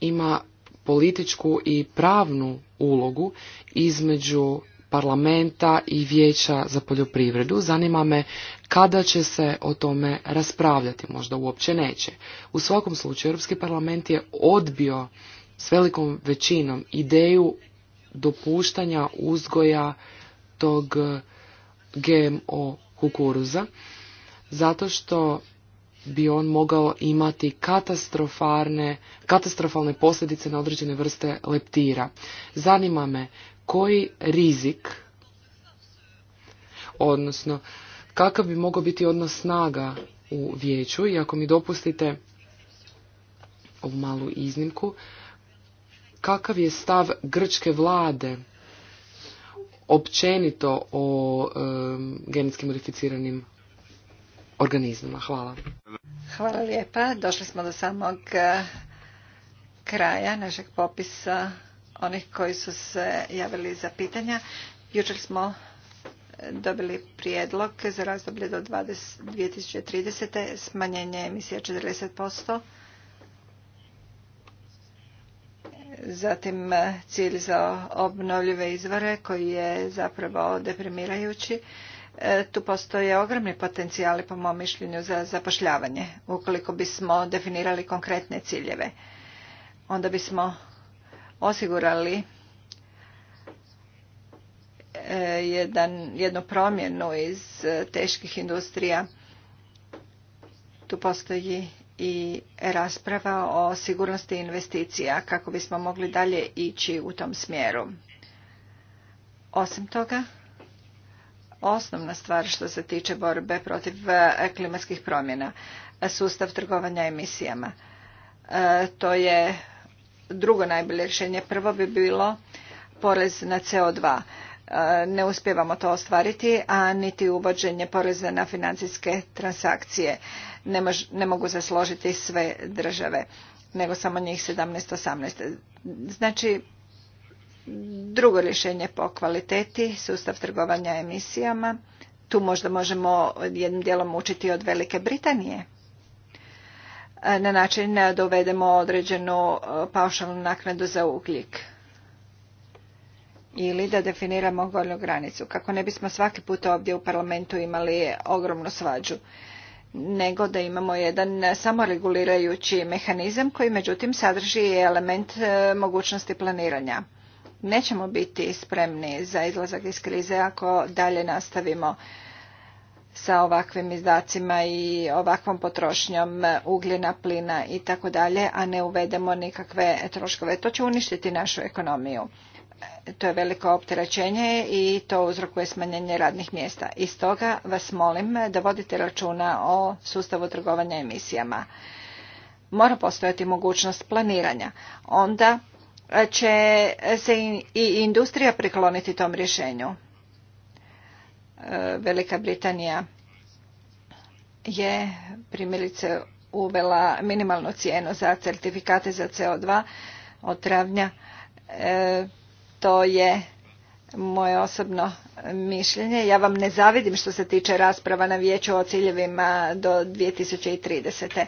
ima političku i pravnu ulogu između parlamenta i vijeća za poljoprivredu. Zanima me kada će se o tome raspravljati, možda uopće neće. U svakom slučaju, Europski parlament je odbio s velikom većinom ideju dopuštanja uzgoja tog GMO kukuruza, zato što bi on mogao imati katastrofalne, katastrofalne posljedice na određene vrste leptira. Zanima me koji rizik, odnosno kakav bi mogao biti odnos snaga u vijeću i ako mi dopustite ovu malu iznimku, kakav je stav grčke vlade općenito o e, genetski modificiranim organizama. Hvala. Hvala lijepa. Došli smo do samog eh, kraja našeg popisa onih koji su se javili za pitanja. Jučer smo eh, dobili prijedlog za razdoblje do 2030. smanjenje emisije 40%. Zatim eh, cilj za obnovljive izvore koji je zapravo deprimirajući. E, tu postoje ogromni potencijali po mom mišljenju za zapošljavanje ukoliko bismo definirali konkretne ciljeve onda bismo osigurali e, jedan, jednu promjenu iz e, teških industrija tu postoji i rasprava o sigurnosti investicija kako bismo mogli dalje ići u tom smjeru osim toga osnovna stvar što se tiče borbe protiv e, klimatskih promjena, sustav trgovanja emisijama. E, to je drugo najbolje rješenje. Prvo bi bilo porez na CO2. E, ne uspjevamo to ostvariti, a niti uvođenje poreza na financijske transakcije. Ne, ne mogu zasložiti sve države, nego samo njih 17-18. Znači, drugo rješenje po kvaliteti, sustav trgovanja emisijama. Tu možda možemo jednim dijelom učiti od Velike Britanije. Na način da uvedemo određenu e, paušalnu naknadu za ugljik. Ili da definiramo gornju granicu. Kako ne bismo svaki put ovdje u parlamentu imali ogromnu svađu nego da imamo jedan samoregulirajući mehanizam koji međutim sadrži element e, mogućnosti planiranja nećemo biti spremni za izlazak iz krize ako dalje nastavimo sa ovakvim izdacima i ovakvom potrošnjom ugljena, plina i tako dalje, a ne uvedemo nikakve troškove. To će uništiti našu ekonomiju. To je veliko opterećenje i to uzrokuje smanjenje radnih mjesta. I stoga vas molim da vodite računa o sustavu trgovanja emisijama. Mora postojati mogućnost planiranja. Onda će se i industrija prikloniti tom rješenju. E, Velika Britanija je primjerice uvela minimalnu cijenu za certifikate za CO2 od travnja. E, to je moje osobno mišljenje. Ja vam ne zavidim što se tiče rasprava na vijeću o ciljevima do 2030.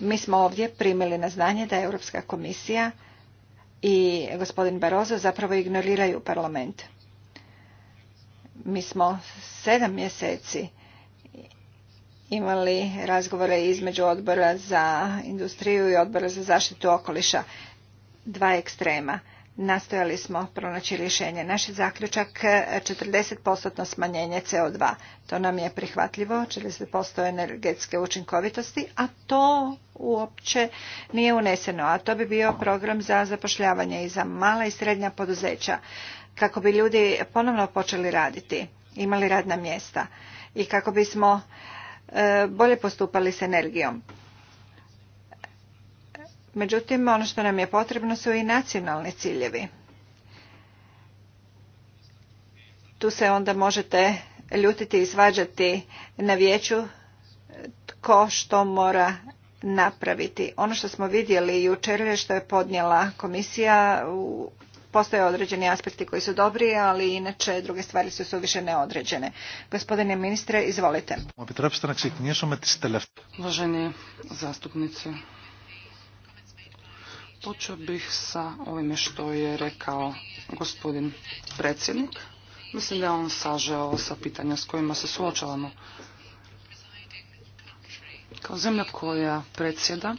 Mi smo ovdje primili na znanje da je Europska komisija i gospodin Barozo zapravo ignoriraju parlament. Mi smo sedam mjeseci imali razgovore između odbora za industriju i odbora za zaštitu okoliša. Dva ekstrema nastojali smo pronaći rješenje. Naš je zaključak 40% e, smanjenje CO2. To nam je prihvatljivo, 40% energetske učinkovitosti, a to uopće nije uneseno. A to bi bio program za zapošljavanje i za mala i srednja poduzeća, kako bi ljudi ponovno počeli raditi, imali radna mjesta i kako bismo e, bolje postupali s energijom. Međutim, ono što nam je potrebno su i nacionalni ciljevi. Tu se onda možete ljutiti i svađati na vijeću tko što mora napraviti. Ono što smo vidjeli jučer je što je podnijela komisija, postoje određeni aspekti koji su dobri, ali inače druge stvari su suviše neodređene. Gospodine ministre, izvolite. Uvaženi zastupnici, Počeo bih sa ovime što je rekao gospodin predsjednik. Mislim da je on sažao sa pitanja s kojima se suočavamo. Kao zemlja koja predsjeda,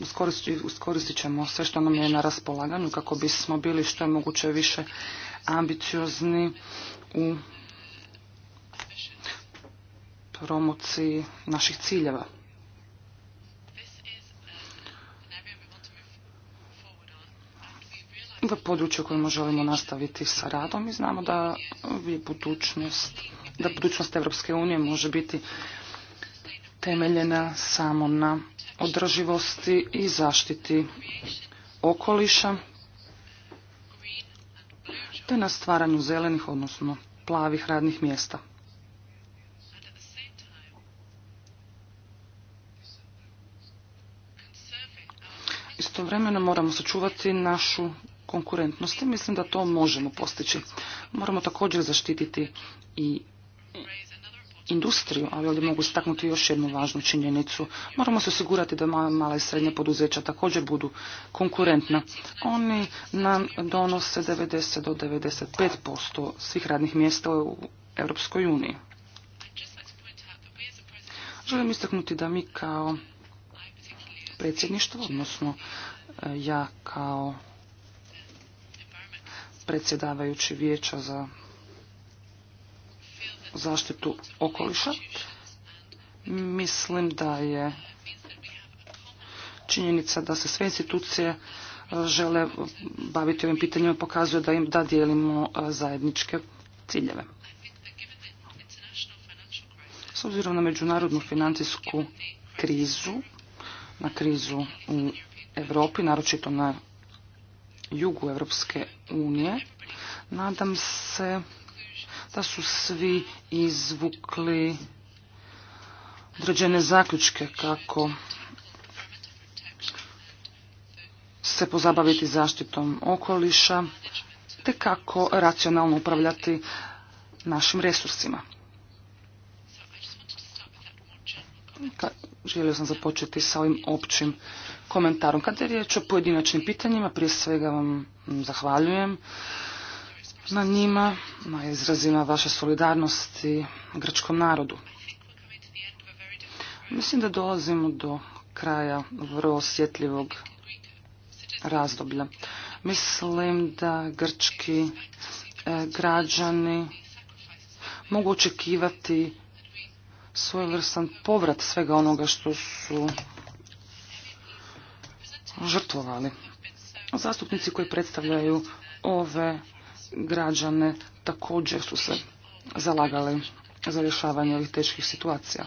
uskoristit iskoristit ćemo sve što nam je na raspolaganju kako bismo bili što je moguće više ambiciozni u promociji naših ciljeva. Područja područje u želimo nastaviti sa radom i znamo da je budućnost, da budućnost Europske unije može biti temeljena samo na održivosti i zaštiti okoliša te na stvaranju zelenih, odnosno plavih radnih mjesta. Istovremeno moramo sačuvati našu konkurentnosti. Mislim da to možemo postići. Moramo također zaštititi i industriju, ali ovdje mogu staknuti još jednu važnu činjenicu. Moramo se osigurati da mala i srednja poduzeća također budu konkurentna. Oni nam donose 90 do 95% svih radnih mjesta u Europskoj uniji. Želim istaknuti da mi kao predsjedništvo, odnosno e, ja kao predsjedavajući vijeća za zaštitu okoliša. Mislim da je činjenica da se sve institucije e, žele baviti ovim pitanjima pokazuje da im da dijelimo e, zajedničke ciljeve. S obzirom na međunarodnu financijsku krizu, na krizu u Europi, naročito na jugu evropske unije. Nadam se da su svi izvukli određene zaključke kako se pozabaviti zaštitom okoliša te kako racionalno upravljati našim resursima želio sam započeti sa ovim općim komentarom. Kada je riječ o pojedinačnim pitanjima, prije svega vam zahvaljujem na njima, na izrazima vaše solidarnosti grčkom narodu. Mislim da dolazimo do kraja vrlo osjetljivog razdoblja. Mislim da grčki eh, građani mogu očekivati svojevrstan povrat svega onoga što su žrtvovali. Zastupnici koji predstavljaju ove građane također su se zalagali za rješavanje ovih teških situacija.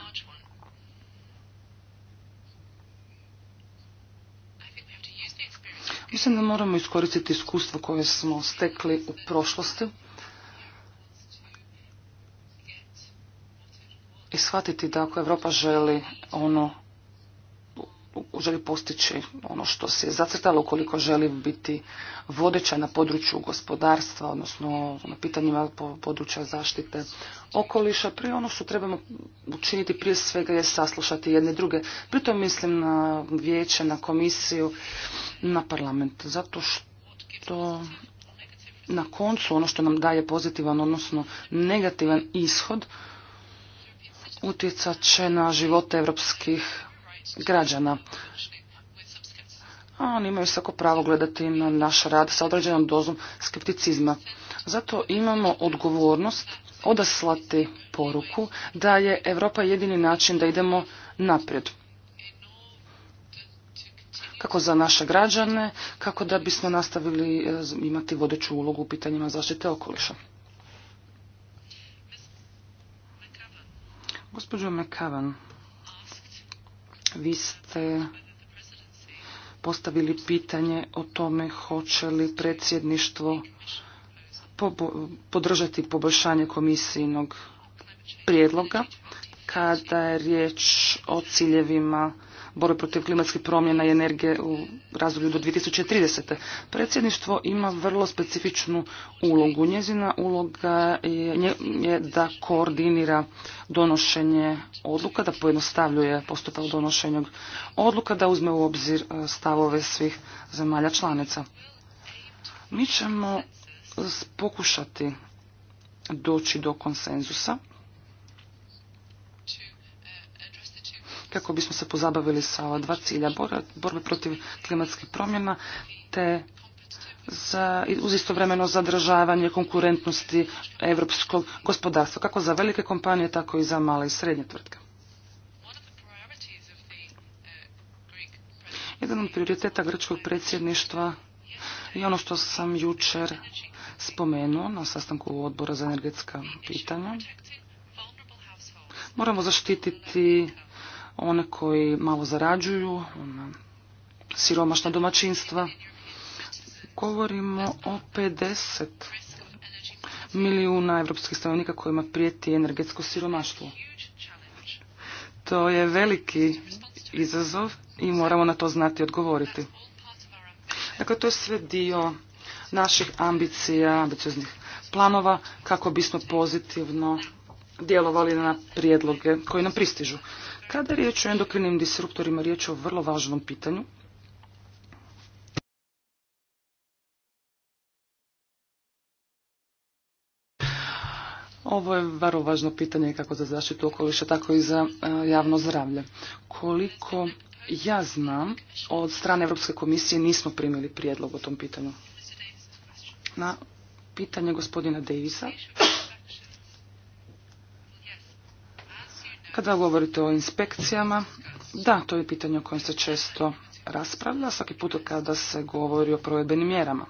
Mislim da moramo iskoristiti iskustvo koje smo stekli u prošlosti i shvatiti da ako Europa želi ono želi postići ono što se je zacrtalo ukoliko želi biti vodeća na području gospodarstva, odnosno na pitanjima područja zaštite okoliša. Prije ono što trebamo učiniti prije svega je saslušati jedne druge. Pritom mislim na vijeće, na komisiju, na parlament. Zato što na koncu ono što nam daje pozitivan, odnosno negativan ishod, utjecat će na živote evropskih građana. A oni imaju svako pravo gledati na naš rad sa određenom dozom skepticizma. Zato imamo odgovornost odaslati poruku da je Europa jedini način da idemo naprijed. Kako za naše građane, kako da bismo nastavili eh, imati vodeću ulogu u pitanjima zaštite okoliša. Gospođo Mekavan, vi ste postavili pitanje o tome hoće li predsjedništvo podržati poboljšanje komisijinog prijedloga kada je riječ o ciljevima borbe protiv klimatskih promjena i energije u razdoblju do 2030. Predsjedništvo ima vrlo specifičnu ulogu. Njezina uloga je, je da koordinira donošenje odluka, da pojednostavljuje postupak donošenja odluka, da uzme u obzir e, stavove svih zemalja članica. Mi ćemo pokušati doći do konsenzusa kako bismo se pozabavili sa ova dva cilja borbe protiv klimatskih promjena te za, uz istovremeno zadržavanje konkurentnosti europskog gospodarstva, kako za velike kompanije, tako i za male i srednje tvrtke. Jedan od prioriteta grčkog predsjedništva i ono što sam jučer spomenuo na sastanku odbora za energetska pitanja. Moramo zaštititi one koji malo zarađuju, siromašna domaćinstva. Govorimo o 50 milijuna evropskih stanovnika kojima prijeti energetsko siromaštvo. To je veliki izazov i moramo na to znati odgovoriti. Dakle, to je sve dio naših ambicija, ambicioznih planova kako bismo pozitivno djelovali na prijedloge koji nam pristižu. Kada je riječ o endokrinim disruptorima, riječ je o vrlo važnom pitanju. Ovo je vrlo važno pitanje kako za zaštitu okoliša, tako i za e, javno zdravlje. Koliko ja znam, od strane Europske komisije nismo primili prijedlog o tom pitanju. Na pitanje gospodina Davisa Kada govorite o inspekcijama, da, to je pitanje o kojem se često raspravlja, svaki put kada se govori o provedbenim mjerama.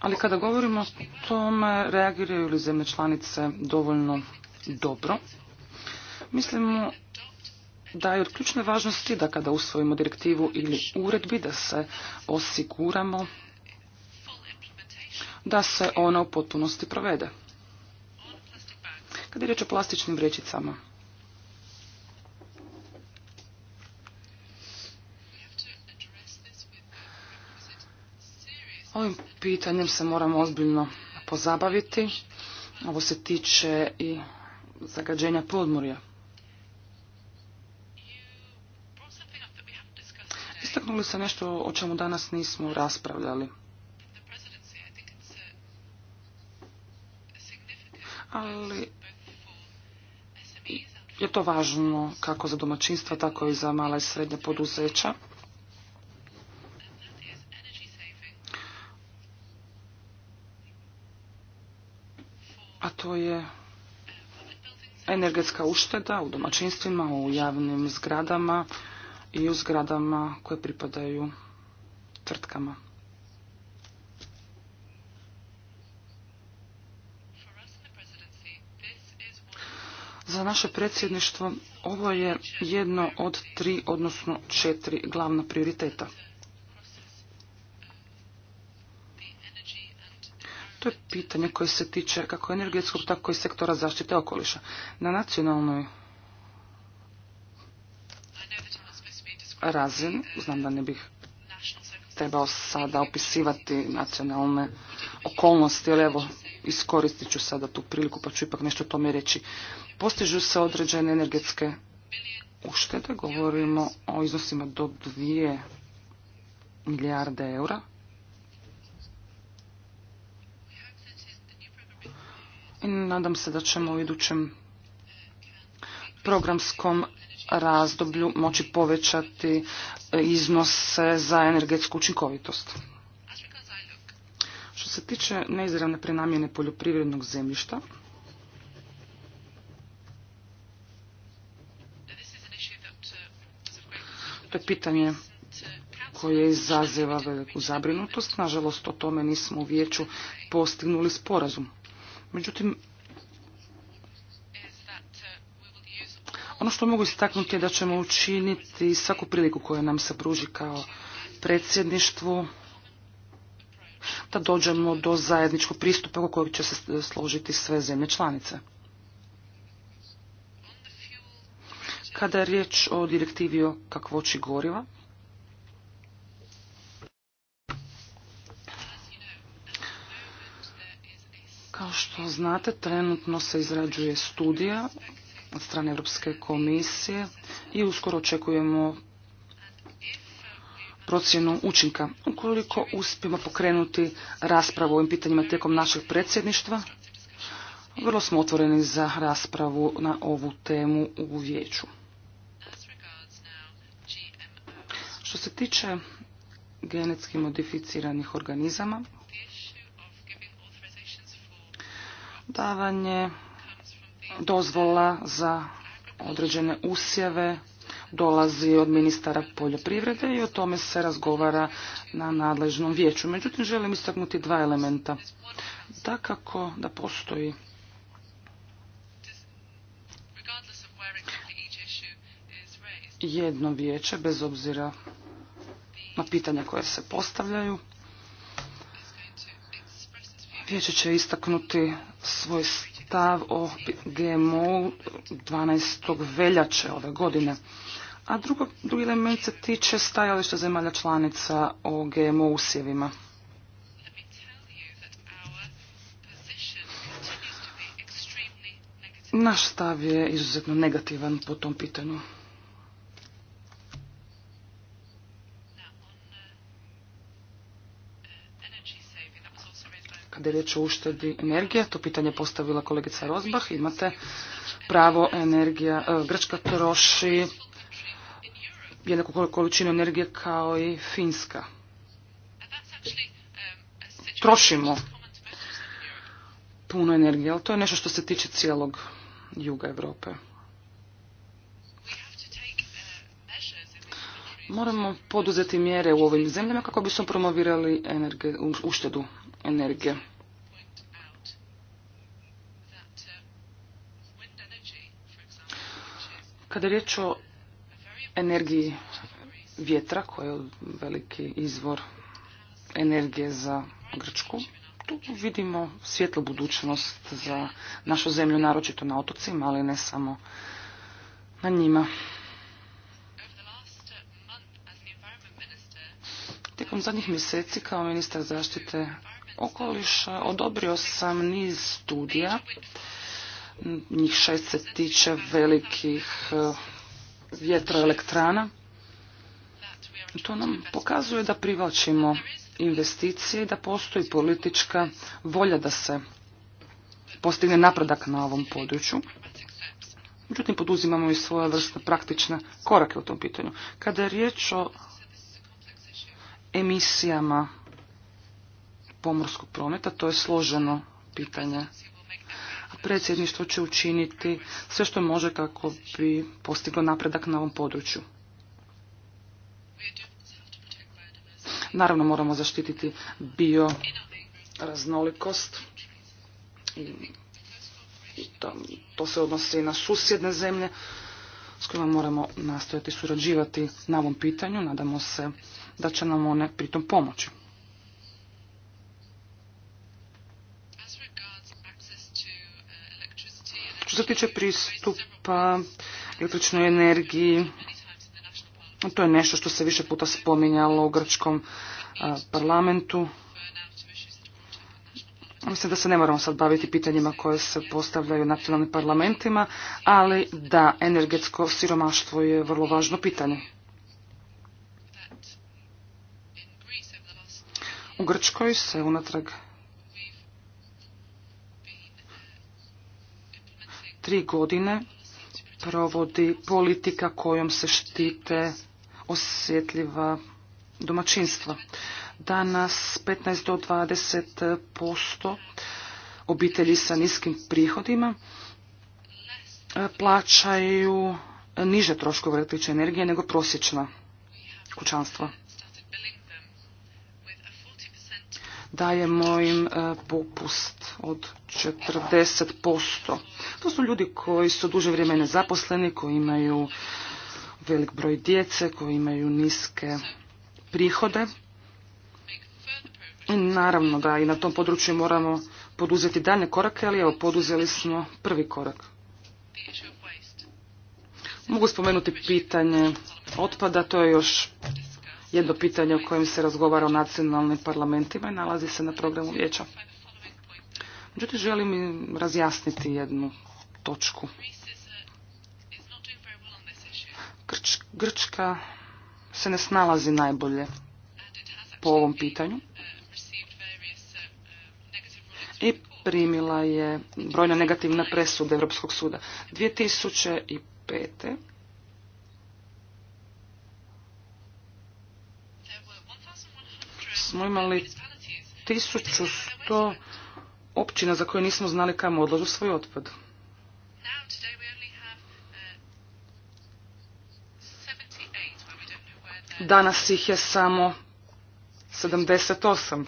Ali kada govorimo o tome, reagiraju li zemlje članice dovoljno dobro, mislimo da je od ključne važnosti da kada usvojimo direktivu ili uredbi da se osiguramo da se ona u potpunosti provede. Kad je riječ o plastičnim vrećicama, Ovim pitanjem se moramo ozbiljno pozabaviti. Ovo se tiče i zagađenja podmorja. Istaknuli se nešto o čemu danas nismo raspravljali. ali je to važno kako za domaćinstva, tako i za mala i srednja poduzeća. A to je energetska ušteda u domaćinstvima, u javnim zgradama i u zgradama koje pripadaju tvrtkama. za naše predsjedništvo ovo je jedno od tri, odnosno četiri glavna prioriteta. To je pitanje koje se tiče kako energetskog, tako i sektora zaštite okoliša. Na nacionalnoj razini, znam da ne bih trebao sada opisivati nacionalne okolnosti, ali evo, iskoristit ću sada tu priliku pa ću ipak nešto o tome reći. Postižu se određene energetske uštede, govorimo o iznosima do 2 milijarde eura. I nadam se da ćemo u idućem programskom razdoblju moći povećati iznose za energetsku učinkovitost se tiče neizravne prenamjene poljoprivrednog zemljišta, to je pitanje koje izaziva veliku zabrinutost. Nažalost, o tome nismo u vijeću postignuli sporazum. Međutim, ono što mogu istaknuti je da ćemo učiniti svaku priliku koja nam se pruži kao predsjedništvu da dođemo do zajedničkog pristupa u kojeg će se složiti sve zemlje članice. Kada je riječ o direktivi o kakvoći goriva, Kao što znate, trenutno se izrađuje studija od strane Europske komisije i uskoro očekujemo procjenu učinka. Ukoliko uspijemo pokrenuti raspravu o ovim pitanjima tijekom našeg predsjedništva, vrlo smo otvoreni za raspravu na ovu temu u vijeću. Što se tiče genetski modificiranih organizama, davanje dozvola za određene usjeve dolazi od ministara poljoprivrede i o tome se razgovara na nadležnom vijeću. Međutim, želim istaknuti dva elementa. takako da postoji jedno vijeće, bez obzira na pitanja koje se postavljaju. Vijeće će istaknuti svoj stav o GMO 12. veljače ove godine. A drugo, drugi element se tiče stajališta zemalja članica o GMO usjevima. Naš stav je izuzetno negativan po tom pitanju. Kada je riječ o uštedi energije, to pitanje postavila kolegica Rozbah, imate pravo energija, e, Grčka troši jednaku količinu energije kao i Finska. Trošimo puno energije, ali to je nešto što se tiče cijelog juga Europe. Moramo poduzeti mjere u ovim zemljama kako bismo promovirali uštedu energije. Kada je riječ o energiji vjetra, koja je veliki izvor energije za Grčku, tu vidimo svjetlu budućnost za našu zemlju, naročito na otocima, ali ne samo na njima. Tijekom zadnjih mjeseci kao ministar zaštite okoliša odobrio sam niz studija, njih šest se tiče velikih e, vjetroelektrana. To nam pokazuje da privlačimo investicije i da postoji politička volja da se postigne napredak na ovom području. Međutim, poduzimamo i svoje vrste praktične korake u tom pitanju. Kada je riječ o emisijama pomorskog prometa, to je složeno pitanje. A predsjedništvo će učiniti sve što može kako bi postiglo napredak na ovom području. Naravno moramo zaštititi bio raznolikost i to, to se odnosi i na susjedne zemlje s kojima moramo nastojati surađivati na ovom pitanju. Nadamo se da će nam one pritom pomoći. se tiče pristupa električnoj energiji, to je nešto što se više puta spominjalo u grčkom parlamentu. Mislim da se ne moramo sad baviti pitanjima koje se postavljaju nacionalnim parlamentima, ali da, energetsko siromaštvo je vrlo važno pitanje. U Grčkoj se unatrag tri godine provodi politika kojom se štite osjetljiva domaćinstva. Danas 15 do 20 posto obitelji sa niskim prihodima e, plaćaju niže troškove električne energije nego prosječna kućanstva. Dajemo im e, popust od 40%. To su ljudi koji su duže vrijeme nezaposleni, koji imaju velik broj djece, koji imaju niske prihode. I naravno da i na tom području moramo poduzeti dalje korake, ali evo poduzeli smo prvi korak. Mogu spomenuti pitanje otpada, to je još jedno pitanje o kojem se razgovara o nacionalnim parlamentima i nalazi se na programu vijeća. Međutim, želim razjasniti jednu točku. Grč, Grčka se ne snalazi najbolje po ovom pitanju i primila je brojna negativna presuda Europskog suda. 2005. smo imali 1100 općina za koje nismo znali kamo odlažu svoj otpad. Uh, Danas ih je samo 78.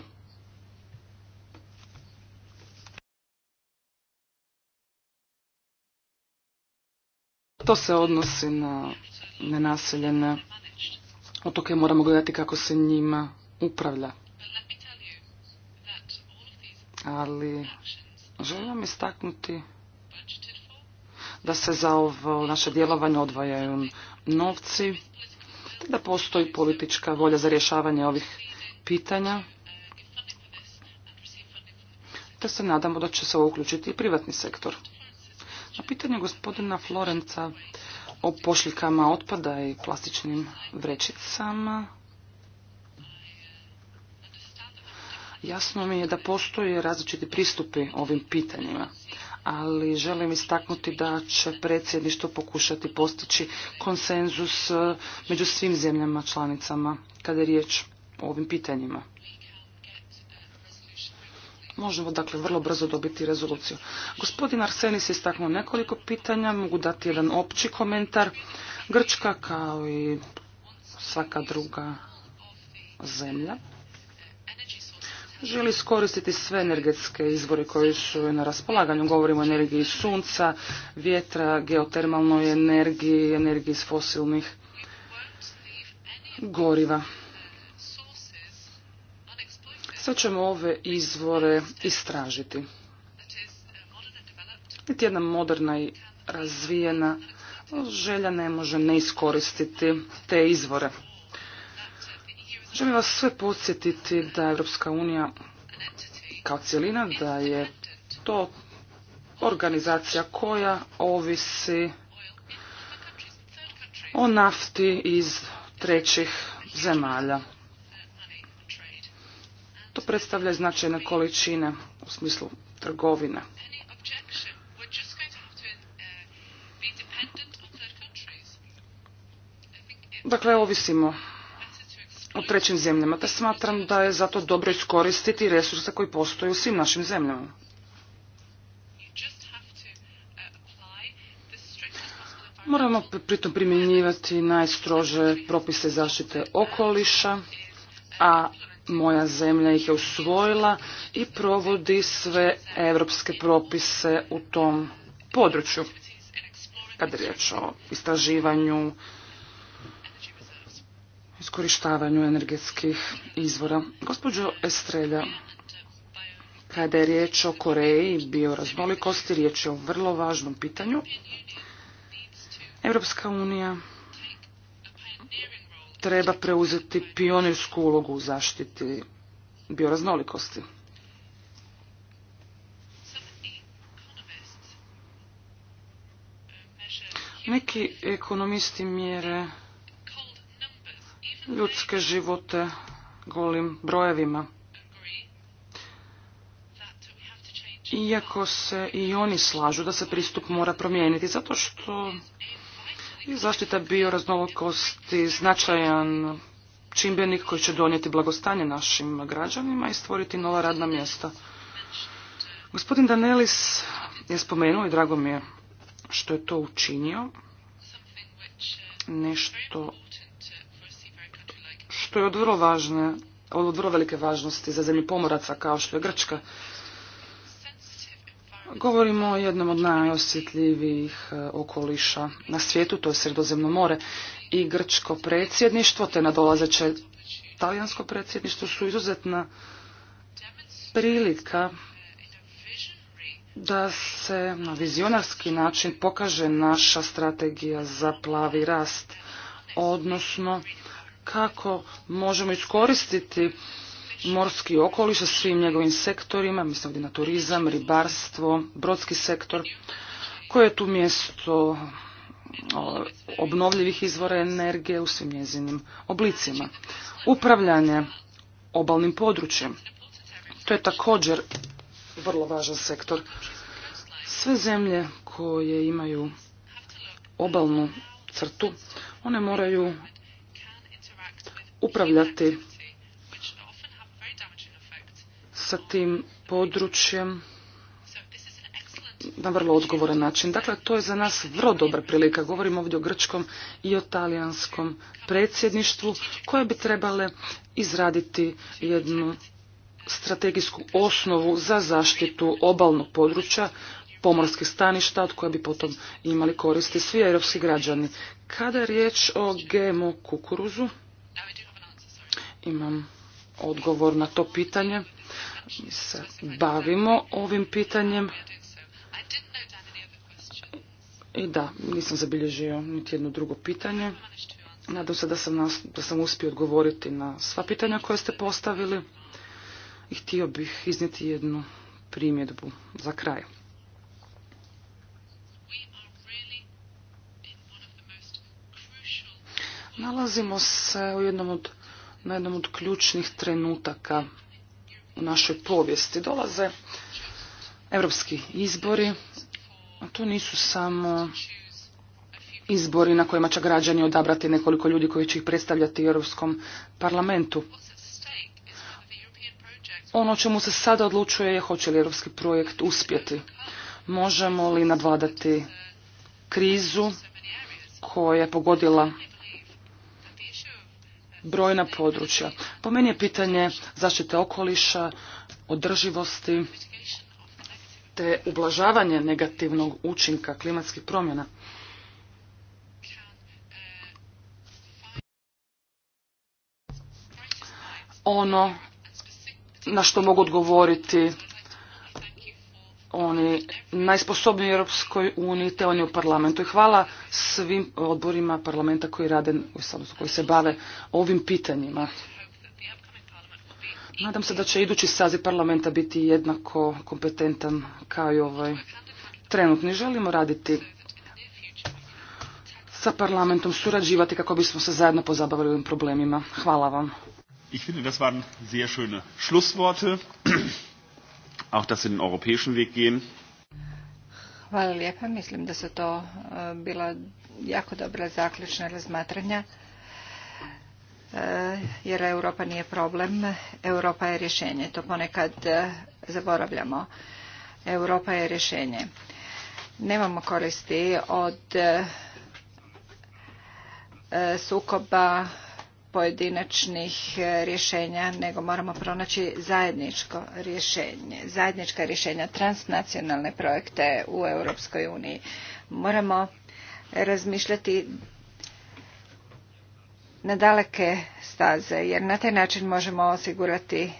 To se odnosi na nenaseljene otoke, moramo gledati kako se njima upravlja ali želim istaknuti da se za ovo naše djelovanje odvajaju novci, da postoji politička volja za rješavanje ovih pitanja, da se nadamo da će se ovo uključiti i privatni sektor. Na pitanje gospodina Florenca o pošljikama otpada i plastičnim vrećicama, Jasno mi je da postoje različiti pristupi ovim pitanjima, ali želim istaknuti da će predsjedništvo pokušati postići konsenzus e, među svim zemljama članicama kada je riječ o ovim pitanjima. Možemo dakle vrlo brzo dobiti rezoluciju. Gospodin Arsenis je istaknuo nekoliko pitanja, mogu dati jedan opći komentar. Grčka kao i svaka druga zemlja želi iskoristiti sve energetske izvore koji su na raspolaganju. Govorimo o energiji sunca, vjetra, geotermalnoj energiji, energiji iz fosilnih goriva. Sve ćemo ove izvore istražiti. Niti jedna moderna i razvijena želja ne može ne iskoristiti te izvore. Želim vas sve podsjetiti da Europska unija kao cijelina da je to organizacija koja ovisi o nafti iz trećih zemalja. To predstavlja značajne količine u smislu trgovine. Dakle, ovisimo u trećim zemljama, te smatram da je zato dobro iskoristiti resurse koji postoje u svim našim zemljama. Moramo pritom primjenjivati najstrože propise zaštite okoliša, a moja zemlja ih je usvojila i provodi sve europske propise u tom području. Kad je riječ o istraživanju, iskorištavanju energetskih izvora. Gospođo Estrelja, kada je riječ o Koreji i bioraznolikosti, riječ je o vrlo važnom pitanju. Europska unija treba preuzeti pionirsku ulogu u zaštiti bioraznolikosti. Neki ekonomisti mjere ljudske živote golim brojevima. Iako se i oni slažu da se pristup mora promijeniti, zato što je zaštita bioraznolikosti značajan čimbenik koji će donijeti blagostanje našim građanima i stvoriti nova radna mjesta. Gospodin Danelis je spomenuo i drago mi je što je to učinio. Nešto što je od vrlo važne, od vrlo velike važnosti za zemlju pomoraca kao što je Grčka. Govorimo o jednom od najosjetljivijih e, okoliša na svijetu, to je Sredozemno more i grčko predsjedništvo, te nadolazeće talijansko predsjedništvo su izuzetna prilika da se na vizionarski način pokaže naša strategija za plavi rast, odnosno kako možemo iskoristiti morski okoliš sa svim njegovim sektorima, mislim ovdje na turizam, ribarstvo, brodski sektor, koje je tu mjesto obnovljivih izvora energije u svim njezinim oblicima. Upravljanje obalnim područjem. To je također vrlo važan sektor. Sve zemlje koje imaju obalnu crtu, one moraju upravljati sa tim područjem na vrlo odgovoran način. Dakle, to je za nas vrlo dobra prilika. Govorimo ovdje o grčkom i o talijanskom predsjedništvu koje bi trebale izraditi jednu strategijsku osnovu za zaštitu obalnog područja pomorskih staništa od koja bi potom imali koristi svi europski građani. Kada je riječ o GMO kukuruzu, imam odgovor na to pitanje. Mi se bavimo ovim pitanjem. I da, nisam zabilježio niti jedno drugo pitanje. Nadam se da sam, nas, da sam uspio odgovoriti na sva pitanja koje ste postavili. I htio bih iznijeti jednu primjedbu za kraj. Nalazimo se u jednom od na jednom od ključnih trenutaka u našoj povijesti. Dolaze europski izbori, a to nisu samo izbori na kojima će građani odabrati nekoliko ljudi koji će ih predstavljati u Europskom parlamentu. Ono čemu se sada odlučuje je hoće li europski projekt uspjeti. Možemo li nadvladati krizu koja je pogodila brojna područja. Po meni je pitanje zaštite okoliša, održivosti te ublažavanje negativnog učinka klimatskih promjena. Ono na što mogu odgovoriti oni najsposobniji u Europskoj uniji, te oni u parlamentu. I hvala svim odborima parlamenta koji rade, koji se bave ovim pitanjima. Nadam se da će idući saziv parlamenta biti jednako kompetentan kao i ovaj trenutni. Želimo raditi sa parlamentom, surađivati kako bismo se zajedno pozabavili ovim problemima. Hvala vam auch dass sie den europäischen Weg gehen. Hvala lijepa. Mislim da su to e, bila jako dobra zaključna razmatranja. E, jer Europa nije problem, Europa je rješenje. To ponekad e, zaboravljamo. Europa je rješenje. Nemamo koristi od sukoba pojedinačnih e, rješenja, nego moramo pronaći zajedničko rješenje, zajednička rješenja, transnacionalne projekte u Europskoj uniji. Moramo razmišljati na daleke staze, jer na taj način možemo osigurati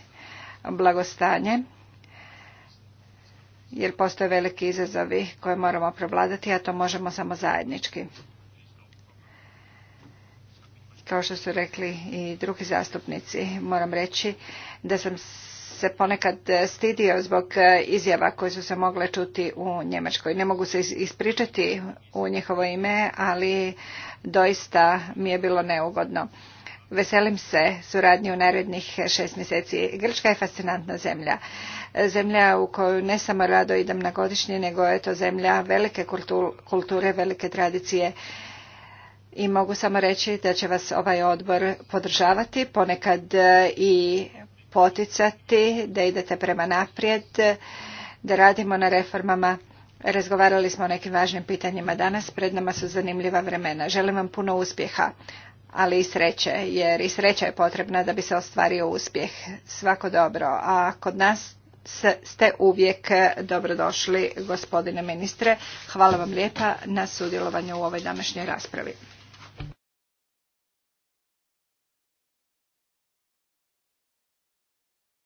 blagostanje, jer postoje veliki izazovi koje moramo prevladati, a to možemo samo zajednički kao što su rekli i drugi zastupnici, moram reći da sam se ponekad stidio zbog e, izjava koje su se mogle čuti u Njemačkoj. Ne mogu se ispričati u njihovo ime, ali doista mi je bilo neugodno. Veselim se suradnji u narednih šest mjeseci. Grčka je fascinantna zemlja. Zemlja u koju ne samo rado idem na godišnje, nego je to zemlja velike kulture, velike tradicije i mogu samo reći da će vas ovaj odbor podržavati, ponekad e, i poticati da idete prema naprijed, da radimo na reformama. Razgovarali smo o nekim važnim pitanjima danas, pred nama su zanimljiva vremena. Želim vam puno uspjeha, ali i sreće, jer i sreća je potrebna da bi se ostvario uspjeh. Svako dobro, a kod nas ste uvijek dobrodošli, gospodine ministre. Hvala vam lijepa na sudjelovanju u ovoj današnjoj raspravi.